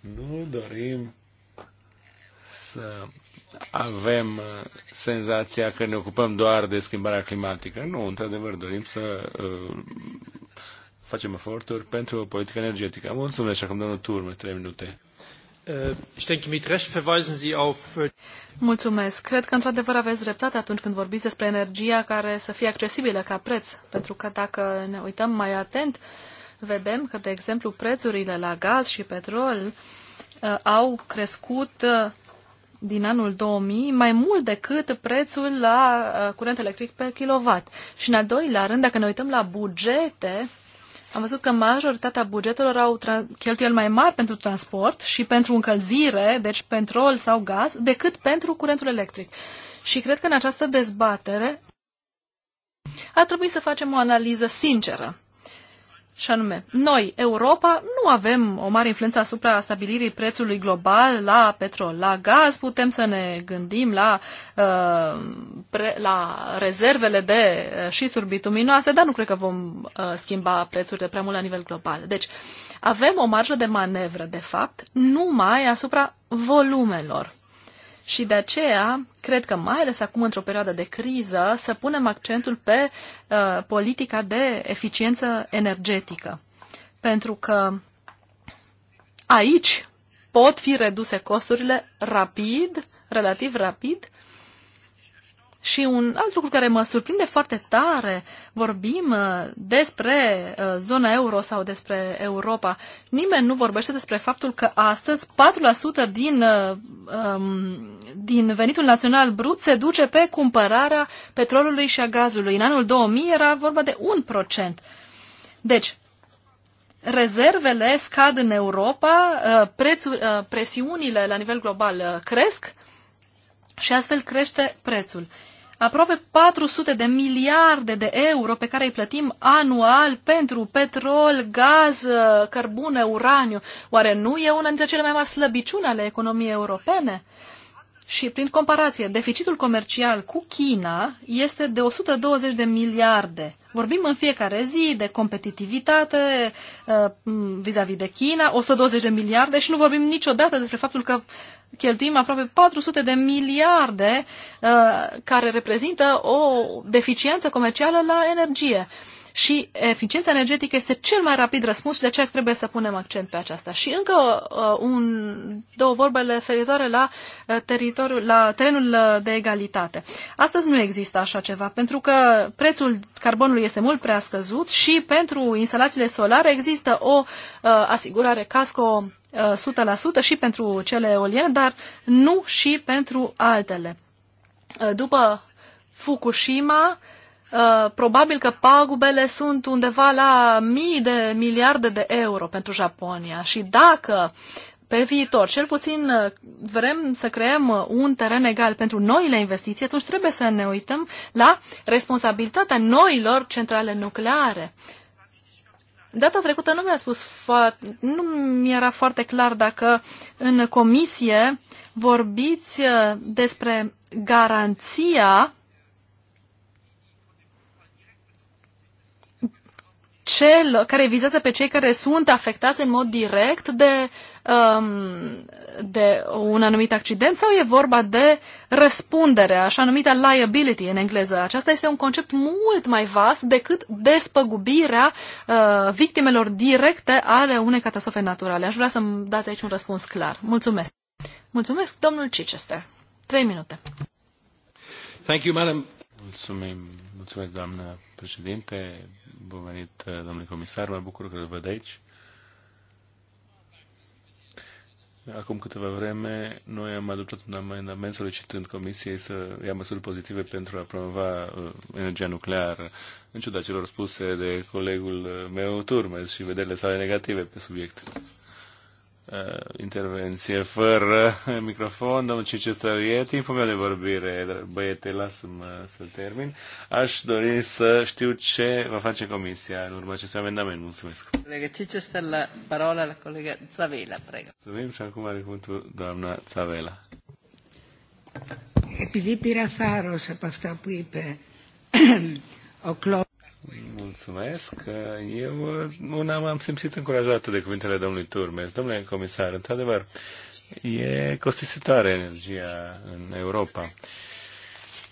Nu dorim să avem uh, senzația că ne ocupăm doar de schimbarea climatică. Nu, într-adevăr, dorim să uh, facem eforturi pentru o politică energetică. Mulțumesc și acum domnul Turme, trei minute. Uh, uh, Mulțumesc. Cred că într-adevăr aveți dreptate atunci când vorbiți despre energia care să fie accesibilă ca preț, pentru că dacă ne uităm mai atent, uh, vedem că, de exemplu, prețurile la gaz și petrol uh, au crescut uh, din anul 2000 mai mult decât prețul la uh, curent electric pe kilowatt. Și în al doilea rând, dacă ne uităm la bugete, am văzut că majoritatea bugetelor au cheltuieli mai mari pentru transport și pentru încălzire, deci petrol sau gaz, decât pentru curentul electric. Și cred că în această dezbatere ar trebui să facem o analiză sinceră. Și anume, noi, Europa, nu avem o mare influență asupra stabilirii prețului global la petrol, la gaz, putem să ne gândim la, uh, pre, la rezervele de uh, șisturi bituminoase, dar nu cred că vom uh, schimba prețurile prea mult la nivel global. Deci, avem o marjă de manevră, de fapt, numai asupra volumelor. Și de aceea, cred că mai ales acum, într-o perioadă de criză, să punem accentul pe uh, politica de eficiență energetică. Pentru că aici pot fi reduse costurile rapid, relativ rapid, și un alt lucru care mă surprinde foarte tare, vorbim uh, despre uh, zona euro sau despre Europa. Nimeni nu vorbește despre faptul că astăzi 4% din, uh, um, din venitul național brut se duce pe cumpărarea petrolului și a gazului. În anul 2000 era vorba de 1%. Deci, rezervele scad în Europa, prețul, presiunile la nivel global cresc, și astfel crește prețul aproape 400 de miliarde de euro pe care îi plătim anual pentru petrol, gaz, cărbune, uraniu. Oare nu e una dintre cele mai mari slăbiciuni ale economiei europene? Și prin comparație, deficitul comercial cu China este de 120 de miliarde Vorbim în fiecare zi de competitivitate uh, vis-a-vis -vis de China, 120 de miliarde și nu vorbim niciodată despre faptul că cheltuim aproape 400 de miliarde uh, care reprezintă o deficiență comercială la energie și eficiența energetică este cel mai rapid răspuns și de aceea trebuie să punem accent pe aceasta. Și încă uh, un, două vorbe referitoare la, uh, teritoriul, la terenul uh, de egalitate. Astăzi nu există așa ceva, pentru că prețul carbonului este mult prea scăzut și pentru instalațiile solare există o uh, asigurare casco 100% uh, și pentru cele eoliene, dar nu și pentru altele. Uh, după Fukushima, Uh, probabil că pagubele sunt undeva la mii de miliarde de euro pentru Japonia și dacă pe viitor, cel puțin uh, vrem să creăm uh, un teren egal pentru noile investiții, atunci trebuie să ne uităm la responsabilitatea noilor centrale nucleare. Data trecută nu mi-a spus foarte, nu mi-era foarte clar dacă în comisie vorbiți despre garanția cel care vizează pe cei care sunt afectați în mod direct de, um, de un anumit accident sau e vorba de răspundere, așa numită liability în engleză. Aceasta este un concept mult mai vast decât despăgubirea uh, victimelor directe ale unei catastrofe naturale. Aș vrea să-mi dați aici un răspuns clar. Mulțumesc. Mulțumesc, domnul Chichester. Trei minute. Thank you, madam. Mulțumim. Mulțumesc, doamnă președinte Bun venit, eh, domnule comisar, mă bucur că îl văd aici. Acum câteva vreme, noi am adoptat un amendament solicitând Comisiei să ia măsuri pozitive pentru a promova uh, energia nucleară, în ciuda celor spuse de colegul eh, meu Turmes și vederile sale negative pe subiect. Uh, intervenție fără microfon. Domnul Cicestor, e timpul meu de vorbire, băiete, lasă-mă să termin. Aș dori să știu ce va face Comisia în urma acestui amendament. Mulțumesc. Colegă Cicestor, la parola la colega Zavela, prego. Mulțumim și acum are cuvântul doamna Zavela. Επειδή πήρα θάρρος από αυτά που είπε ο Κλό... Mulțumesc. Eu una m-am simțit încurajată de cuvintele domnului Turmes. Domnule comisar, într-adevăr, e costisitoare energia în Europa.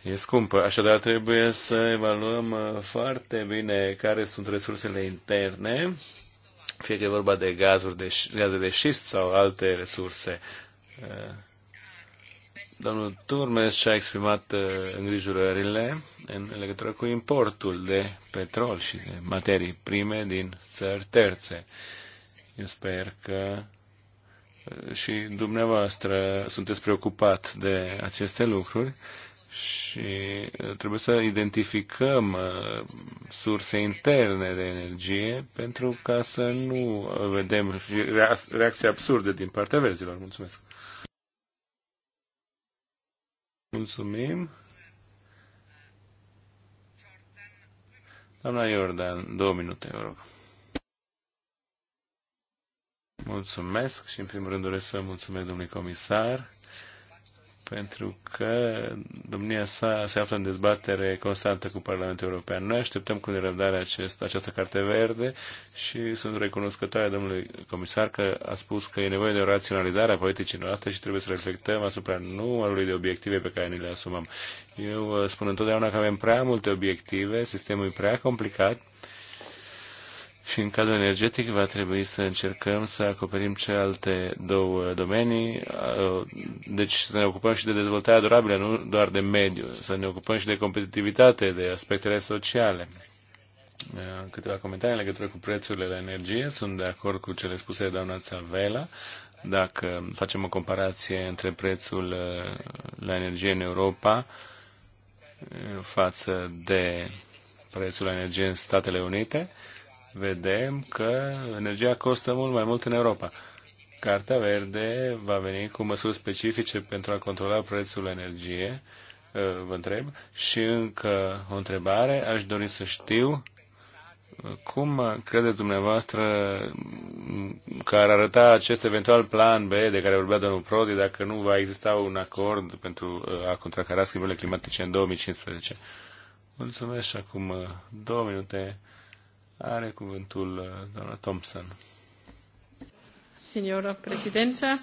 E scumpă, așadar trebuie să evaluăm uh, foarte bine care sunt resursele interne, fie că e vorba de gazuri, de, gaze de șist sau alte resurse uh, Domnul Turmes și-a exprimat uh, îngrijorările în legătură cu importul de petrol și de materii prime din țări terțe. Eu sper că uh, și dumneavoastră sunteți preocupat de aceste lucruri și uh, trebuie să identificăm surse interne de energie pentru ca să nu vedem reacții absurde din partea verzilor. Mulțumesc! Mulțumim. Doamna Iordan, două minute, vă rog. Mulțumesc și în primul rând doresc să mulțumesc domnului comisar pentru că domnia sa se află în dezbatere constantă cu Parlamentul European. Noi așteptăm cu nerăbdare acest, această carte verde și sunt recunoscătoare domnului comisar că a spus că e nevoie de o raționalizare a politicii noastre și trebuie să reflectăm asupra numărului de obiective pe care ni le asumăm. Eu uh, spun întotdeauna că avem prea multe obiective, sistemul e prea complicat și în cadrul energetic va trebui să încercăm să acoperim celelalte două domenii, deci să ne ocupăm și de dezvoltarea durabilă, nu doar de mediu, să ne ocupăm și de competitivitate, de aspectele sociale. Câteva comentarii în legătură cu prețurile la energie. Sunt de acord cu cele spuse de doamna Țavela. Dacă facem o comparație între prețul la energie în Europa față de prețul la energie în Statele Unite, vedem că energia costă mult mai mult în Europa. Cartea Verde va veni cu măsuri specifice pentru a controla prețul energiei, uh, vă întreb. Și încă o întrebare, aș dori să știu uh, cum crede dumneavoastră mm, că ar arăta acest eventual plan B de care vorbea domnul Prodi dacă nu va exista un acord pentru uh, a contracara schimbările climatice în 2015? Mulțumesc și acum două minute are cuvântul uh, doamna Thompson. Signora Presidenta,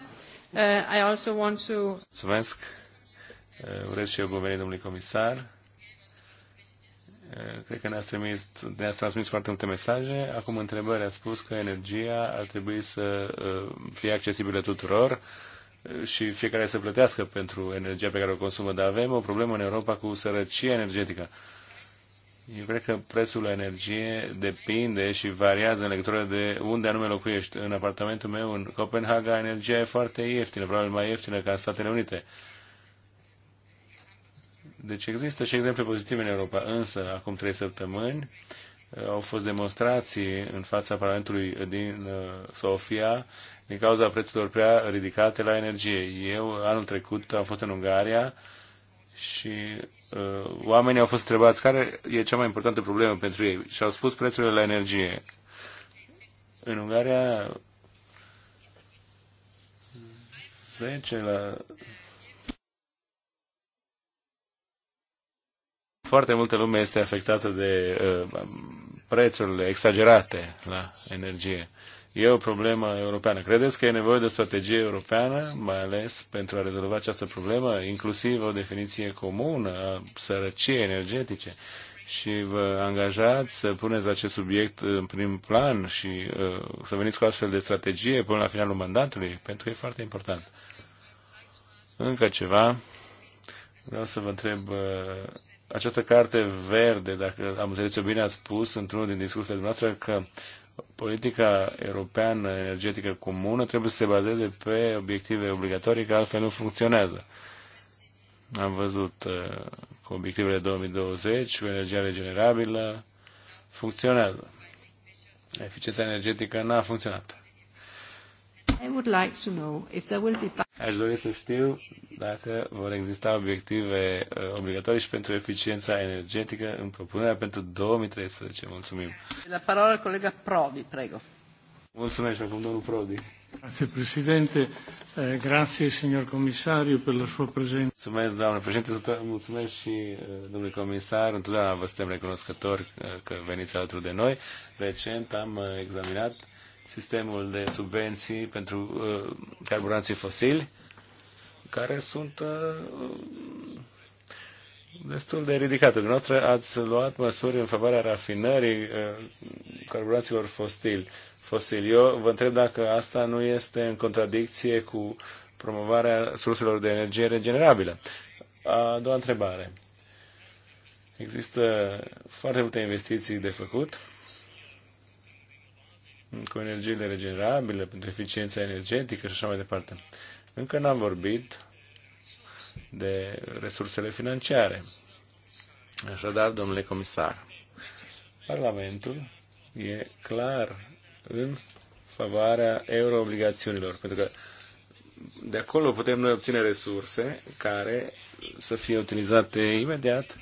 uh, I also want to... Mulțumesc. Uh, urez și eu bun venit, domnului comisar. Uh, cred că ne-ați trimis, ne transmis foarte multe mesaje. Acum întrebări. A spus că energia ar trebui să uh, fie accesibilă tuturor și fiecare să plătească pentru energia pe care o consumă. Dar avem o problemă în Europa cu sărăcia energetică. Uh, eu cred că prețul la energie depinde și variază în legătură de unde anume locuiești. În apartamentul meu, în Copenhaga, energia e foarte ieftină, probabil mai ieftină ca în Statele Unite. Deci există și exemple pozitive în Europa. Însă, acum trei săptămâni, uh, au fost demonstrații în fața Parlamentului din uh, Sofia din cauza prețurilor prea ridicate la energie. Eu, anul trecut, am fost în Ungaria, și uh, oamenii au fost întrebați care e cea mai importantă problemă pentru ei și au spus prețurile la energie. În Ungaria 10 la foarte multă lume este afectată de uh, prețurile exagerate la energie. Uh, E o problemă europeană. Credeți că e nevoie de o strategie europeană, mai ales pentru a rezolva această problemă, inclusiv o definiție comună a sărăciei energetice? Și vă angajați să puneți acest subiect în prim plan și uh, să veniți cu astfel de strategie până la finalul mandatului, pentru că e foarte important. Încă ceva. Vreau să vă întreb. Uh, această carte verde, dacă am înțeles-o bine, a spus într-unul din discursurile noastre că politica europeană energetică comună trebuie să se bazeze pe obiective obligatorii, că altfel nu funcționează. Am văzut uh, cu obiectivele 2020, cu energia regenerabilă, funcționează. Eficiența energetică n-a funcționat. I would like to know if there will be Aș dori să știu dacă vor exista obiective uh, obligatorii și pentru eficiența energetică în propunerea pentru 2013. Mulțumim. La parola colega Prodi, prego. Mulțumesc acum domnul Prodi. Grazie Presidente, eh, grazie signor Commissario per la sua presenza. Mulțumesc, doamne președinte, mulțumesc și eh, domnule comisar, întotdeauna vă suntem recunoscători eh, că veniți alături de noi. Recent am eh, examinat sistemul de subvenții pentru uh, carburanții fosili, care sunt uh, uh, destul de ridicate. Dumneavoastră ați luat măsuri în favoarea rafinării uh, carburanților fosili. fosili. Eu vă întreb dacă asta nu este în contradicție cu promovarea surselor de energie regenerabilă. A doua întrebare. Există foarte multe investiții de făcut cu energiile regenerabile, pentru eficiența energetică și așa mai departe. Încă n-am vorbit de resursele financiare. Așadar, domnule comisar, Parlamentul e clar în favoarea euroobligațiunilor, pentru că de acolo putem noi obține resurse care să fie utilizate imediat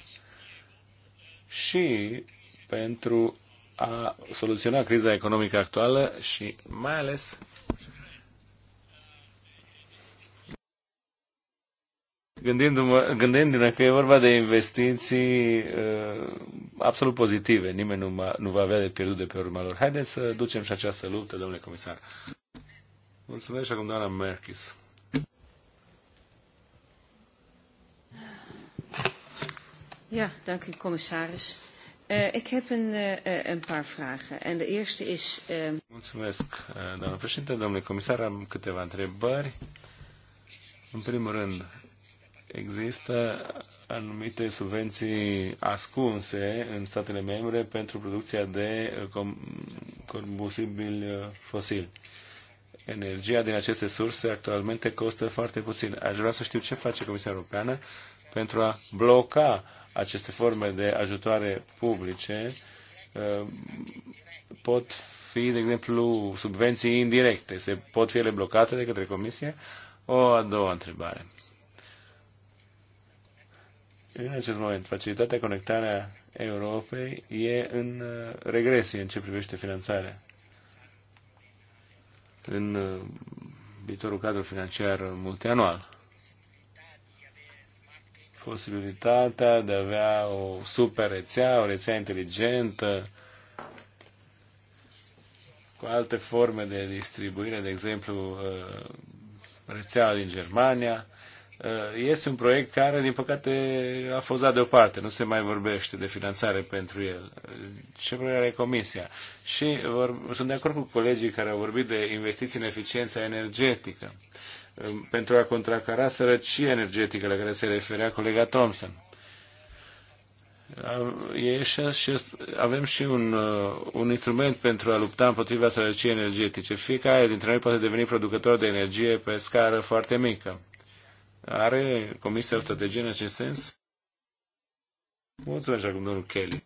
și pentru a soluționa criza economică actuală și mai ales gândindu-mă, gândindu-ne că e vorba de investiții uh, absolut pozitive. Nimeni nu, ma, nu va avea de pierdut de pe urma lor. Haideți să ducem și această luptă, domnule comisar. Mulțumesc și acum doamna Merkis. Ja, dank u, commissaris. Uh, ik heb een, uh, een paar vragen. En de eerste is... Uh... Mulțumesc, doamnă președinte, domnule comisar. Am câteva întrebări. În primul rând, există anumite subvenții ascunse în statele membre pentru producția de combustibil fosil. Energia din aceste surse actualmente costă foarte puțin. Aș vrea să știu ce face Comisia Europeană pentru a bloca aceste forme de ajutoare publice uh, pot fi, de exemplu, subvenții indirecte. Se pot fi ele blocate de către Comisie? O a doua întrebare. În acest moment, facilitatea conectarea Europei e în uh, regresie în ce privește finanțarea. În uh, viitorul cadru financiar multianual posibilitatea de a avea o super rețea, o rețea inteligentă, cu alte forme de distribuire, de exemplu, uh, rețeaua din Germania. Uh, este un proiect care, din păcate, a fost dat deoparte, nu se mai vorbește de finanțare pentru el. Ce părere are Comisia? Și vor, sunt de acord cu colegii care au vorbit de investiții în eficiența energetică pentru a contracara sărăcia energetică la care se referea colega Thompson. avem și un, uh, un instrument pentru a lupta împotriva sărăciei energetice. Fiecare dintre noi poate deveni producător de energie pe scară foarte mică. Are Comisia o strategie în acest sens? Mulțumesc acum, domnul Kelly.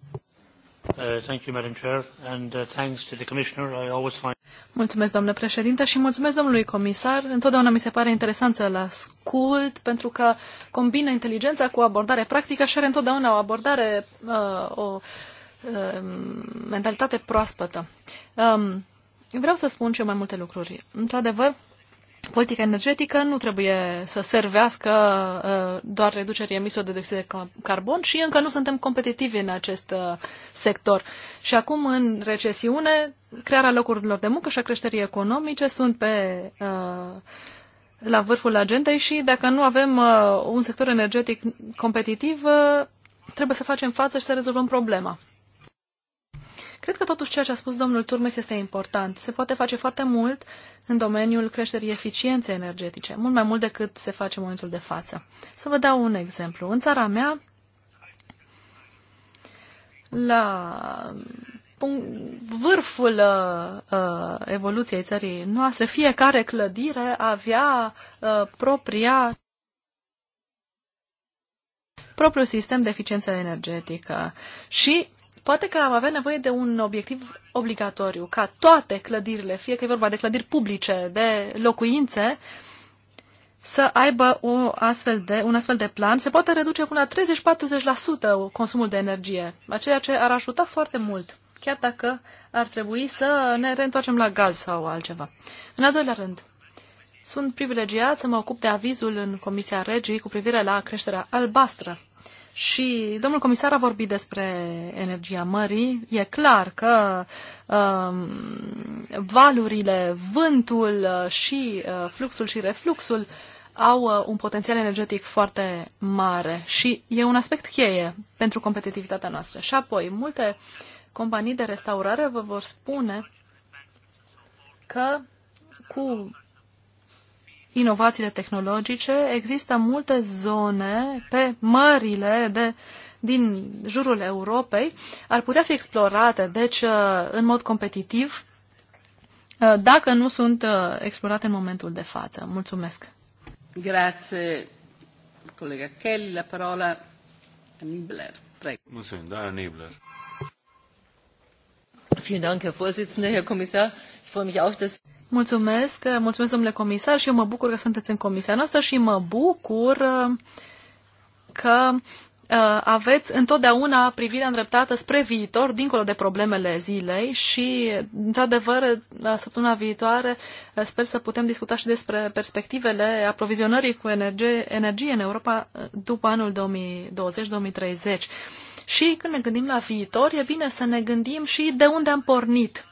Mulțumesc, domnule președinte, și mulțumesc domnului comisar. Întotdeauna mi se pare interesant să-l ascult, pentru că combină inteligența cu abordare practică și are întotdeauna o abordare, uh, o uh, mentalitate proaspătă. Um, vreau să spun și eu mai multe lucruri. Într-adevăr, politica energetică nu trebuie să servească uh, doar reducerii emisiilor de dioxid de carbon și încă nu suntem competitivi în acest uh, sector. Și acum, în recesiune, crearea locurilor de muncă și a creșterii economice sunt pe uh, la vârful agendei și dacă nu avem un sector energetic competitiv, trebuie să facem față și să rezolvăm problema. Cred că totuși ceea ce a spus domnul Turmes este important. Se poate face foarte mult în domeniul creșterii eficienței energetice, mult mai mult decât se face în momentul de față. Să vă dau un exemplu. În țara mea, la vârful uh, uh, evoluției țării noastre, fiecare clădire avea uh, propria propriul sistem de eficiență energetică și Poate că am avea nevoie de un obiectiv obligatoriu, ca toate clădirile, fie că e vorba de clădiri publice, de locuințe, să aibă o astfel de, un astfel de plan, se poate reduce până la 30-40% consumul de energie, ceea ce ar ajuta foarte mult, chiar dacă ar trebui să ne reîntoarcem la gaz sau altceva. În al doilea rând, sunt privilegiat să mă ocup de avizul în Comisia Regii cu privire la creșterea albastră. Și domnul comisar a vorbit despre energia mării. E clar că um, valurile, vântul uh, și uh, fluxul și refluxul au uh, un potențial energetic foarte mare și e un aspect cheie pentru competitivitatea noastră. Și apoi, multe companii de restaurare vă vor spune că cu inovațiile tehnologice, există multe zone pe mările de, din jurul Europei, ar putea fi explorate, deci, uh, în mod competitiv, uh, dacă nu sunt uh, explorate în momentul de față. Mulțumesc! Grazie, colega Kelly. La parola Nibler. Prego. Mulțumim, doamna Nibler. Vielen Dank, Herr Vorsitzender, Herr Kommissar. Ich freue mich auch, dass Mulțumesc, eh, mulțumesc domnule comisar și eu mă bucur că sunteți în comisia noastră și mă bucur eh, că eh, aveți întotdeauna privirea îndreptată spre viitor, dincolo de problemele zilei și, într-adevăr, săptămâna viitoare sper să putem discuta și despre perspectivele aprovizionării cu energie, energie în Europa după anul 2020-2030. Și când ne gândim la viitor, e bine să ne gândim și de unde am pornit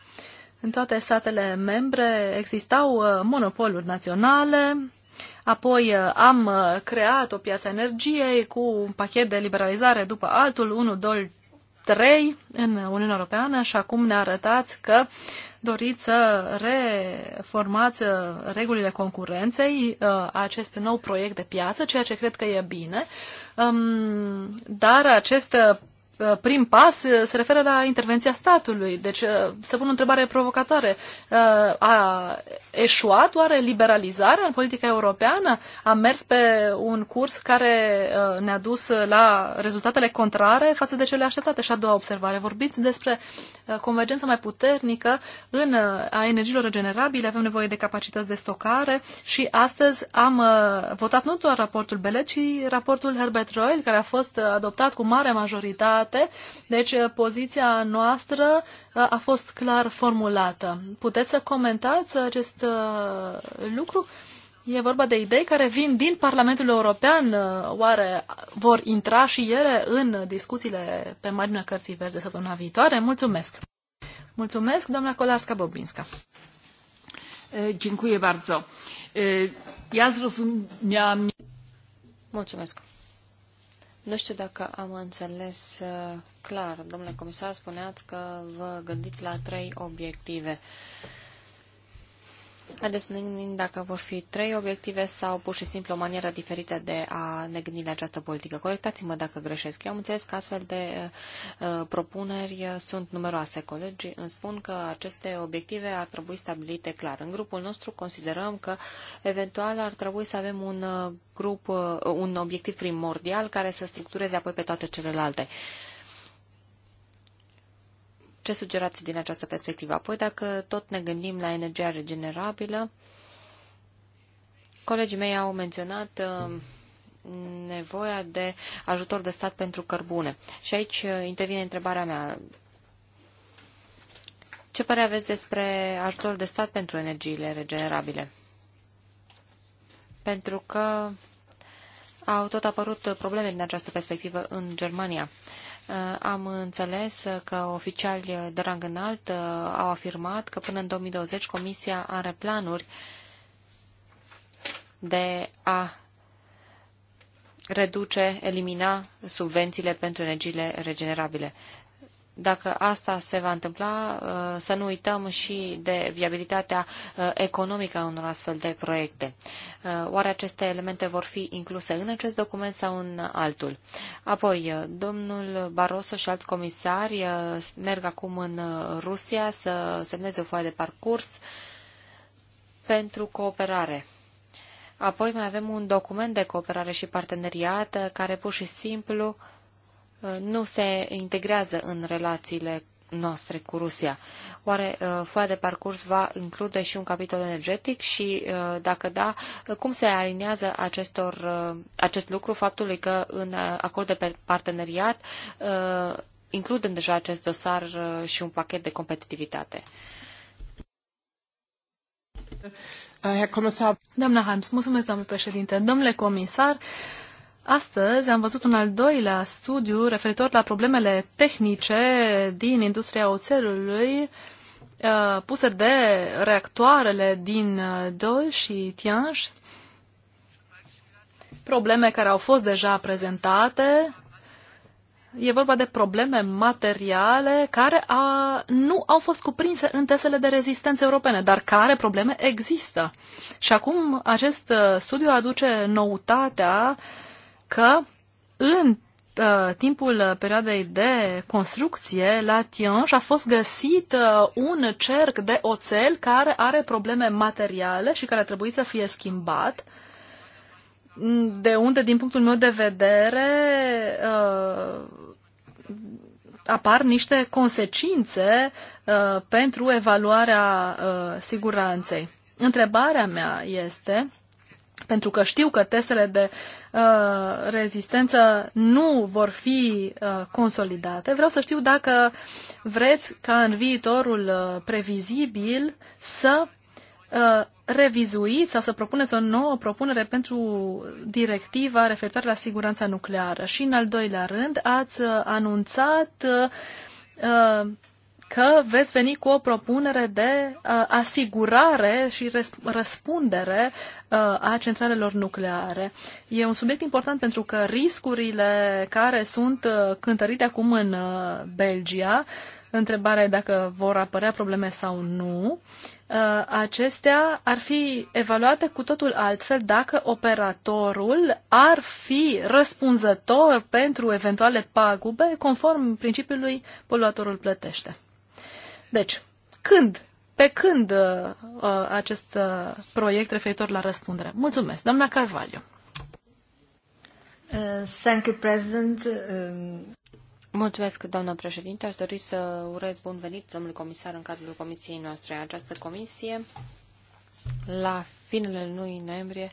în toate statele membre existau uh, monopoluri naționale, apoi uh, am uh, creat o piață energiei cu un pachet de liberalizare după altul, 1, 2, 3 în Uniunea Europeană și acum ne arătați că doriți să reformați regulile concurenței, acest nou proiect de piață, ceea ce cred că e bine, um, dar acest Uh, prim pas uh, se referă la intervenția statului. Deci uh, să pun o întrebare provocatoare. A eșuat oare liberalizarea în politica europeană? A mers pe un curs care ne-a dus la rezultatele contrare față de cele așteptate? Și a doua observare. Vorbiți despre convergența mai puternică în a energiilor regenerabile. Avem nevoie de capacități de stocare și astăzi am votat nu doar raportul Bele, ci raportul Herbert Royal, care a fost adoptat cu mare majoritate state, deci eh, poziția noastră eh, a fost clar formulată. Puteți să comentați acest eh, lucru? E vorba de idei care vin din Parlamentul European. Oare vor intra și ele în discuțiile pe marginea cărții de săptămâna viitoare? Mulțumesc! Mulțumesc, doamna Kolarska-Bobinska. Dziękuję bardzo. Ja zrozumiałam... Mulțumesc. Nu știu dacă am înțeles uh, clar. Domnule comisar, spuneați că vă gândiți la trei obiective. Haideți să ne gândim dacă vor fi trei obiective sau pur și simplu o manieră diferită de a ne gândi la această politică. Corectați-mă dacă greșesc. Eu am înțeles că astfel de uh, uh, propuneri sunt numeroase. Colegii îmi spun că aceste obiective ar trebui stabilite clar. În grupul nostru considerăm că eventual ar trebui să avem un uh, grup, uh, un obiectiv primordial care să structureze apoi pe toate celelalte. Uh, ce sugerați din această perspectivă? Apoi, dacă tot ne gândim la energia regenerabilă, colegii mei au menționat uh, nevoia de ajutor de stat pentru cărbune. Și aici uh, intervine întrebarea mea. Ce părere aveți despre ajutor de stat pentru energiile regenerabile? Pentru că au tot apărut probleme din această perspectivă în Germania. Uh, Uh, am înțeles că oficiali de rang înalt uh, au afirmat că până în 2020 Comisia are planuri de a reduce, elimina subvențiile pentru energiile regenerabile. Dacă asta se va întâmpla, uh, să nu uităm și de viabilitatea uh, economică a unor astfel de proiecte. Uh, oare aceste elemente vor fi incluse în acest document sau în altul? Apoi, domnul Barroso și alți comisari merg acum în Rusia să semneze o foaie de parcurs pentru cooperare. Apoi mai avem un document de cooperare și parteneriat care pur și simplu uh, Uh, nu se integrează în relațiile noastre cu Rusia. Oare uh, foaia de parcurs va include și un capitol energetic și, uh, dacă da, cum se aliniază acestor, acest lucru faptului că în acord de parteneriat includem deja acest dosar și un pachet de competitivitate? Doamna Harms, mulțumesc, doamnă președinte. Domnule comisar, Astăzi am văzut un al doilea studiu referitor la problemele tehnice din industria oțelului uh, puse de reactoarele din uh, Dol și Tianj, probleme care au fost deja prezentate. E vorba de probleme materiale care a, nu au fost cuprinse în testele de rezistență europene, dar care probleme există. Și acum acest uh, studiu aduce noutatea uh, că în uh, timpul perioadei de construcție la Tianj a fost găsit uh, un cerc de oțel care are probleme materiale și care a trebuit să fie schimbat de unde, din punctul meu de vedere, uh, apar niște consecințe uh, pentru evaluarea uh, siguranței. Întrebarea mea este pentru că știu că testele de uh, rezistență nu vor fi uh, consolidate. Vreau să știu dacă vreți ca în viitorul uh, previzibil să uh, revizuiți sau să propuneți o nouă propunere pentru directiva referitoare la siguranța nucleară. Și în al doilea rând ați uh, anunțat uh, că veți veni cu o propunere de uh, asigurare și res- răspundere uh, a centralelor nucleare. E un subiect important pentru că riscurile care sunt uh, cântărite acum în uh, Belgia, întrebarea e dacă vor apărea probleme sau nu, uh, acestea ar fi evaluate cu totul altfel dacă operatorul ar fi răspunzător pentru eventuale pagube conform principiului poluatorul plătește. Deci, când, pe când uh, uh, acest uh, proiect referitor la răspundere? Mulțumesc, doamna Carvalho. Uh, thank you, President. Uh... Mulțumesc, doamnă președinte. Aș dori să urez bun venit, domnul comisar, în cadrul comisiei noastre. Această comisie, la finele lunii noiembrie,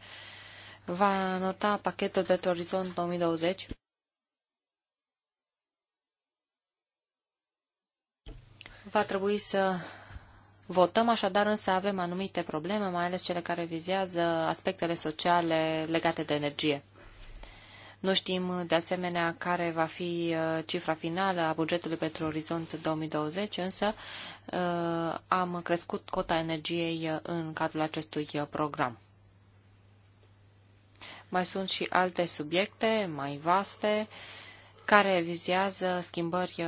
va nota pachetul pentru Orizont 2020 va trebui să votăm, așadar însă avem anumite probleme, mai ales cele care vizează aspectele sociale legate de energie. Nu știm de asemenea care va fi uh, cifra finală a bugetului pentru orizont 2020, însă uh, am crescut cota energiei uh, în cadrul acestui program. Mai sunt și alte subiecte mai vaste care vizează schimbări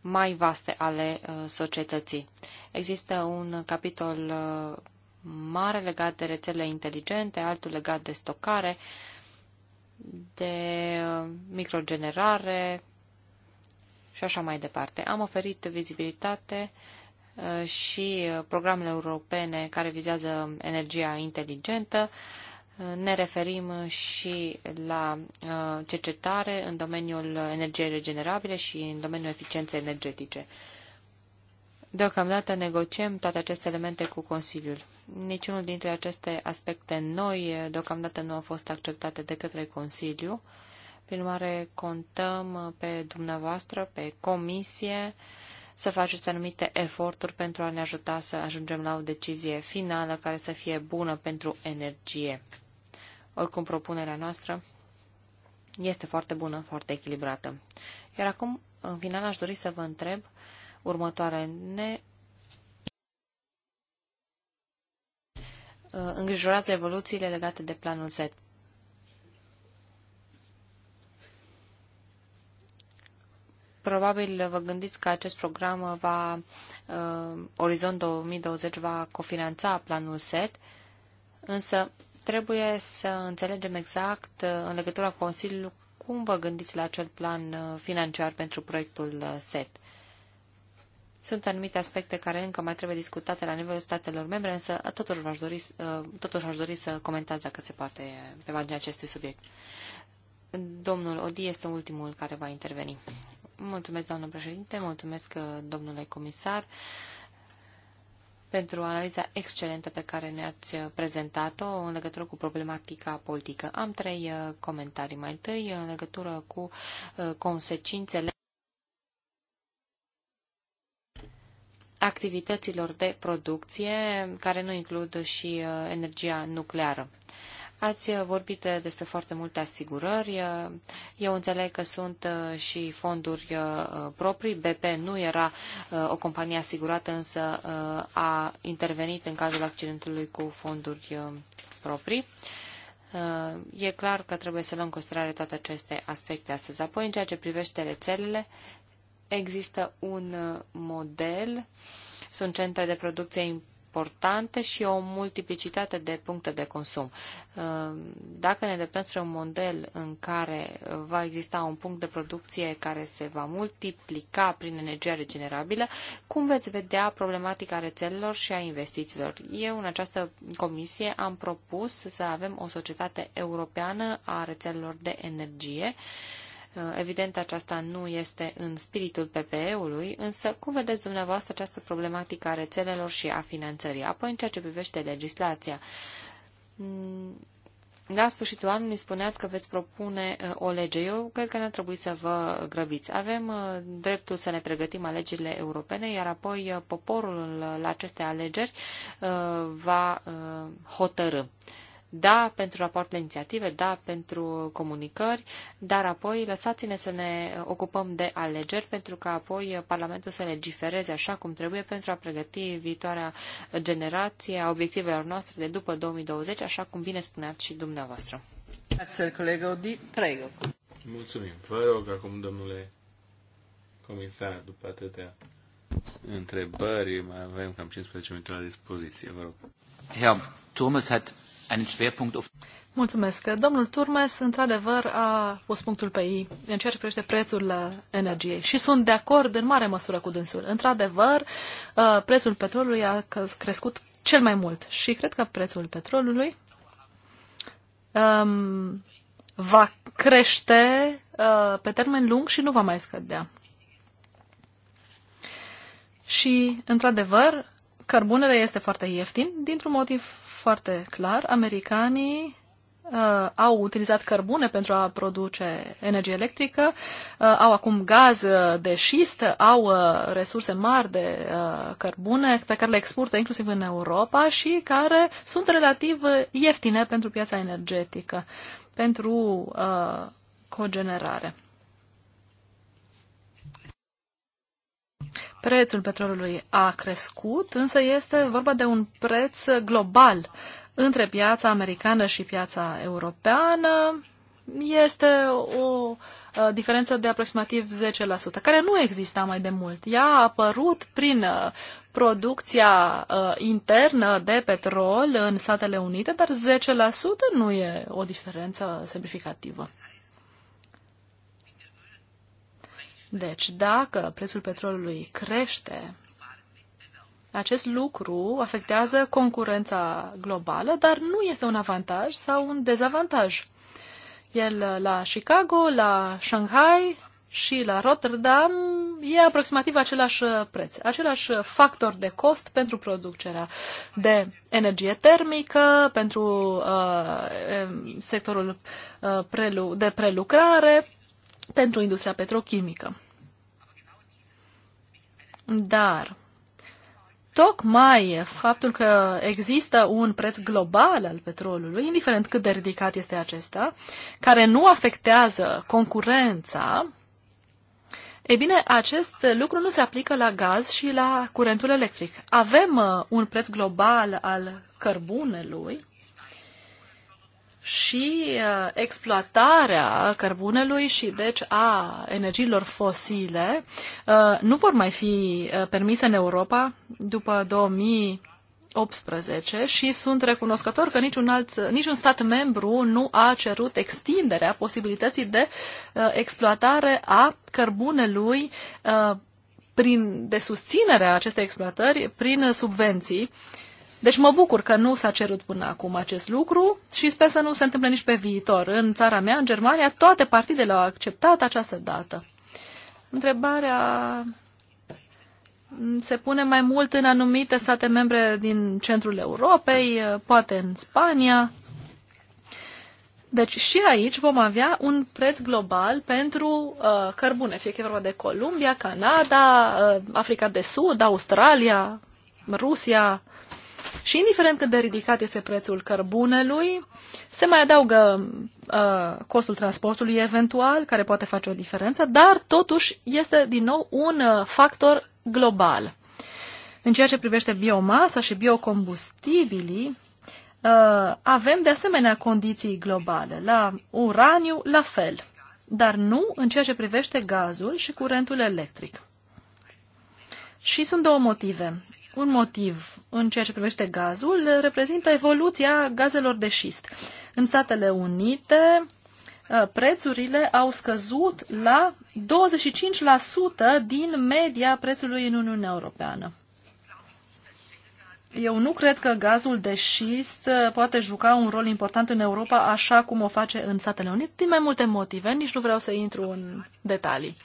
mai vaste ale uh, societății. Există un capitol uh, mare legat de rețele inteligente, altul legat de stocare, de uh, microgenerare și așa mai departe. Am oferit vizibilitate și programele europene care vizează energia inteligentă, ne referim și la uh, cercetare în domeniul energiei regenerabile și în domeniul eficienței energetice. Deocamdată negociem toate aceste elemente cu Consiliul. Niciunul dintre aceste aspecte noi uh, deocamdată nu a fost acceptate de către Consiliu. Prin urmare, contăm uh, pe dumneavoastră, pe Comisie, să faceți anumite eforturi pentru a ne ajuta să ajungem la o decizie finală care să fie bună pentru energie. Oricum, uh, propunerea noastră este foarte bună, foarte echilibrată. Iar acum, în final, aș dori să vă întreb următoare. Ne uh, îngrijorează evoluțiile legate de planul Z. Probabil vă gândiți că acest program va, uh, Orizont 2020 va cofinanța planul SET, însă trebuie să înțelegem exact uh, în legătura cu Consiliul cum vă gândiți la acel plan uh, financiar pentru proiectul uh, SET. Sunt anumite aspecte care încă mai trebuie discutate la nivelul statelor membre, însă totuși aș dori, totuși aș dori să comentați dacă se poate pe marginea acestui subiect. Domnul Odi este ultimul care va interveni. Mulțumesc, doamnă președinte, mulțumesc, domnule comisar pentru analiza excelentă pe care ne-ați uh, prezentat-o în legătură cu problematica politică. Am trei uh, comentarii. Mai întâi, în legătură cu uh, consecințele activităților de producție care nu includ și energia nucleară. Ați vorbit eh, despre foarte multe asigurări. Eh, eu înțeleg că sunt eh, și fonduri proprii. BP nu era o companie asigurată, însă a intervenit în cazul accidentului cu fonduri proprii. E clar că trebuie să luăm în considerare toate aceste aspecte astăzi. Apoi, în ceea ce privește rețelele, există un model. Sunt centre de producție importante și o multiplicitate de puncte de consum. Uh, dacă ne îndreptăm spre un model în care uh, va exista un punct de producție care se va multiplica prin energia regenerabilă, cum veți vedea problematica rețelelor și a investițiilor? Eu în această comisie am propus să avem o societate europeană a rețelelor de energie, Uh, evident, aceasta nu este în spiritul PPE-ului, însă cum vedeți dumneavoastră această problematică a rețelelor și a finanțării? Apoi, în ceea ce privește legislația, mm, la sfârșitul anului spuneați că veți propune uh, o lege. Eu cred că ne-ar trebui să vă grăbiți. Avem uh, dreptul să ne pregătim alegerile europene, iar apoi poporul la aceste alegeri va hotărâ da pentru rapoartele inițiative, da pentru comunicări, dar apoi lăsați-ne să ne ocupăm de alegeri pentru că apoi Parlamentul să legifereze așa cum trebuie pentru a pregăti viitoarea generație a obiectivelor noastre de după 2020, așa cum bine spuneați și dumneavoastră. Mulțumim. Vă rog acum, domnule comisar, după atâtea întrebări, mai avem cam 15 minute la dispoziție, vă rog. Herr Thomas hat einen Schwerpunkt auf Mulțumesc. Domnul Turmes, într-adevăr, a pus punctul pe ei în ceea ce privește prețul la uh, energie și sunt de acord în mare măsură cu dânsul. Într-adevăr, uh, prețul petrolului a crescut cel mai mult și cred că prețul petrolului um, va crește uh, pe termen lung și nu va mai scădea. Și, într-adevăr, cărbunele este foarte ieftin dintr-un motiv foarte clar, americanii uh, au utilizat cărbune pentru a produce energie electrică, uh, au acum gaz uh, de șist, au uh, resurse mari de uh, cărbune pe care le exportă inclusiv în Europa și care sunt relativ uh, ieftine pentru piața energetică, pentru uh, cogenerare. Prețul petrolului a crescut, însă este vorba de un preț global între piața americană și piața europeană. Este o uh, diferență de aproximativ 10%, care nu exista mai de mult. Ea a apărut prin uh, producția uh, internă de petrol în Statele Unite, dar 10% nu e o diferență semnificativă. Deci, dacă prețul petrolului crește, acest lucru afectează concurența globală, dar nu este un avantaj sau un dezavantaj. El la Chicago, la Shanghai și la Rotterdam e aproximativ același preț, același factor de cost pentru producerea de energie termică, pentru uh, sectorul uh, prelu- de prelucrare pentru industria petrochimică. Dar tocmai faptul că există un preț global al petrolului, indiferent cât de ridicat este acesta, care nu afectează concurența, ei bine, acest lucru nu se aplică la gaz și la curentul electric. Avem uh, un preț global al cărbunelui, și uh, exploatarea cărbunelui și deci a energiilor fosile uh, nu vor mai fi uh, permise în Europa după 2000 18 și sunt recunoscător că niciun, alt, niciun stat membru nu a cerut extinderea posibilității de uh, exploatare a cărbunelui uh, prin, de susținere a acestei exploatări prin subvenții. Uh, deci mă bucur că nu s-a cerut până acum acest lucru și sper să nu se întâmple nici pe viitor. În țara mea, în Germania, toate partidele au acceptat această dată. Întrebarea se pune mai mult în anumite state membre din centrul Europei, poate în Spania. Deci și aici vom avea un preț global pentru uh, cărbune, fie că e vorba de Columbia, Canada, uh, Africa de Sud, Australia, Rusia, și indiferent cât de ridicat este prețul cărbunelui, se mai adaugă uh, costul transportului eventual, care poate face o diferență, dar totuși este din nou un uh, factor global. În ceea ce privește biomasa și biocombustibilii, uh, avem de asemenea condiții globale. La uraniu, la fel, dar nu în ceea ce privește gazul și curentul electric. Și sunt două motive un motiv în ceea ce privește gazul reprezintă evoluția gazelor de șist. În Statele Unite, uh, prețurile au scăzut la 25% din media prețului în Uniunea Europeană. Eu nu cred că gazul de șist uh, poate juca un rol important în Europa așa cum o face în Statele Unite, din mai multe motive, nici nu vreau să intru în detalii.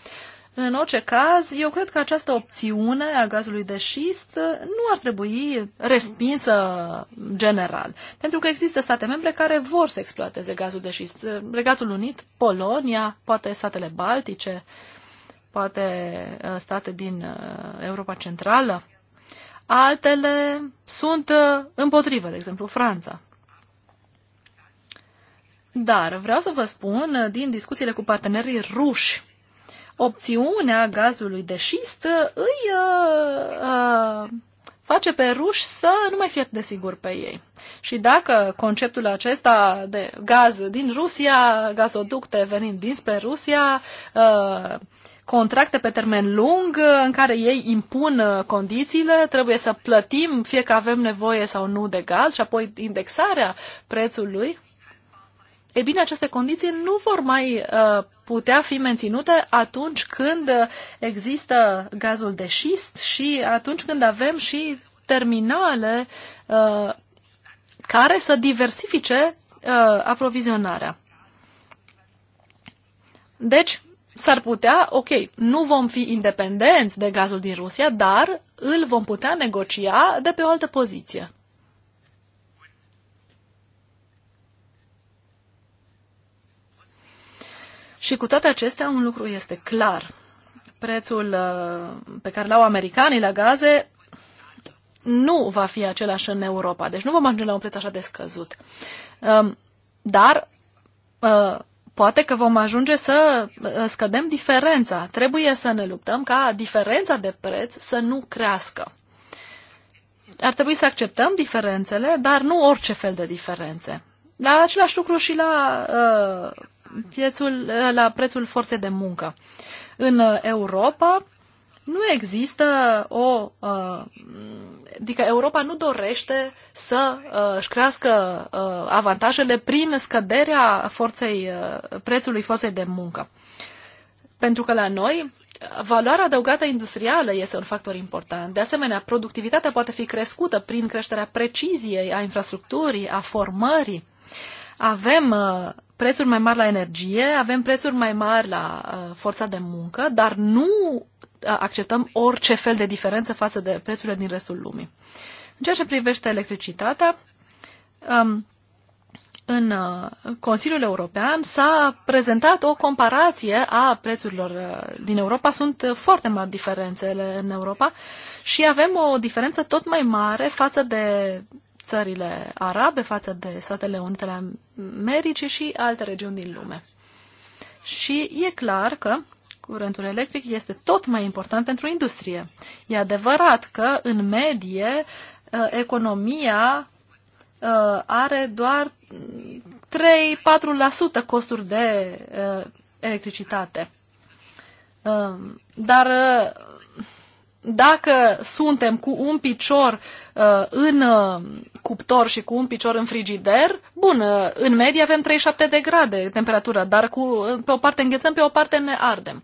În orice caz, eu cred că această opțiune a gazului de șist uh, nu ar trebui respinsă general, pentru că există state membre care vor să exploateze gazul de șist. Uh, Regatul Unit, Polonia, poate statele Baltice, poate uh, state din Europa Centrală. Altele sunt împotrivă, de exemplu Franța. Dar vreau să vă spun din discuțiile cu partenerii ruși opțiunea gazului de șist îi uh, uh, face pe ruși să nu mai fie atât de sigur pe ei. Și dacă conceptul acesta de gaz din Rusia, gazoducte venind dinspre Rusia, uh, contracte pe termen lung uh, în care ei impun uh, condițiile, trebuie să plătim fie că avem nevoie sau nu de gaz și apoi indexarea prețului. E bine, aceste condiții nu vor mai uh, putea fi menținută atunci când există gazul de șist și atunci când avem și terminale uh, care să diversifice uh, aprovizionarea. Deci, s-ar putea, ok, nu vom fi independenți de gazul din Rusia, dar îl vom putea negocia de pe o altă poziție. Și cu toate acestea, un lucru este clar. Prețul uh, pe care l-au americanii la gaze nu va fi același în Europa. Deci nu vom ajunge la un preț așa de scăzut. Um, dar uh, poate că vom ajunge să uh, scădem diferența. Trebuie să ne luptăm ca diferența de preț să nu crească. Ar trebui să acceptăm diferențele, dar nu orice fel de diferențe. La același lucru și la uh, piețul, la prețul forței de muncă. În uh, Europa nu există o. Uh, adică Europa nu dorește să uh, își crească avantajele prin scăderea forței, prețului forței de muncă. Pentru că la noi valoarea adăugată industrială este un factor important. De asemenea, productivitatea poate fi crescută prin creșterea preciziei a infrastructurii, a formării. Avem uh, prețuri mai mari la energie, avem prețuri mai mari la uh, forța de muncă, dar nu uh, acceptăm orice fel de diferență față de prețurile din restul lumii. În ceea ce privește electricitatea, um, în uh, Consiliul European s-a prezentat o comparație a prețurilor uh, din Europa. Sunt foarte mari diferențele în Europa și avem o diferență tot mai mare față de țările arabe, față de Statele Unite ale Americii și alte regiuni din lume. Și e clar că curentul electric este tot mai important pentru industrie. E adevărat că, în medie, uh, economia uh, are doar 3-4% costuri de uh, electricitate. Dar dacă suntem cu un picior uh, în uh, cuptor și cu un picior în frigider, bun, uh, în medie avem 37 de grade temperatură, dar cu, uh, pe o parte înghețăm, pe o parte ne ardem.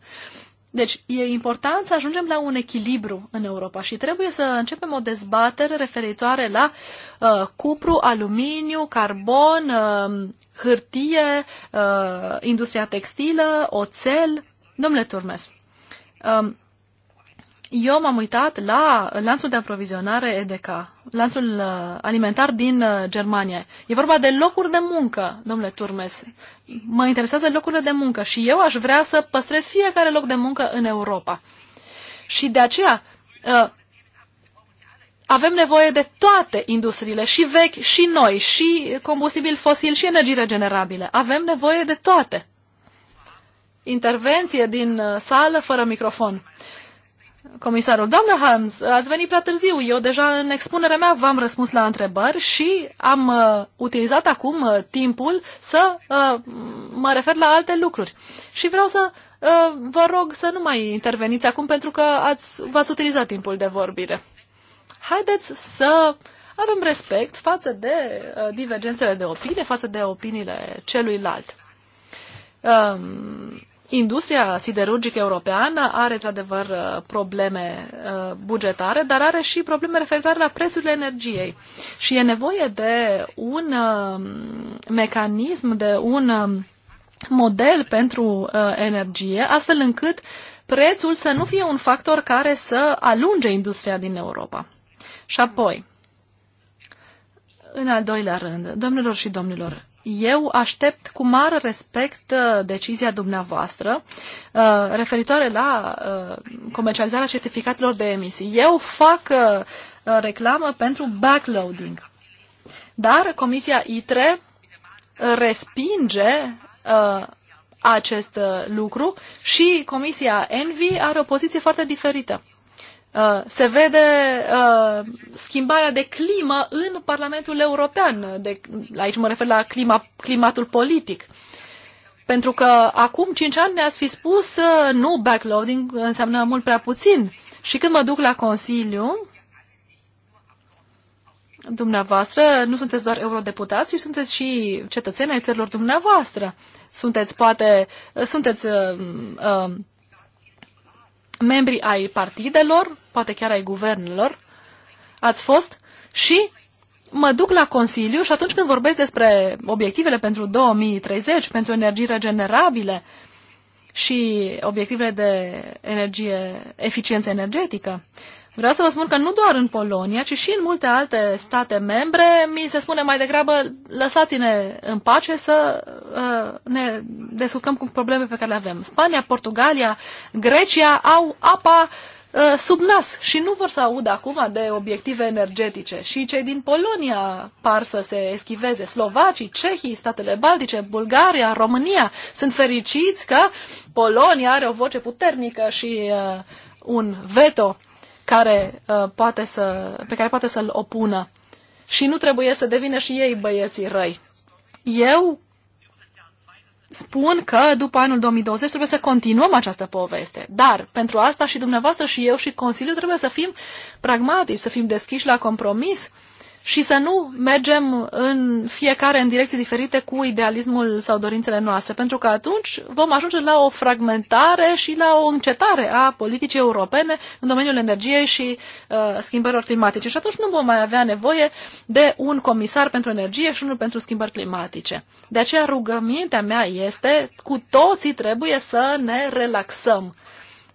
Deci e important să ajungem la un echilibru în Europa și trebuie să începem o dezbatere referitoare la uh, cupru, aluminiu, carbon, uh, hârtie, uh, industria textilă, oțel. Domnule Turmes, uh, eu m-am uitat la lanțul de aprovizionare EDK, lanțul uh, alimentar din uh, Germania. E vorba de locuri de muncă, domnule Turmes. Mă interesează locurile de muncă și eu aș vrea să păstrez fiecare loc de muncă în Europa. Și de aceea uh, avem nevoie de toate industriile, și vechi, și noi, și combustibil fosil, și energii regenerabile. Avem nevoie de toate. Intervenție din sală fără microfon comisarul. Doamna Hans, ați venit prea târziu. Eu deja în expunerea mea v-am răspuns la întrebări și am uh, utilizat acum uh, timpul să uh, mă refer la alte lucruri. Și vreau să uh, vă rog să nu mai interveniți acum pentru că ați, v-ați utilizat timpul de vorbire. Haideți să avem respect față de uh, divergențele de opinie, față de opiniile celuilalt. Um, Industria siderurgică europeană are, într-adevăr, uh, probleme uh, bugetare, dar are și probleme referitoare la prețurile energiei. Și e nevoie de un um, mecanism, de un um, model pentru uh, energie, astfel încât prețul să nu fie un factor care să alunge industria din Europa. Și apoi, în al doilea rând, domnilor și domnilor, eu aștept cu mare respect uh, decizia dumneavoastră uh, referitoare la uh, comercializarea certificatelor de emisii. Eu fac reclamă pentru backloading, dar Comisia ITRE respinge acest lucru și Comisia Envi are o poziție foarte diferită. Uh, se vede uh, schimbarea de climă în Parlamentul European. De, aici mă refer la clima, climatul politic. Pentru că acum 5 ani ne-ați fi spus uh, nu backloading înseamnă mult prea puțin. Și când mă duc la Consiliu, dumneavoastră nu sunteți doar eurodeputați, ci sunteți și cetățeni ai țărilor dumneavoastră. Sunteți poate, sunteți uh, uh, membri ai partidelor, poate chiar ai guvernelor, ați fost și mă duc la Consiliu și atunci când vorbesc despre obiectivele pentru 2030, pentru energii regenerabile și obiectivele de energie, eficiență energetică, Vreau să vă spun că nu doar în Polonia, ci și în multe alte state membre mi se spune mai degrabă lăsați-ne în pace să uh, ne descurcăm cu probleme pe care le avem. Spania, Portugalia, Grecia au apa uh, sub nas și nu vor să audă acum de obiective energetice. Și cei din Polonia par să se eschiveze. Slovacii, cehii, statele baltice, Bulgaria, România sunt fericiți că Polonia are o voce puternică și uh, un veto care, uh, poate să, pe care poate să-l opună. Și nu trebuie să devină și ei băieții răi. Eu spun că după anul 2020 trebuie să continuăm această poveste. Dar pentru asta și dumneavoastră și eu și Consiliul trebuie să fim pragmatici, să fim deschiși la compromis și să nu mergem în fiecare în direcții diferite cu idealismul sau dorințele noastre, pentru că atunci vom ajunge la o fragmentare și la o încetare a politicii europene în domeniul energiei și uh, schimbărilor climatice. Și atunci nu vom mai avea nevoie de un comisar pentru energie și unul pentru schimbări climatice. De aceea rugămintea mea este cu toții trebuie să ne relaxăm.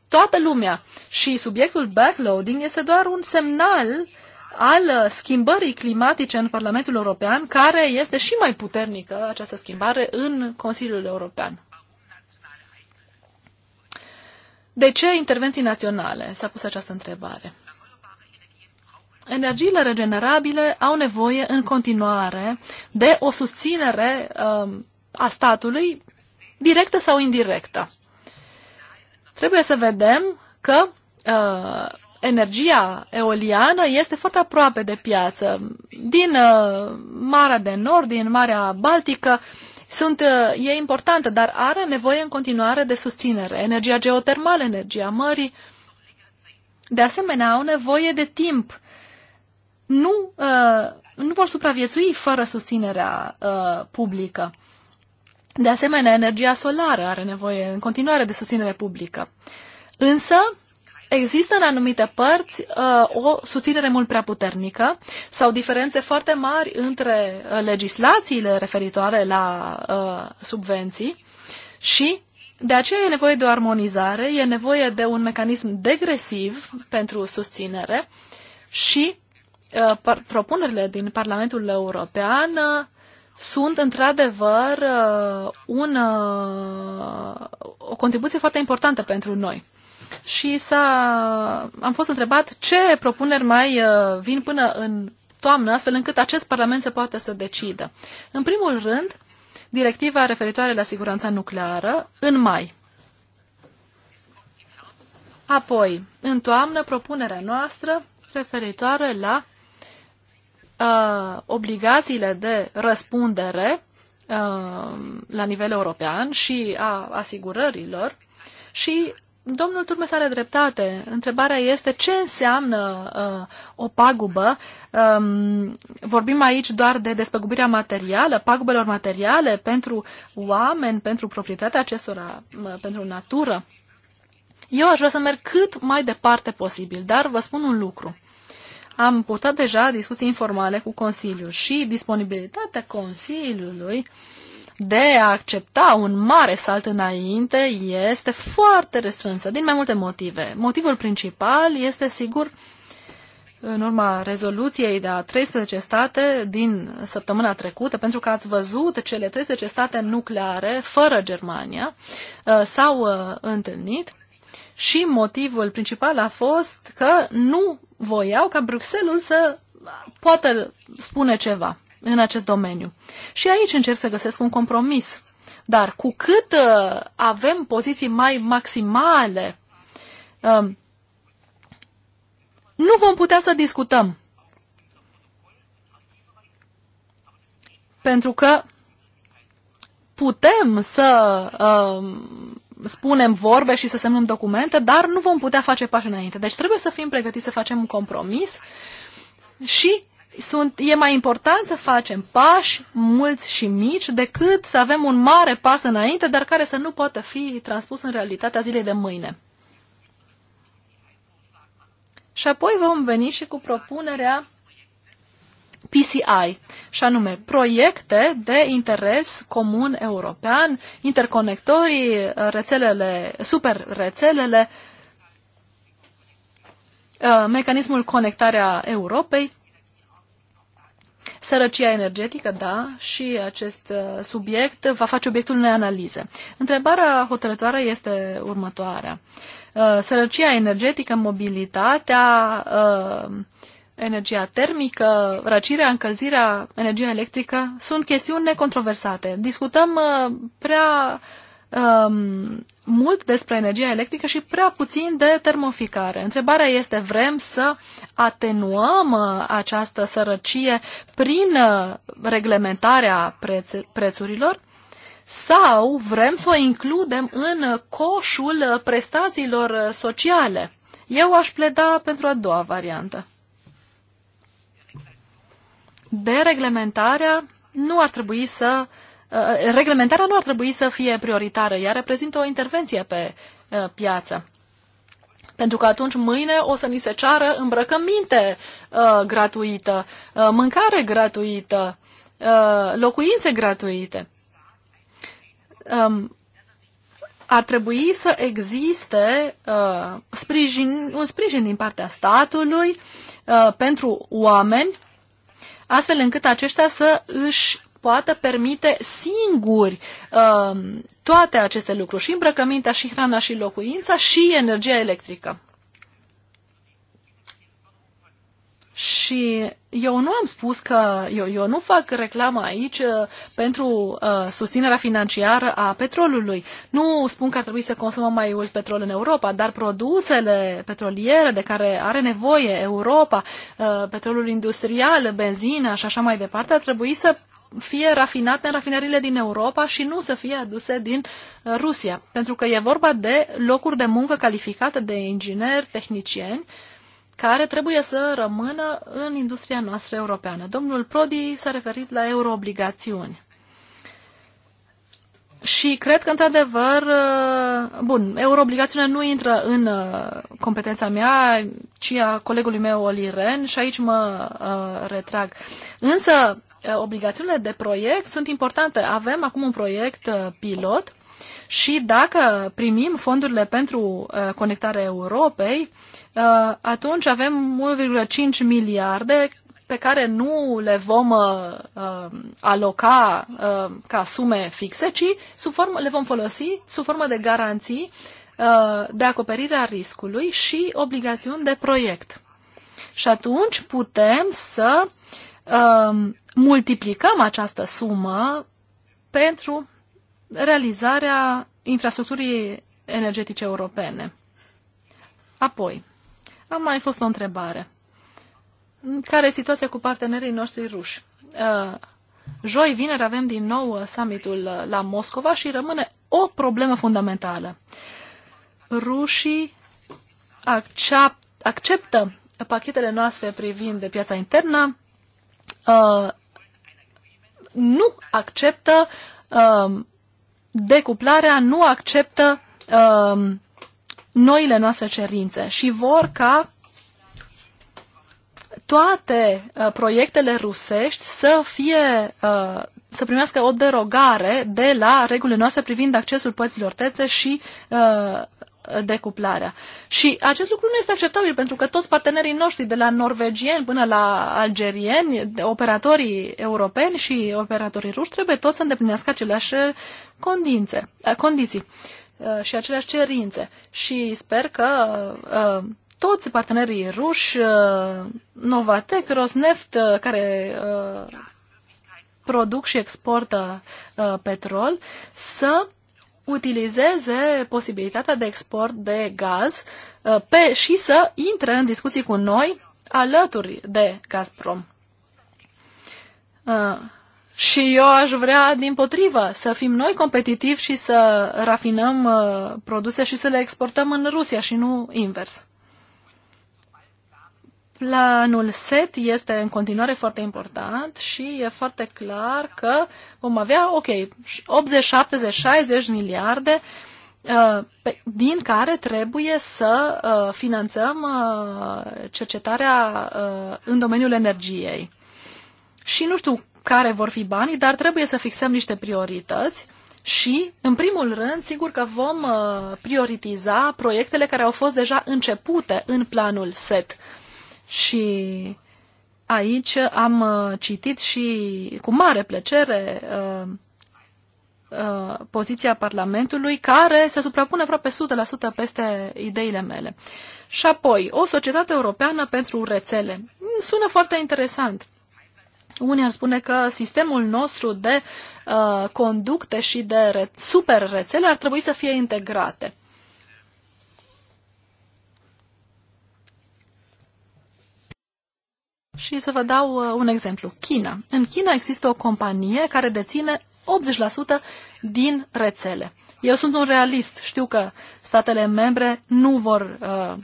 Toată lumea și subiectul backloading este doar un semnal uh, al uh, schimbării climatice în Parlamentul European, care este și mai puternică, această schimbare, în Consiliul European. De ce intervenții naționale? S-a pus această întrebare. Energiile regenerabile au nevoie în continuare de o susținere um, a statului, directă sau indirectă. Trebuie să vedem că uh, energia eoliană este foarte aproape de piață. Din uh, Marea de Nord, din Marea Baltică, sunt, uh, e importantă, dar are nevoie în continuare de susținere. Energia geotermală, energia mării, de asemenea, au nevoie de timp. Nu, uh, nu vor supraviețui fără susținerea uh, publică. De asemenea, energia solară are nevoie în continuare de susținere publică. Însă, există în anumite părți uh, o susținere mult prea puternică sau diferențe foarte mari între uh, legislațiile referitoare la uh, subvenții și de aceea e nevoie de o armonizare, e nevoie de un mecanism degresiv pentru susținere și uh, propunerile din Parlamentul European uh, sunt într-adevăr uh, un, uh, o contribuție foarte importantă pentru noi și s-a, am fost întrebat ce propuneri mai uh, vin până în toamnă, astfel încât acest Parlament se poate să decidă. În primul rând, directiva referitoare la siguranța nucleară în mai. Apoi, în toamnă, propunerea noastră referitoare la uh, obligațiile de răspundere uh, la nivel european și a asigurărilor și domnul Turmes are dreptate. Întrebarea este ce înseamnă uh, o pagubă. Um, vorbim aici doar de despăgubirea materială, pagubelor materiale pentru oameni, pentru proprietatea acestora, uh, pentru natură. Eu aș vrea să merg cât mai departe posibil, dar vă spun un lucru. Am purtat deja discuții informale cu Consiliul și disponibilitatea Consiliului uh, de a accepta un mare salt înainte este foarte restrânsă, din mai multe motive. Motivul principal este, sigur, în urma rezoluției de a 13 state din săptămâna trecută, pentru că ați văzut cele 13 state nucleare, fără Germania, uh, s-au uh, întâlnit și motivul principal a fost că nu voiau ca Bruxelles să poată spune ceva în acest domeniu. Și aici încerc să găsesc un compromis. Dar cu cât uh, avem poziții mai maximale, uh, nu vom putea să discutăm. Pentru că putem să uh, spunem vorbe și să semnăm documente, dar nu vom putea face pași înainte. Deci trebuie să fim pregătiți să facem un compromis și sunt, e mai important să facem pași mulți și mici decât să avem un mare pas înainte, dar care să nu poată fi transpus în realitatea zilei de mâine. Și apoi vom veni și cu propunerea PCI, și anume proiecte de interes comun european, interconectorii, rețelele, super rețelele, uh, mecanismul conectarea Europei, Sărăcia energetică, da, și acest uh, subiect va face obiectul unei analize. Întrebarea hotărătoare este următoarea. Uh, sărăcia energetică, mobilitatea, uh, energia termică, răcirea, încălzirea, energia electrică sunt chestiuni necontroversate. Discutăm prea um, mult despre energia electrică și prea puțin de termoficare. Întrebarea este, vrem să atenuăm uh, această sărăcie prin uh, reglementarea preț prețurilor? Sau vrem să o includem în coșul prestațiilor sociale? Eu aș pleda pentru a doua variantă. Dereglementarea nu ar trebui să uh, Uh, reglementarea nu ar trebui să fie prioritară, ea reprezintă o intervenție pe uh, piață. Pentru că atunci mâine o să ni se ceară îmbrăcăminte uh, gratuită, uh, mâncare gratuită, uh, locuințe gratuite. Um, ar trebui să existe uh, sprijin, un sprijin din partea statului uh, pentru oameni, astfel încât aceștia să își poată permite singuri um, toate aceste lucruri, și îmbrăcămintea, și hrana, și locuința, și energia electrică. Și eu nu am spus că eu, eu nu fac reclamă aici uh, pentru uh, susținerea financiară a petrolului. Nu spun că ar trebui să consumăm mai mult petrol în Europa, dar produsele petroliere de care are nevoie Europa, uh, petrolul industrial, benzina și așa mai departe, ar trebui să fie rafinate în rafinările din Europa și nu să fie aduse din uh, Rusia. Pentru că e vorba de locuri de muncă calificate de ingineri, tehnicieni, care trebuie să rămână în industria noastră europeană. Domnul Prodi s-a referit la euroobligațiuni. Și cred că, într-adevăr, uh, bun, euroobligațiunea nu intră în uh, competența mea, ci a colegului meu, Oli Ren, și aici mă uh, retrag. Însă, Eh, obligațiunile de proiect sunt importante. Avem acum un proiect eh, pilot și dacă primim fondurile pentru eh, conectarea Europei, atunci avem 1,5 miliarde pe care nu le vom uh, aloca uh, ca sume fixe, ci sub formă, le vom folosi sub formă de garanții uh, de acoperire a riscului și obligațiuni de proiect. Și atunci putem să uh, Um, multiplicăm această sumă pentru realizarea infrastructurii energetice europene. Apoi, a mai fost o întrebare. Care e situația cu partenerii noștri ruși? Uh, joi, vineri avem din nou summitul la Moscova și rămâne o problemă fundamentală. Rușii acceptă pachetele noastre privind de piața internă, Uh, nu acceptă um, decuplarea, nu acceptă um, noile noastre cerințe și vor ca toate uh, proiectele rusești să fie uh, să primească o derogare de la regulile noastre privind accesul părților terțe și uh, decuplarea. Și acest lucru nu este acceptabil pentru că toți partenerii noștri, de la norvegieni până la algerieni, operatorii europeni și operatorii ruși, trebuie toți să îndeplinească aceleași eh, condințe, eh, condiții eh, și aceleași cerințe. Și sper că toți partenerii ruși, Novatec, Rosneft, care produc și exportă petrol, să utilizeze posibilitatea de export de gaz uh, pe, și să intre în discuții cu noi alături de Gazprom. Uh, și eu aș vrea, din potrivă, să fim noi competitivi și să rafinăm uh, produse și să le exportăm în Rusia și nu invers. Planul SET este în continuare foarte important și e foarte clar că vom avea, ok, 80, 70, 60 miliarde uh, din care trebuie să uh, finanțăm uh, cercetarea în domeniul energiei. Și nu știu care vor fi banii, dar trebuie să fixăm niște priorități și, în primul rând, sigur că vom prioritiza proiectele care au fost deja începute în planul SET. Uh, și aici am uh, citit și cu mare plăcere uh, uh, poziția Parlamentului, care se suprapune aproape 100% peste ideile mele. Și apoi, o societate europeană pentru rețele. Sună foarte interesant. Unii ar spune că sistemul nostru de uh, conducte și de re- super rețele ar trebui să fie integrate. Și să vă dau uh, un exemplu. China. În China există o companie care deține 80% din rețele. Eu sunt un realist. Știu că statele membre nu vor uh,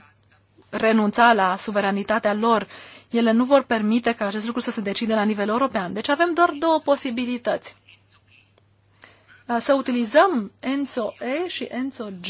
renunța la suveranitatea lor. Ele nu vor permite ca acest lucru să se decide la nivel european. Deci avem doar două posibilități. Uh, să utilizăm ENSO-E și ENSO-G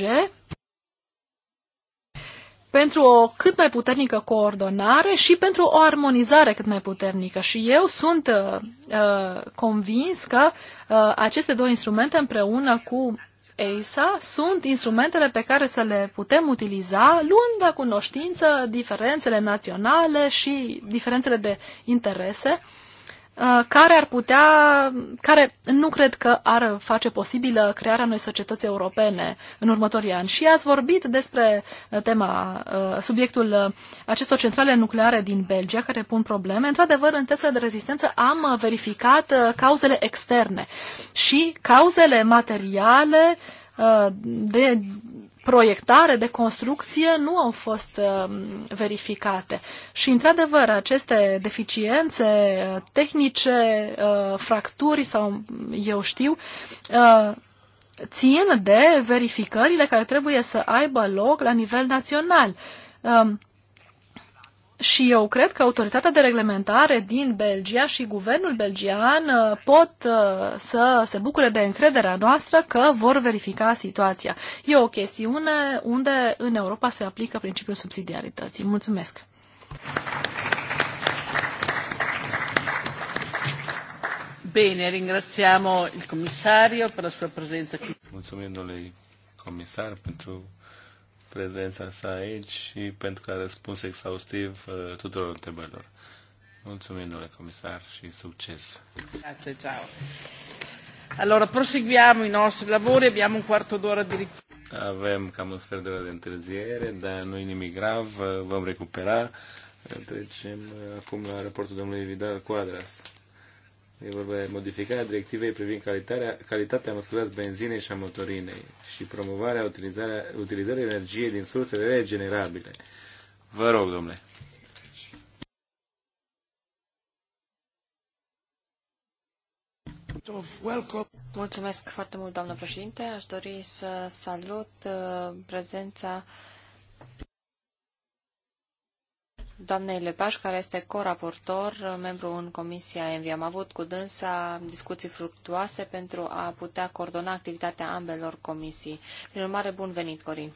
pentru o cât mai puternică coordonare și pentru o armonizare cât mai puternică. Și eu sunt uh, uh, convins că uh, aceste două instrumente împreună cu EISA sunt instrumentele pe care să le putem utiliza luând la cunoștință diferențele naționale și diferențele de interese uh, Uh, care ar putea, care nu cred că ar face posibilă crearea unei societăți europene în următorii ani. Și ați vorbit despre uh, tema, uh, subiectul acestor centrale nucleare din Belgia care pun probleme. Într-adevăr, în testele de rezistență am verificat cauzele externe și cauzele materiale de proiectare, de construcție nu au fost uh, verificate. Și, într-adevăr, aceste deficiențe uh, tehnice, uh, fracturi sau eu știu, țin de verificările care trebuie să aibă loc la nivel național. Um, și eu cred că autoritatea de reglementare din Belgia și guvernul belgian uh, pot uh, să se bucure de încrederea noastră că vor verifica situația. E o chestiune unde în Europa se aplică principiul subsidiarității. Mulțumesc! Bine, ringrațiamo il commissario per la sua presenza qui. Mulțumim, domnule comisar, pentru prezența sa aici și pentru că a răspuns exhaustiv uh, tuturor întrebărilor. Mulțumim, domnule comisar, și succes! Grazie, ciao! Allora, proseguiamo i nostri lavori, abbiamo un quarto d'ora di Avem cam un sfert de oră de întârziere, dar nu e nimic grav, uh, vom recupera. Trecem uh, acum la raportul domnului Vidal Quadras. E vorba de modificarea directivei privind calitatea, calitatea măscurează benzinei și a motorinei și promovarea utilizării energiei din surse regenerabile. Vă rog, domnule. Mulțumesc foarte mult, doamnă președinte. Aș dori să salut uh, prezența doamnei Lepaș, care este coraportor, membru în Comisia Envi. Am avut cu dânsa discuții fructuoase pentru a putea coordona activitatea ambelor comisii. Prin urmare, bun venit, Corin!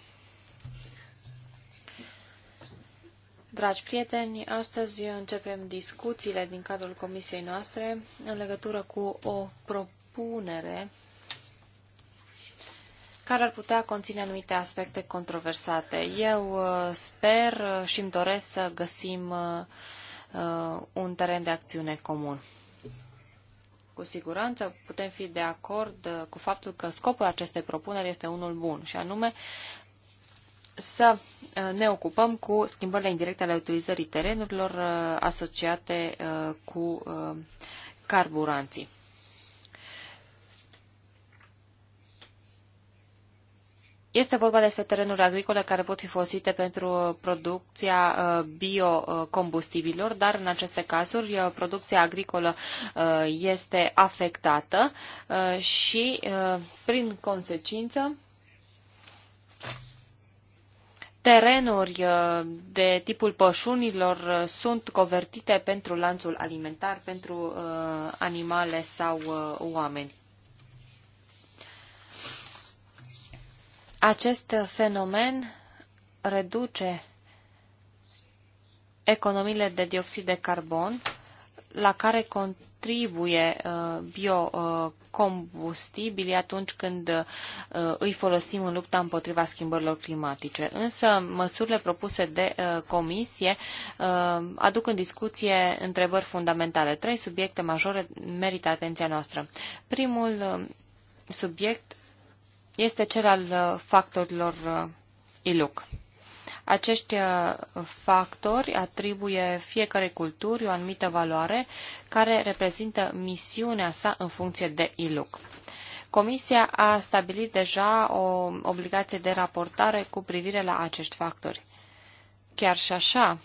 Dragi prieteni, astăzi începem discuțiile din cadrul comisiei noastre în legătură cu o propunere care ar putea conține anumite aspecte controversate. Eu uh, sper și îmi doresc să găsim uh, uh, un teren de acțiune comun. Cu siguranță putem fi de acord cu faptul că scopul acestei propuneri este unul bun, și anume să ne ocupăm cu schimbările indirecte ale utilizării terenurilor asociate cu carburanții. Este vorba despre terenuri agricole care pot fi folosite pentru uh, producția uh, biocombustibilor, dar în aceste cazuri uh, producția agricolă este afectată și, prin consecință, terenuri de tipul pășunilor sunt convertite pentru lanțul alimentar, pentru animale sau oameni. Acest fenomen reduce economiile de dioxid de carbon la care contribuie uh, biocombustibilii uh, atunci când uh, îi folosim în lupta împotriva schimbărilor climatice. Însă, măsurile propuse de comisie aduc în discuție întrebări fundamentale. Trei subiecte majore merită atenția noastră. Primul subiect este cel al uh, factorilor uh, ILUC. Acești uh, factori atribuie fiecare culturi o anumită valoare care reprezintă misiunea sa în funcție de ILUC. Comisia a stabilit deja o obligație de raportare cu privire la acești factori. Chiar și așa,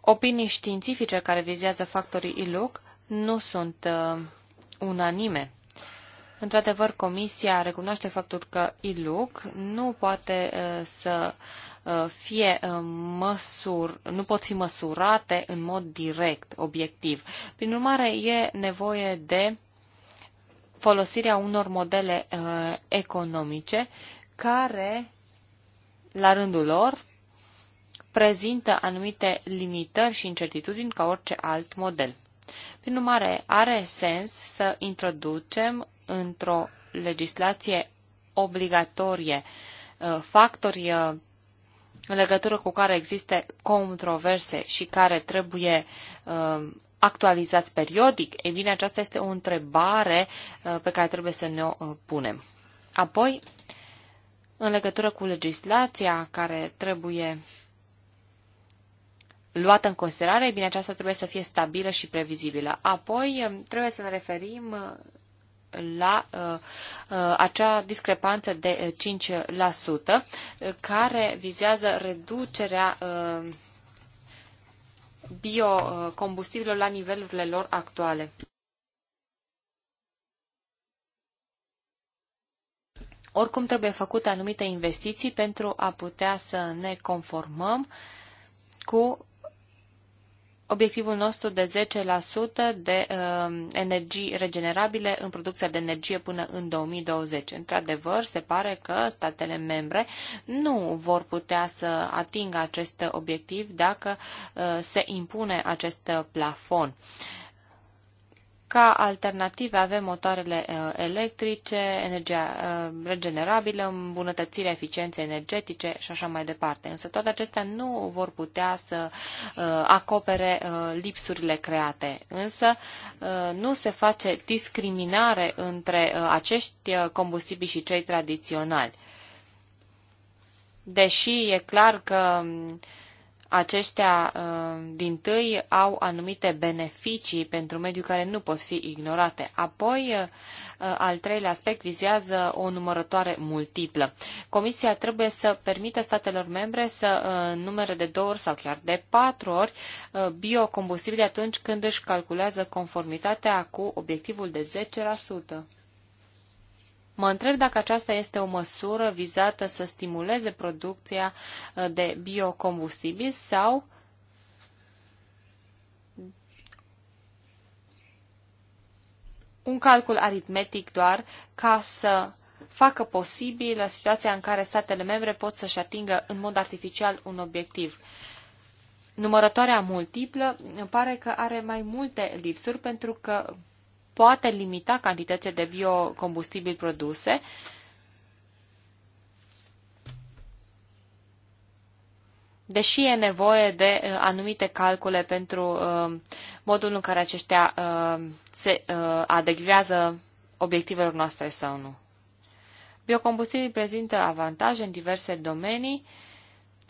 opinii științifice care vizează factorii ILUC nu sunt uh, unanime. Într-adevăr, Comisia recunoaște faptul că ILUC nu poate uh, să uh, fie uh, măsur, nu pot fi măsurate în mod direct, obiectiv. Prin urmare, e nevoie de folosirea unor modele economice care, la rândul lor, prezintă anumite limitări și incertitudini ca orice alt model. Prin urmare, are sens să introducem într-o legislație obligatorie uh, factori uh, în legătură cu care există controverse și care trebuie uh, actualizați periodic? Ei bine, aceasta este o întrebare pe care trebuie să ne o punem. Apoi, în legătură cu legislația care trebuie luată în considerare, bine, aceasta trebuie să fie stabilă și previzibilă. Apoi, trebuie să ne referim la uh, uh, acea discrepanță de 5% uh, care vizează reducerea biocombustibilor la nivelurile lor actuale. Oricum trebuie făcute anumite investiții pentru a putea să ne conformăm cu obiectivul nostru de 10% de uh, energii regenerabile în producția de energie până în 2020. Într-adevăr, se pare că statele membre nu vor putea să atingă acest obiectiv dacă uh, se impune acest plafon. Uh, ca alternative avem motoarele uh, electrice, energia uh, regenerabilă, îmbunătățirea eficienței energetice și așa mai departe. Însă toate acestea nu vor putea să uh, acopere lipsurile create. Însă nu se face discriminare între acești combustibili și cei tradiționali. Deși e clar că uh, aceștia uh, din tâi au anumite beneficii pentru mediul care nu pot fi ignorate. Apoi, uh, uh, al treilea aspect vizează o numărătoare multiplă. Comisia trebuie să permită statelor membre să numere de două ori sau chiar de patru ori biocombustibile atunci când își calculează conformitatea cu obiectivul de 10%. Mă întreb dacă aceasta este o măsură vizată să stimuleze producția uh, de biocombustibili sau un calcul aritmetic doar ca să facă posibilă situația în care statele membre pot să-și atingă în mod artificial un obiectiv. Numărătoarea multiplă îmi pare că are mai multe lipsuri pentru că poate limita cantitățile de biocombustibil produse, deși e nevoie de uh, anumite calcule pentru uh, modul în care aceștia uh, se uh, adecvează obiectivelor noastre sau nu. Biocombustibilii prezintă avantaje în diverse domenii, uh,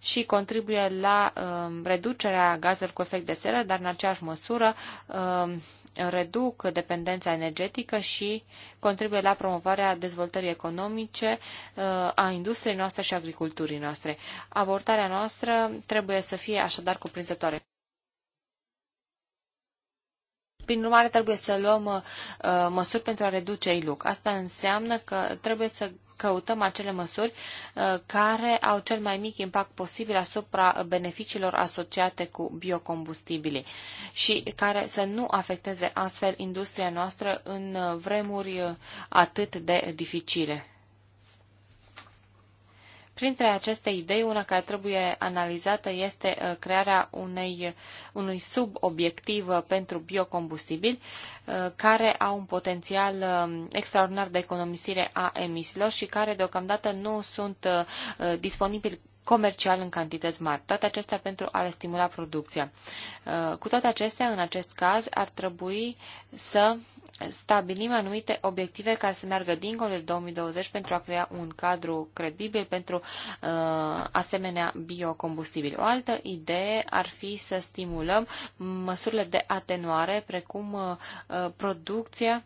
și contribuie la uh, reducerea gazelor cu efect de seră, dar în aceeași măsură uh, reduc dependența energetică și contribuie la promovarea dezvoltării economice uh, a industriei noastre și agriculturii noastre. Abordarea noastră trebuie să fie așadar cuprinzătoare. Prin urmare, trebuie să luăm uh, măsuri pentru a reduce iluc. Asta înseamnă că trebuie să căutăm acele măsuri uh, care au cel mai mic impact posibil asupra beneficiilor asociate cu biocombustibilii și care să nu afecteze astfel industria noastră în uh, vremuri uh, atât de dificile. Printre aceste idei, una care trebuie analizată este uh, crearea unei, unui subobiectiv uh, pentru biocombustibili uh, care au un potențial um, extraordinar de economisire a emisiilor și care deocamdată nu sunt disponibili comercial în cantități mari. Toate acestea pentru a le stimula producția. Uh, cu toate acestea, în acest caz, ar trebui să stabilim anumite obiective care să meargă dincolo de 2020 pentru a crea un cadru credibil pentru uh, asemenea biocombustibili. O altă idee ar fi să stimulăm măsurile de atenuare, precum uh, uh producția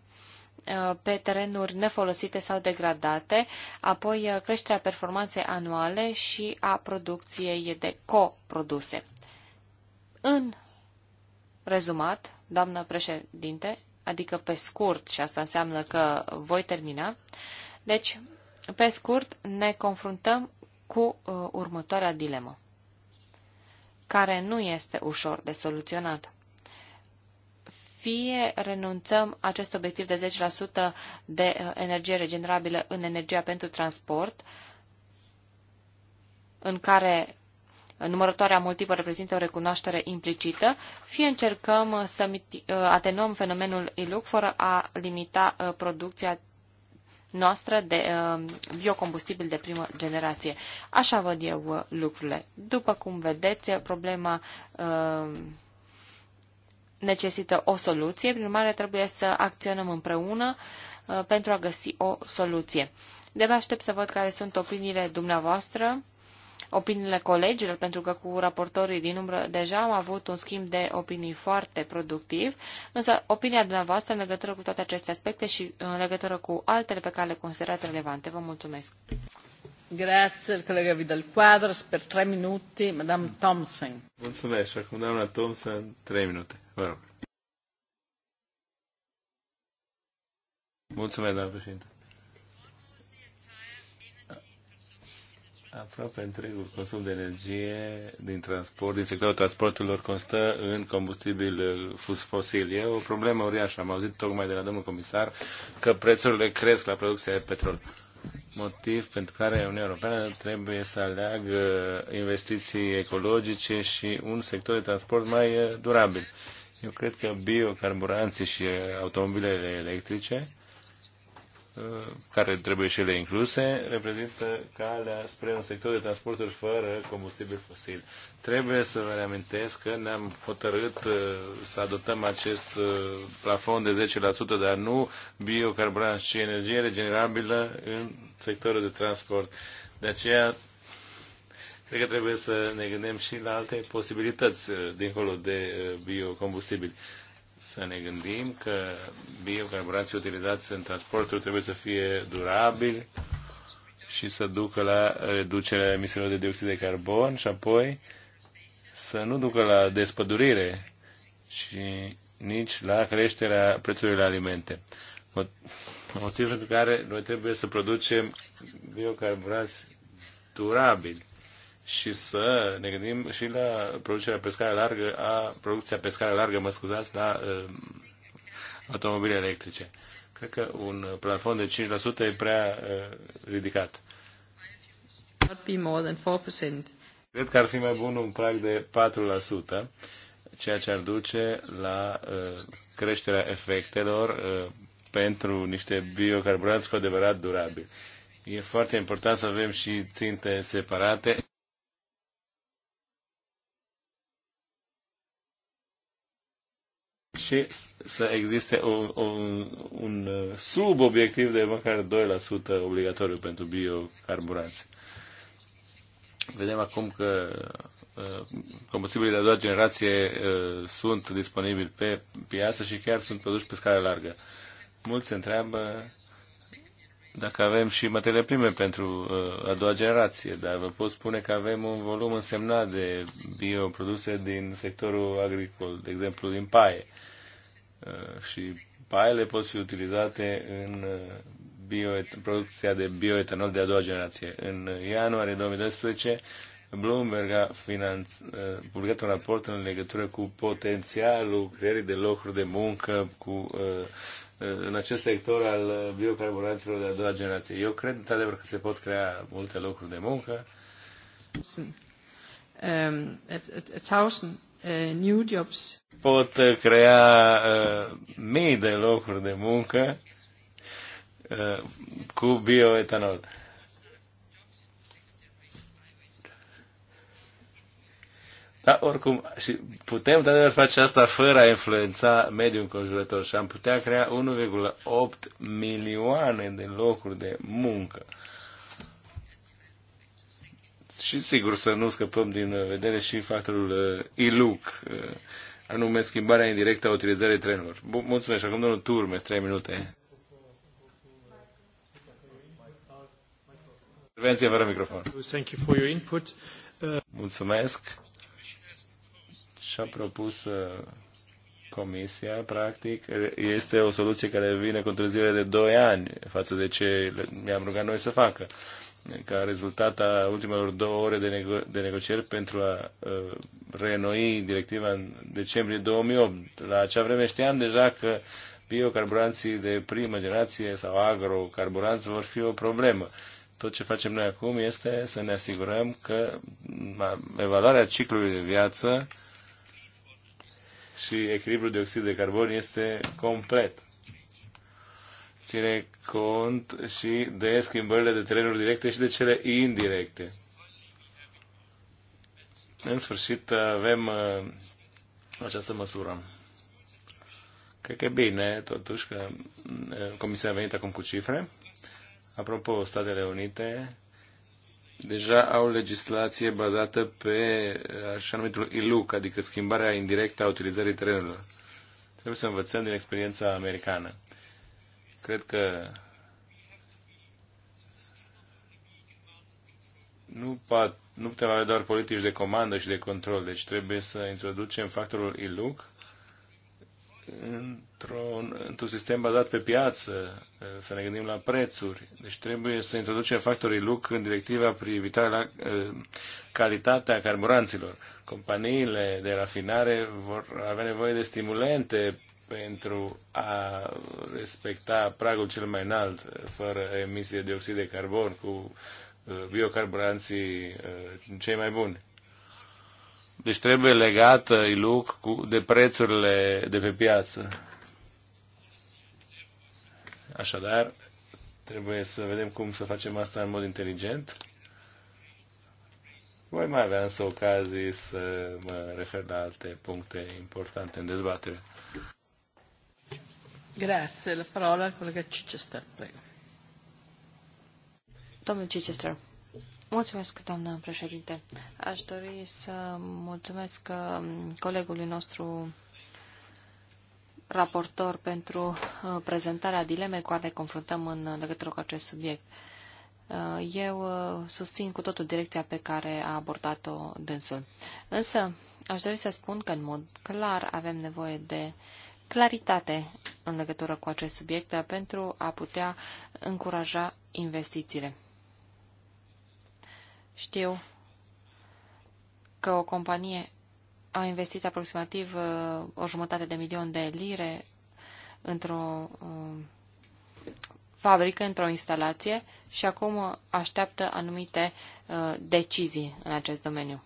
Uh, pe terenuri nefolosite sau degradate, apoi uh, creșterea performanței anuale și a producției de coproduse. În rezumat, doamnă președinte, adică pe scurt, și asta înseamnă că voi termina, deci, pe scurt, ne confruntăm cu uh, următoarea dilemă, care nu este ușor de soluționat fie renunțăm acest obiectiv de 10% de uh, energie regenerabilă în energia pentru transport, în care numărătoarea multiplă reprezintă o recunoaștere implicită, fie încercăm uh, să uh, atenuăm fenomenul ILUC fără a limita producția noastră de biocombustibil de primă generație. Așa văd eu lucrurile. După cum vedeți, problema necesită o soluție, prin urmare trebuie să acționăm împreună uh, pentru a găsi o soluție. De aștept să văd care sunt opiniile dumneavoastră, opiniile colegilor, pentru că cu raportorii din umbră deja am avut un schimb de opinii foarte productiv, însă opinia dumneavoastră în legătură cu toate aceste aspecte și în legătură cu altele pe care le considerați relevante. Vă mulțumesc! Grazie, colega Vidal quadros, per tre minute, Madame Thompson. Mulțumesc, acum doamna Thompson, trei minute. Vă rog. Mulțumesc, doamnă președinte. Aproape întregul consum de energie din transport, din sectorul transporturilor, constă în combustibil uh, fosil. E o problemă uriașă. Am auzit tocmai de la domnul comisar că prețurile cresc la producția de petrol. Motiv pentru care Uniunea Europeană trebuie să aleagă investiții ecologice și un sector de transport mai uh, durabil. Eu cred că biocarburanții și automobilele electrice, uh, care trebuie și ele incluse, reprezintă calea spre un sector de transporturi fără combustibil fosil. Trebuie să vă reamintesc că ne-am hotărât uh, să adoptăm acest uh, plafon de 10%, dar nu biocarburanți, ci energie regenerabilă în sectorul de transport. De aceea Cred că trebuie să ne gândim și la alte posibilități uh, dincolo de uh, biocombustibili. Să ne gândim că biocarburanții utilizați în transportul trebuie să fie durabili și să ducă la reducerea emisiilor de dioxid de carbon și apoi să nu ducă la despădurire și nici la creșterea prețurilor la alimente. Motiv pentru care noi trebuie să producem biocarburanți durabili și să ne gândim și la producerea pe scară largă, a producția pe scară largă, mă scuzați, la uh, automobile electrice. Cred că un plafon de 5% e prea uh, ridicat. Cred că ar fi mai bun un prag de 4%, ceea ce ar duce la uh, creșterea efectelor uh, pentru niște biocarburanți cu adevărat durabili. E foarte important să avem și ținte separate și să existe un, un, un uh, subobiectiv de măcar 2% obligatoriu pentru biocarburanți. Vedem acum că uh, combustibilii de a doua generație uh, sunt disponibili pe piață și chiar sunt produși pe scară largă. Mulți se întreabă dacă avem și materiile prime pentru a doua generație, dar vă pot spune că avem un volum însemnat de bioproduse din sectorul agricol, de exemplu din paie. Uh, și paiele pot fi utilizate în uh, bio, producția de bioetanol de a doua generație. În ianuarie 2012, Bloomberg a finanț, uh, publicat un raport în legătură cu potențialul creierii de locuri de muncă cu, în acest sector al biocarburanților de a doua generație. Eu cred, într-adevăr, că se pot crea multe locuri de muncă. Um, Uh, new jobs. Pot uh, crea uh, mii de locuri de muncă uh, cu bioetanol. Da, oricum, și putem de adevăr face asta fără a influența mediul înconjurător și am putea crea 1,8 milioane de locuri de muncă. Uh, și sigur să nu scăpăm din uh, vedere și factorul uh, ILUC, uh, anume schimbarea indirectă a utilizării trenurilor. Mulțumesc. Acum domnul Turme, trei minute. Intervenție fără microfon. Thank you for your input. Mulțumesc. Și-a propus Comisia, practic, este o soluție care vine cu întârziere de 2 ani față de ce mi am rugat noi să facă ca rezultat a ultimelor două ore de, nego- de negocieri pentru a uh, reînnoi directiva în decembrie 2008. La acea vreme știam deja că biocarburanții de primă generație sau agrocarburanți vor fi o problemă. Tot ce facem noi acum este să ne asigurăm că evaluarea ciclului de viață și echilibrul de oxid de carbon este complet ține cont și de schimbările de terenuri directe și de cele indirecte. În sfârșit avem uh, această măsură. Cred că e bine, totuși, că uh, Comisia a venit acum cu cifre. Apropo, Statele Unite deja au legislație bazată pe uh, așa numitul ILUC, adică schimbarea indirectă a utilizării terenurilor. Trebuie să învățăm din experiența americană. Cred că nu, pat, nu putem avea doar politici de comandă și de control, deci trebuie să introducem factorul ILUC într-un, într-un sistem bazat pe piață, să ne gândim la prețuri. Deci trebuie să introducem factorii ILUC în directiva privitoare la eh, calitatea carburanților. Companiile de rafinare vor avea nevoie de stimulente pentru a respecta pragul cel mai înalt eh, fără emisie de dioxid de carbon cu eh, biocarburanții eh, cei mai buni. Deci trebuie legat ILUC cu, de prețurile de pe piață. Așadar, trebuie să vedem cum să facem asta în mod inteligent. Voi mai avea însă ocazii să mă refer la alte puncte importante în dezbatere. Grazie. La parola al colega Chichester, prego. Domnul Chichester. Mulțumesc, doamnă președinte. Aș dori să mulțumesc um, colegului nostru raportor pentru uh, prezentarea dilemei cu care ne confruntăm în uh, legătură cu acest subiect. Uh, eu susțin cu totul direcția pe care a abordat-o dânsul. Însă, aș dori să spun că, în mod clar, avem nevoie de claritate în legătură cu acest subiect pentru a putea încuraja investițiile. Știu că o companie a investit aproximativ uh, o jumătate de milion de lire într-o uh, fabrică, într-o instalație și acum așteaptă anumite uh, decizii în acest domeniu.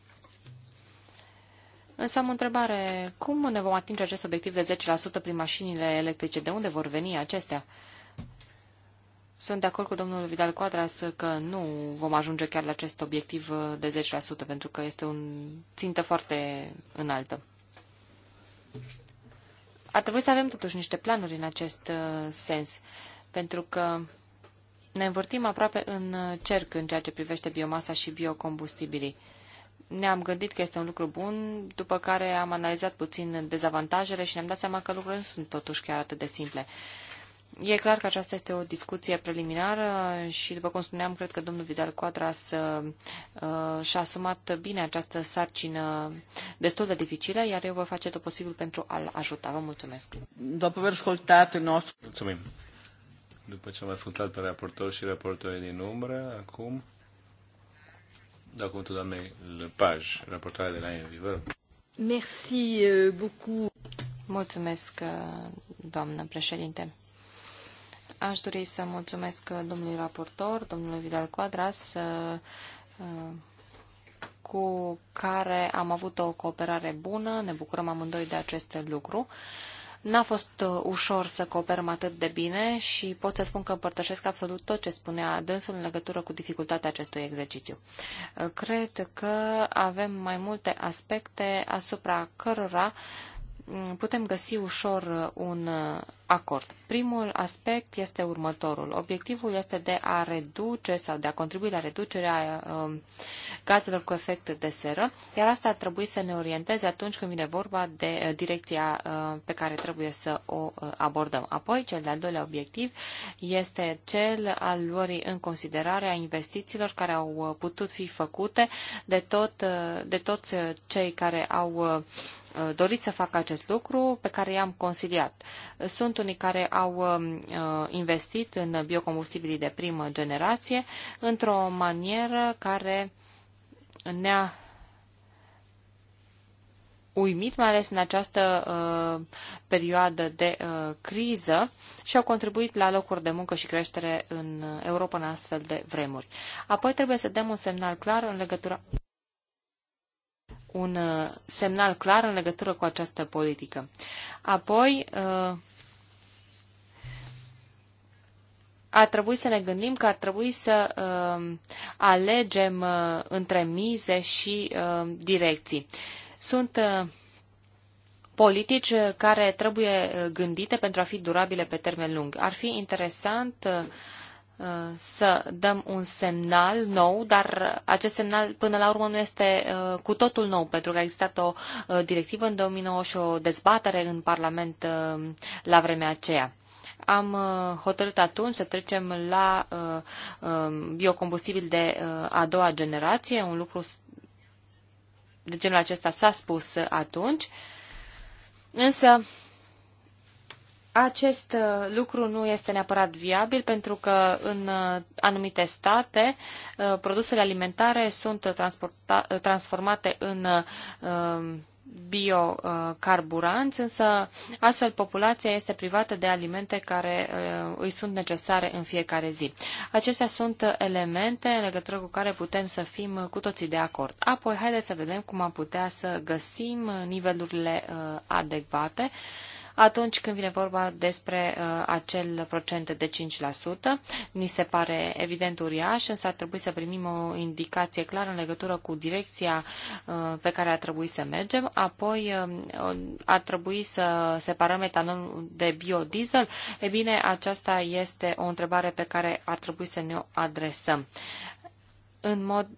Însă am o întrebare. Cum ne vom atinge acest obiectiv de 10% prin mașinile electrice? De unde vor veni acestea? Sunt de acord cu domnul Vidal Quadras că nu vom ajunge chiar la acest obiectiv de 10%, pentru că este un țintă foarte înaltă. Ar trebui să avem totuși niște planuri în acest uh, sens, pentru că ne învârtim aproape în cerc în ceea ce privește biomasa și biocombustibilii ne-am gândit că este un lucru bun, după care am analizat puțin dezavantajele și ne-am dat seama că lucrurile nu sunt totuși chiar atât de simple. E clar că aceasta este o discuție preliminară și, după cum spuneam, cred că domnul Vidal Quadras uh, și-a asumat bine această sarcină destul de dificilă, iar eu voi face tot posibil pentru a-l ajuta. Vă mulțumesc. După aver ascultat Mulțumim. După ce am ascultat pe raportor și raportorii din umbră, acum Dau cuvântul doamnei Lepaj, raportarea de la ENVI. Merci euh, beaucoup. Mulțumesc, uh, doamnă președinte. Aș dori să mulțumesc uh, domnului raportor, domnului Vidal Quadras, uh, cu care am avut o cooperare bună. Ne bucurăm amândoi de acest lucru. N-a fost uh, ușor să cooperăm atât de bine și pot să spun că împărtășesc absolut tot ce spunea dânsul în legătură cu dificultatea acestui exercițiu. Uh, cred că avem mai multe aspecte asupra cărora putem găsi ușor uh, un uh, acord. Primul aspect este următorul. Obiectivul este de a reduce sau de a contribui la reducerea um, gazelor cu efect de seră, iar asta ar trebui să ne orienteze atunci când vine vorba de uh, direcția pe care trebuie să o abordăm. Apoi, cel de-al doilea obiectiv este cel al luării în considerare a investițiilor care au putut fi făcute de, tot, de toți cei care au Uh, dorit să facă acest lucru, pe care i-am consiliat. Sunt unii care au um, uh, investit în biocombustibilii de primă generație într-o manieră care ne-a uimit, mai ales în această uh, perioadă de uh, criză și au contribuit la locuri de muncă și creștere în Europa în astfel de vremuri. Apoi trebuie să dăm un semnal clar în legătură un uh, semnal clar în legătură cu această politică. Apoi, uh, ar trebui să ne gândim că ar trebui să uh, alegem între mize și direcții. Sunt politici care trebuie gândite pentru a fi durabile pe termen lung. Ar fi interesant uh, să dăm un semnal nou, dar acest semnal până la urmă nu este uh, cu totul nou, pentru că a existat o uh, directivă în 2009 și o dezbatere în Parlament uh, la vremea aceea. Am hotărât atunci să trecem la um, biocombustibil de a doua generație, un lucru de genul acesta s-a spus atunci, însă acest uh, lucru nu este neapărat viabil pentru că în uh, anumite state uh, produsele alimentare sunt transformate în biocarburanți, însă astfel populația este privată de alimente care îi sunt necesare în fiecare zi. Acestea sunt elemente în legătură cu care putem să fim cu toții de acord. Apoi, haideți să vedem cum am putea să găsim nivelurile adecvate atunci când vine vorba despre uh, acel procent de 5%. Ni se pare evident uriaș, însă ar trebui să primim o indicație clară în legătură cu direcția uh, pe care ar trebui să mergem. Apoi uh, ar trebui să separăm etanol de biodiesel. E bine, aceasta este o întrebare pe care ar trebui să ne o adresăm. În mod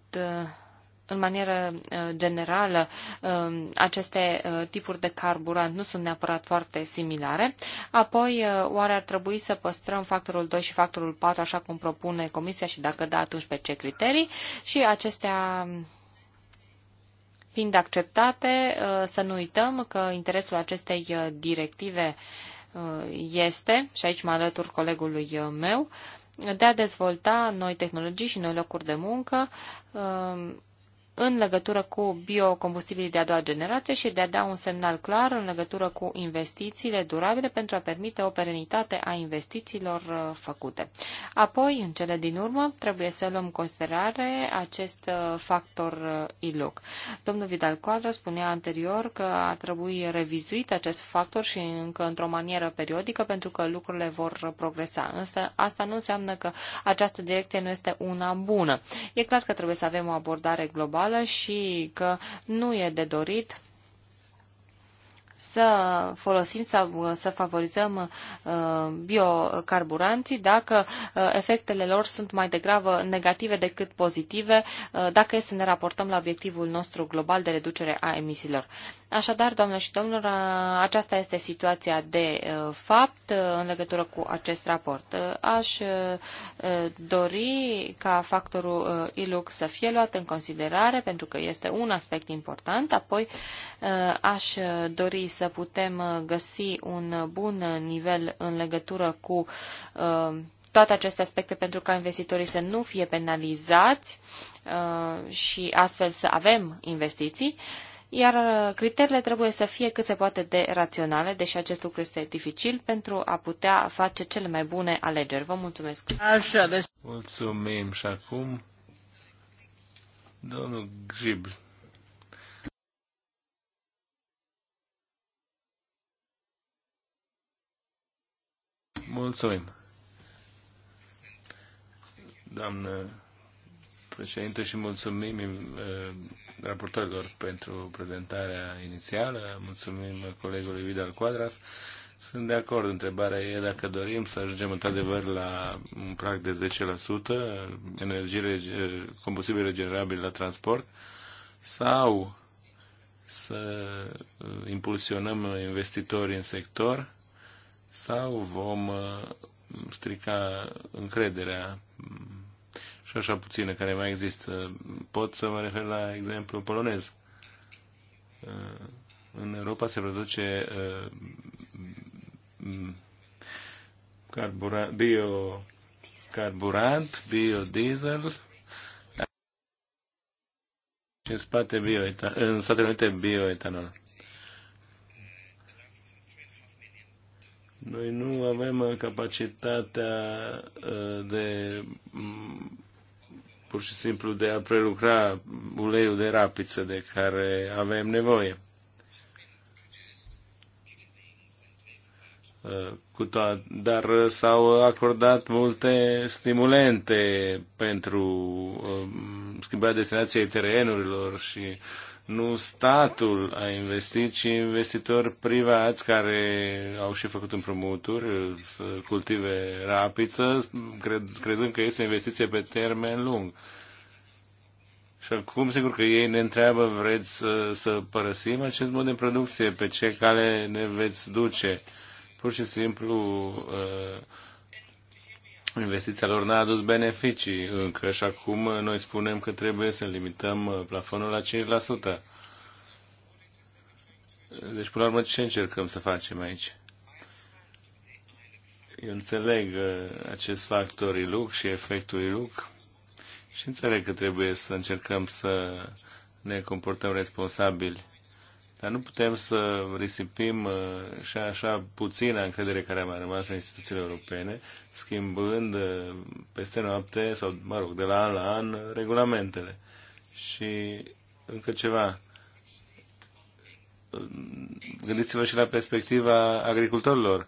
în manieră uh, generală, um, aceste uh, tipuri de carburant nu sunt neapărat foarte similare. Apoi, uh, oare ar trebui să păstrăm factorul 2 și factorul 4, așa cum propune Comisia și dacă da, atunci pe ce criterii? Și acestea fiind acceptate, să nu uităm că interesul acestei directive este, și aici mă alătur colegului meu, de a dezvolta noi tehnologii și noi locuri de muncă um, în legătură cu biocombustibilii de a doua generație și de a da un semnal clar în legătură cu investițiile durabile pentru a permite o perenitate a investițiilor uh, făcute. Apoi, în cele din urmă, trebuie să luăm în considerare acest uh, factor uh, ILUC. Domnul Vidal Coadră spunea anterior că ar trebui revizuit acest factor și încă într-o manieră periodică pentru că lucrurile vor progresa. Însă asta nu înseamnă că această direcție nu este una bună. E clar că trebuie să avem o abordare globală ilegală și că nu e de dorit să folosim sau uh, să favorizăm uh, biocarburanții dacă uh, efectele lor sunt mai degrabă negative decât pozitive, dacă e să ne raportăm la obiectivul nostru global de reducere a emisiilor. Așadar, doamnelor și domnilor, aceasta este situația de fapt în legătură cu acest raport. Aș dori ca factorul ILUC să fie luat în considerare pentru că este un aspect important. Apoi aș dori să putem uh, găsi un uh, bun uh, nivel în legătură cu toate aceste aspecte pentru ca investitorii să nu fie penalizați și astfel să avem investiții, iar criteriile trebuie să fie cât se poate de raționale, deși acest lucru este dificil pentru a putea face cele mai bune alegeri. Vă mulțumesc! Așa de... Deci- Mulțumim și acum domnul Gribl. Mulțumim. Doamnă președinte și mulțumim eh, raportorilor pentru prezentarea inițială, mulțumim colegului Vidal Quadras. Sunt de acord, întrebarea e dacă dorim să ajungem într-adevăr la un prag de 10% energie, combustibil regenerabil la transport sau să eh, impulsionăm investitorii în sector sau vom uh, strica încrederea și așa puțină care mai există. Pot să mă refer la exemplu polonez. Uh, în Europa se produce uh, carburant, bio, carburant, biodiesel, în, spate bio, în Statele Unite bioetanol. Noi nu avem uh, capacitatea uh, de mm, pur și simplu de a prelucra uleiul de rapiță de care avem nevoie. Uh, cu toate, dar s-au acordat multe stimulente pentru um, schimbarea destinației terenurilor și uh, nu statul a investit, ci investitori privați care au și făcut împrumuturi să cultive rapiță, cred, crezând că este o investiție pe termen lung. Și acum, sigur că ei ne întreabă, vreți să, să părăsim acest mod de producție, pe ce cale ne veți duce. Pur și simplu, uh, investiția lor n-a adus beneficii încă și acum noi spunem că trebuie să limităm uh, plafonul la 5%. Deci, până la urmă, ce încercăm să facem aici? Eu înțeleg uh, acest factor iluc și efectul iluc și înțeleg că trebuie să încercăm să ne comportăm responsabili dar nu putem să risipim uh, și așa puțină încredere care a mai rămas în instituțiile europene, schimbând uh, peste noapte sau, mă rog, de la an la an, regulamentele. Și încă ceva. Gândiți-vă și la perspectiva agricultorilor.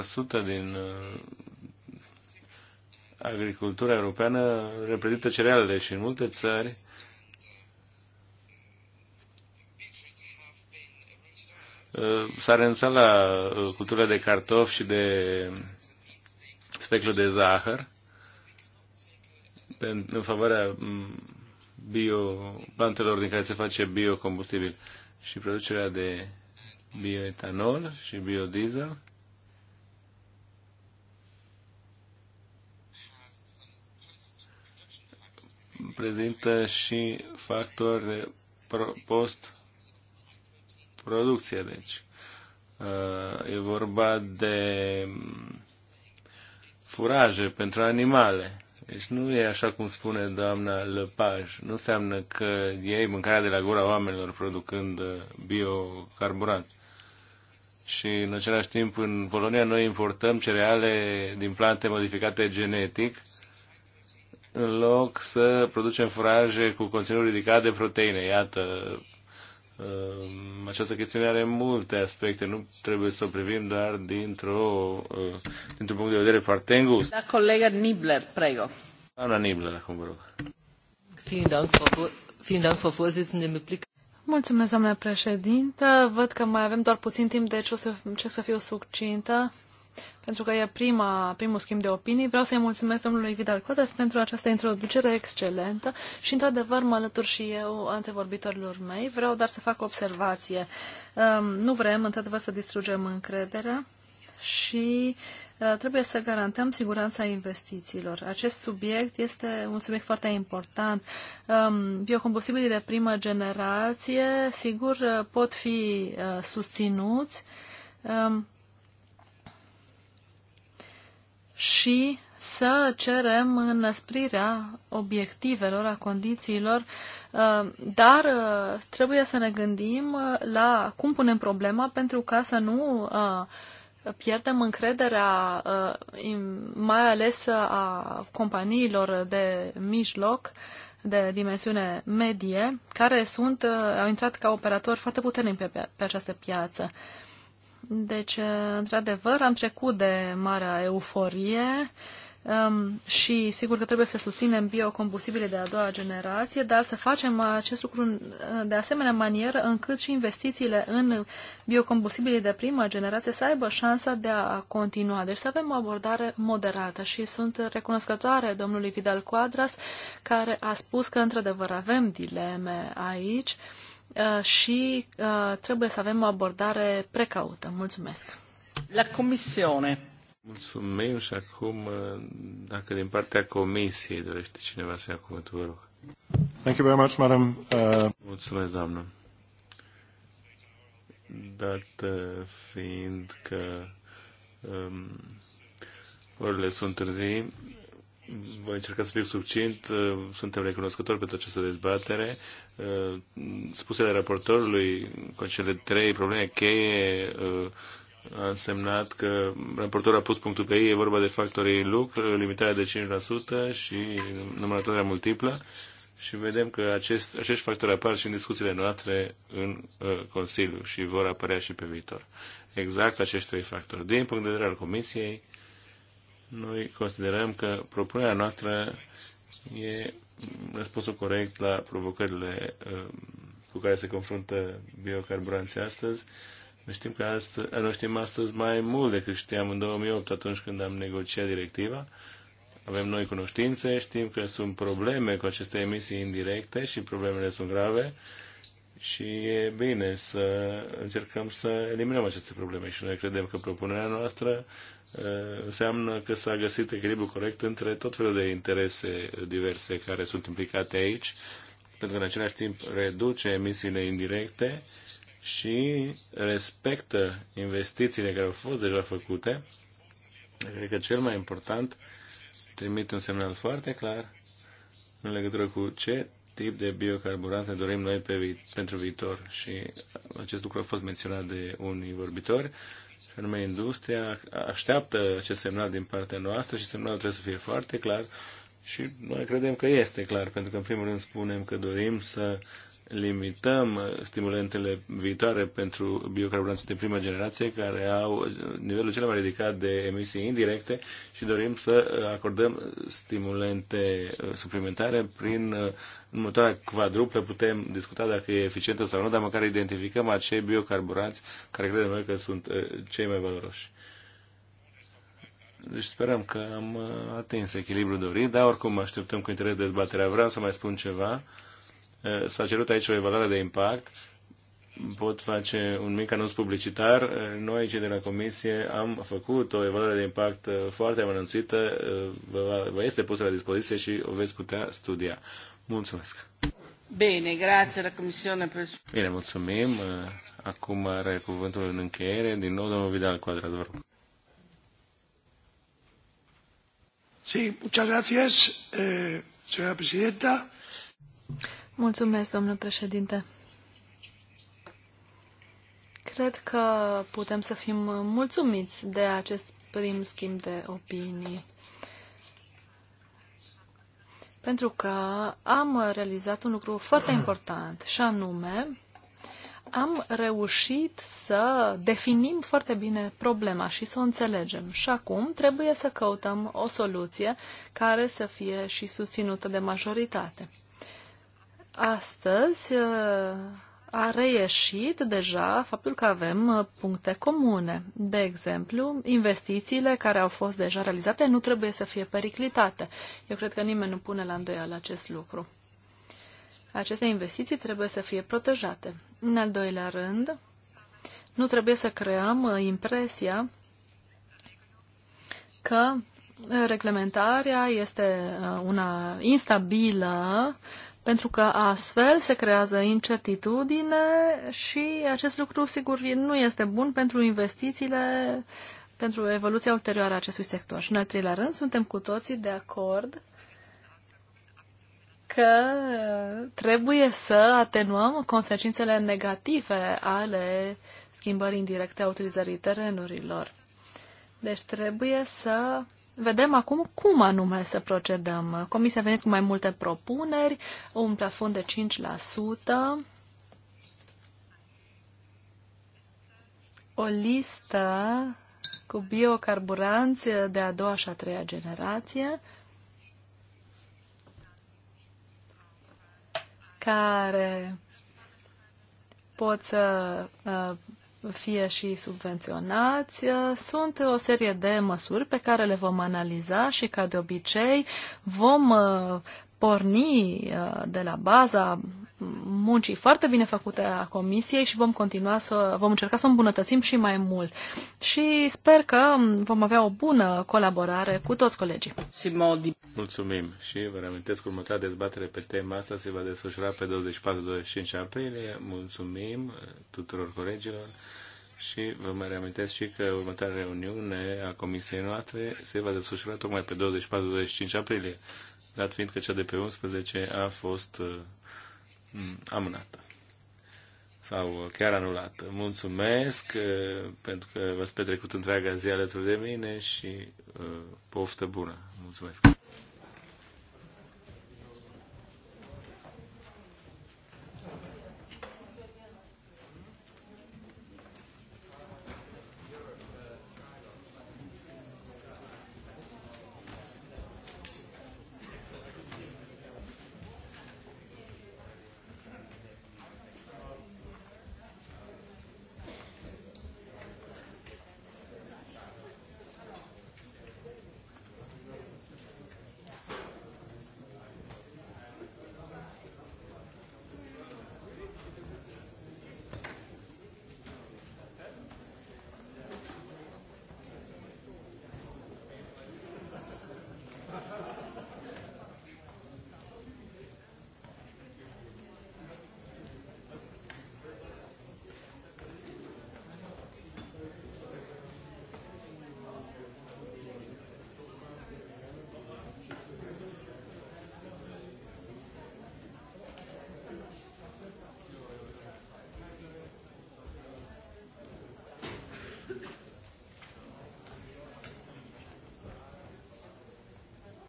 70-80% din uh, agricultura europeană reprezintă cerealele și în multe țări Uh, s-a renunțat la uh, cultură de cartofi și de speclă de zahăr în favoarea mm, bio, plantelor din care se face biocombustibil și producerea de bioetanol și biodiesel. prezintă și factori post producție, deci. Uh, e vorba de mm, furaje pentru animale. Deci nu e așa cum spune doamna Lăpaj. Nu înseamnă că ei mâncarea de la gura oamenilor producând uh, biocarburant. Și în același timp în Polonia noi importăm cereale din plante modificate genetic în loc să producem furaje cu conținut ridicat de proteine. Iată Ehm, această chestiune are multe aspecte, nu trebuie să o privim doar dintr-o, uh, dintr-un punct de vedere foarte îngust. Da, colega Nibler, prego. Doamna Nibler, acum vă rog. Mulțumesc, doamna președintă. Văd că mai avem doar puțin timp, deci o să încerc să fiu succintă pentru că e prima, primul schimb de opinii. Vreau să-i mulțumesc domnului Vidal Codes pentru această introducere excelentă și, într-adevăr, mă alătur și eu antevorbitorilor mei. Vreau doar să fac o observație. Um, nu vrem, într-adevăr, să distrugem încrederea și uh, trebuie să garantăm siguranța investițiilor. Acest subiect este un subiect foarte important. Um, biocombustibilii de primă generație, sigur, uh, pot fi uh, susținuți um, și să cerem înăsprirea obiectivelor, a condițiilor, uh, dar uh, trebuie să ne gândim uh, la cum punem problema pentru ca să nu pierdem încrederea, mai ales a companiilor de mijloc, de dimensiune medie, care sunt, au intrat ca operatori foarte puternici pe, pe această piață. Deci, uh, într-adevăr, am trecut de marea euforie um, și sigur că trebuie să susținem biocombustibile de a doua generație, dar să facem acest lucru uh, de asemenea manieră încât și investițiile în biocombustibile de prima generație să aibă șansa de a continua. Deci să avem o abordare moderată și sunt recunoscătoare domnului Vidal Quadras care a spus că într-adevăr avem dileme aici. Uh, Uh, și uh, trebuie să avem o abordare precaută. Mulțumesc! La Comisie. Mulțumim și acum, uh, dacă din partea Comisiei dorește cineva să ia cuvântul, vă rog. Thank you very much, madam. Uh... Mulțumesc, doamnă. Dat fiind că um, orele sunt târzii, voi încerca să fiu succint. Suntem recunoscători pentru această dezbatere. Uh, spusele raportorului cu cele trei probleme cheie uh, a însemnat că raportorul a pus punctul pe ei, e vorba de factorii lucru, limitarea de 5% și numărătoarea multiplă și vedem că acest, acești factori apar și în discuțiile noastre în uh, Consiliu și vor apărea și pe viitor. Exact acești trei factori. Din punct de vedere al Comisiei, noi considerăm că propunerea noastră e răspunsul corect la provocările uh, cu care se confruntă biocarburanții astăzi. Noi știm, că astăzi, noi știm astăzi mai mult decât știam în 2008 atunci când am negociat directiva. Avem noi cunoștințe, știm că sunt probleme cu aceste emisii indirecte și problemele sunt grave. Uh, și e bine să încercăm să eliminăm aceste probleme și noi credem că propunerea noastră uh, înseamnă că s-a găsit echilibru corect între tot felul de interese diverse care sunt implicate aici, pentru că în același timp reduce emisiile indirecte și respectă investițiile care au fost deja făcute. Cred că cel mai important trimite un semnal foarte clar în legătură cu ce tip de biocarburante dorim noi pe vi- pentru viitor și acest lucru a fost menționat de unii vorbitori și anume industria așteaptă acest semnal din partea noastră și semnalul trebuie să fie foarte clar și noi credem că este clar, pentru că în primul rând spunem că dorim să limităm stimulentele viitoare pentru biocarburanții de primă generație care au nivelul cel mai ridicat de emisii indirecte și dorim să acordăm stimulente uh, suplimentare prin uh, următoarea quadruplă. Putem discuta dacă e eficientă sau nu, dar măcar identificăm acei biocarburanți care credem noi că sunt uh, cei mai valoroși. Deci sperăm că am uh, atins echilibrul dorit, dar oricum așteptăm cu interes dezbaterea. Vreau să mai spun ceva. Uh, s-a cerut aici o evaluare de impact. Pot face un mic anunț publicitar. Uh, noi, cei de la Comisie, am făcut o evaluare de impact foarte amănunțită. Vă, este pusă la dispoziție și o veți putea studia. Mulțumesc! Bine, grație la Comisiune. Bine, mulțumim. Acum are cuvântul în încheiere. Din nou, domnul Vidal Quadrat, vă rog. doamnă eh, președintă domnule președinte. Cred că putem să fim mulțumiți de acest prim schimb de opinii. Pentru că am realizat un lucru foarte important, și anume am reușit să definim foarte bine problema și să o înțelegem. Și acum trebuie să căutăm o soluție care să fie și susținută de majoritate. Astăzi uh, a reieșit deja faptul că avem uh, puncte comune. De exemplu, investițiile care au fost deja realizate nu trebuie să fie periclitate. Eu cred că nimeni nu pune la îndoială acest lucru aceste investiții trebuie să fie protejate. În al doilea rând, nu trebuie să creăm uh, impresia că uh, reglementarea este uh, una instabilă, pentru că astfel se creează incertitudine și acest lucru, sigur, nu este bun pentru investițiile, pentru evoluția ulterioară a acestui sector. Și, în al treilea rând, suntem cu toții de acord că uh, trebuie să atenuăm consecințele negative ale schimbării indirecte a utilizării terenurilor. Deci trebuie să vedem acum cum anume să procedăm. Comisia a venit cu mai multe propuneri, un plafon de 5%, o listă cu biocarburanți de a doua și a treia generație, care pot să uh, fie și subvenționați. Uh, sunt o serie de măsuri pe care le vom analiza și, ca de obicei, vom uh, porni de la baza muncii foarte bine făcute a comisiei și vom continua să vom încerca să o îmbunătățim și mai mult. Și sper că vom avea o bună colaborare cu toți colegii. Mulțumim și vă reamintesc următoarea dezbatere pe tema asta se va desfășura pe 24-25 aprilie. Mulțumim tuturor colegilor. Și vă mai reamintesc și că următoarea reuniune a comisiei noastre se va desfășura tocmai pe 24-25 aprilie, dat fiind că cea de pe 11 a fost uh, Mm, amânată sau chiar anulată. Mulțumesc uh, pentru că v-ați petrecut întreaga zi alături de mine și uh, poftă bună. Mulțumesc!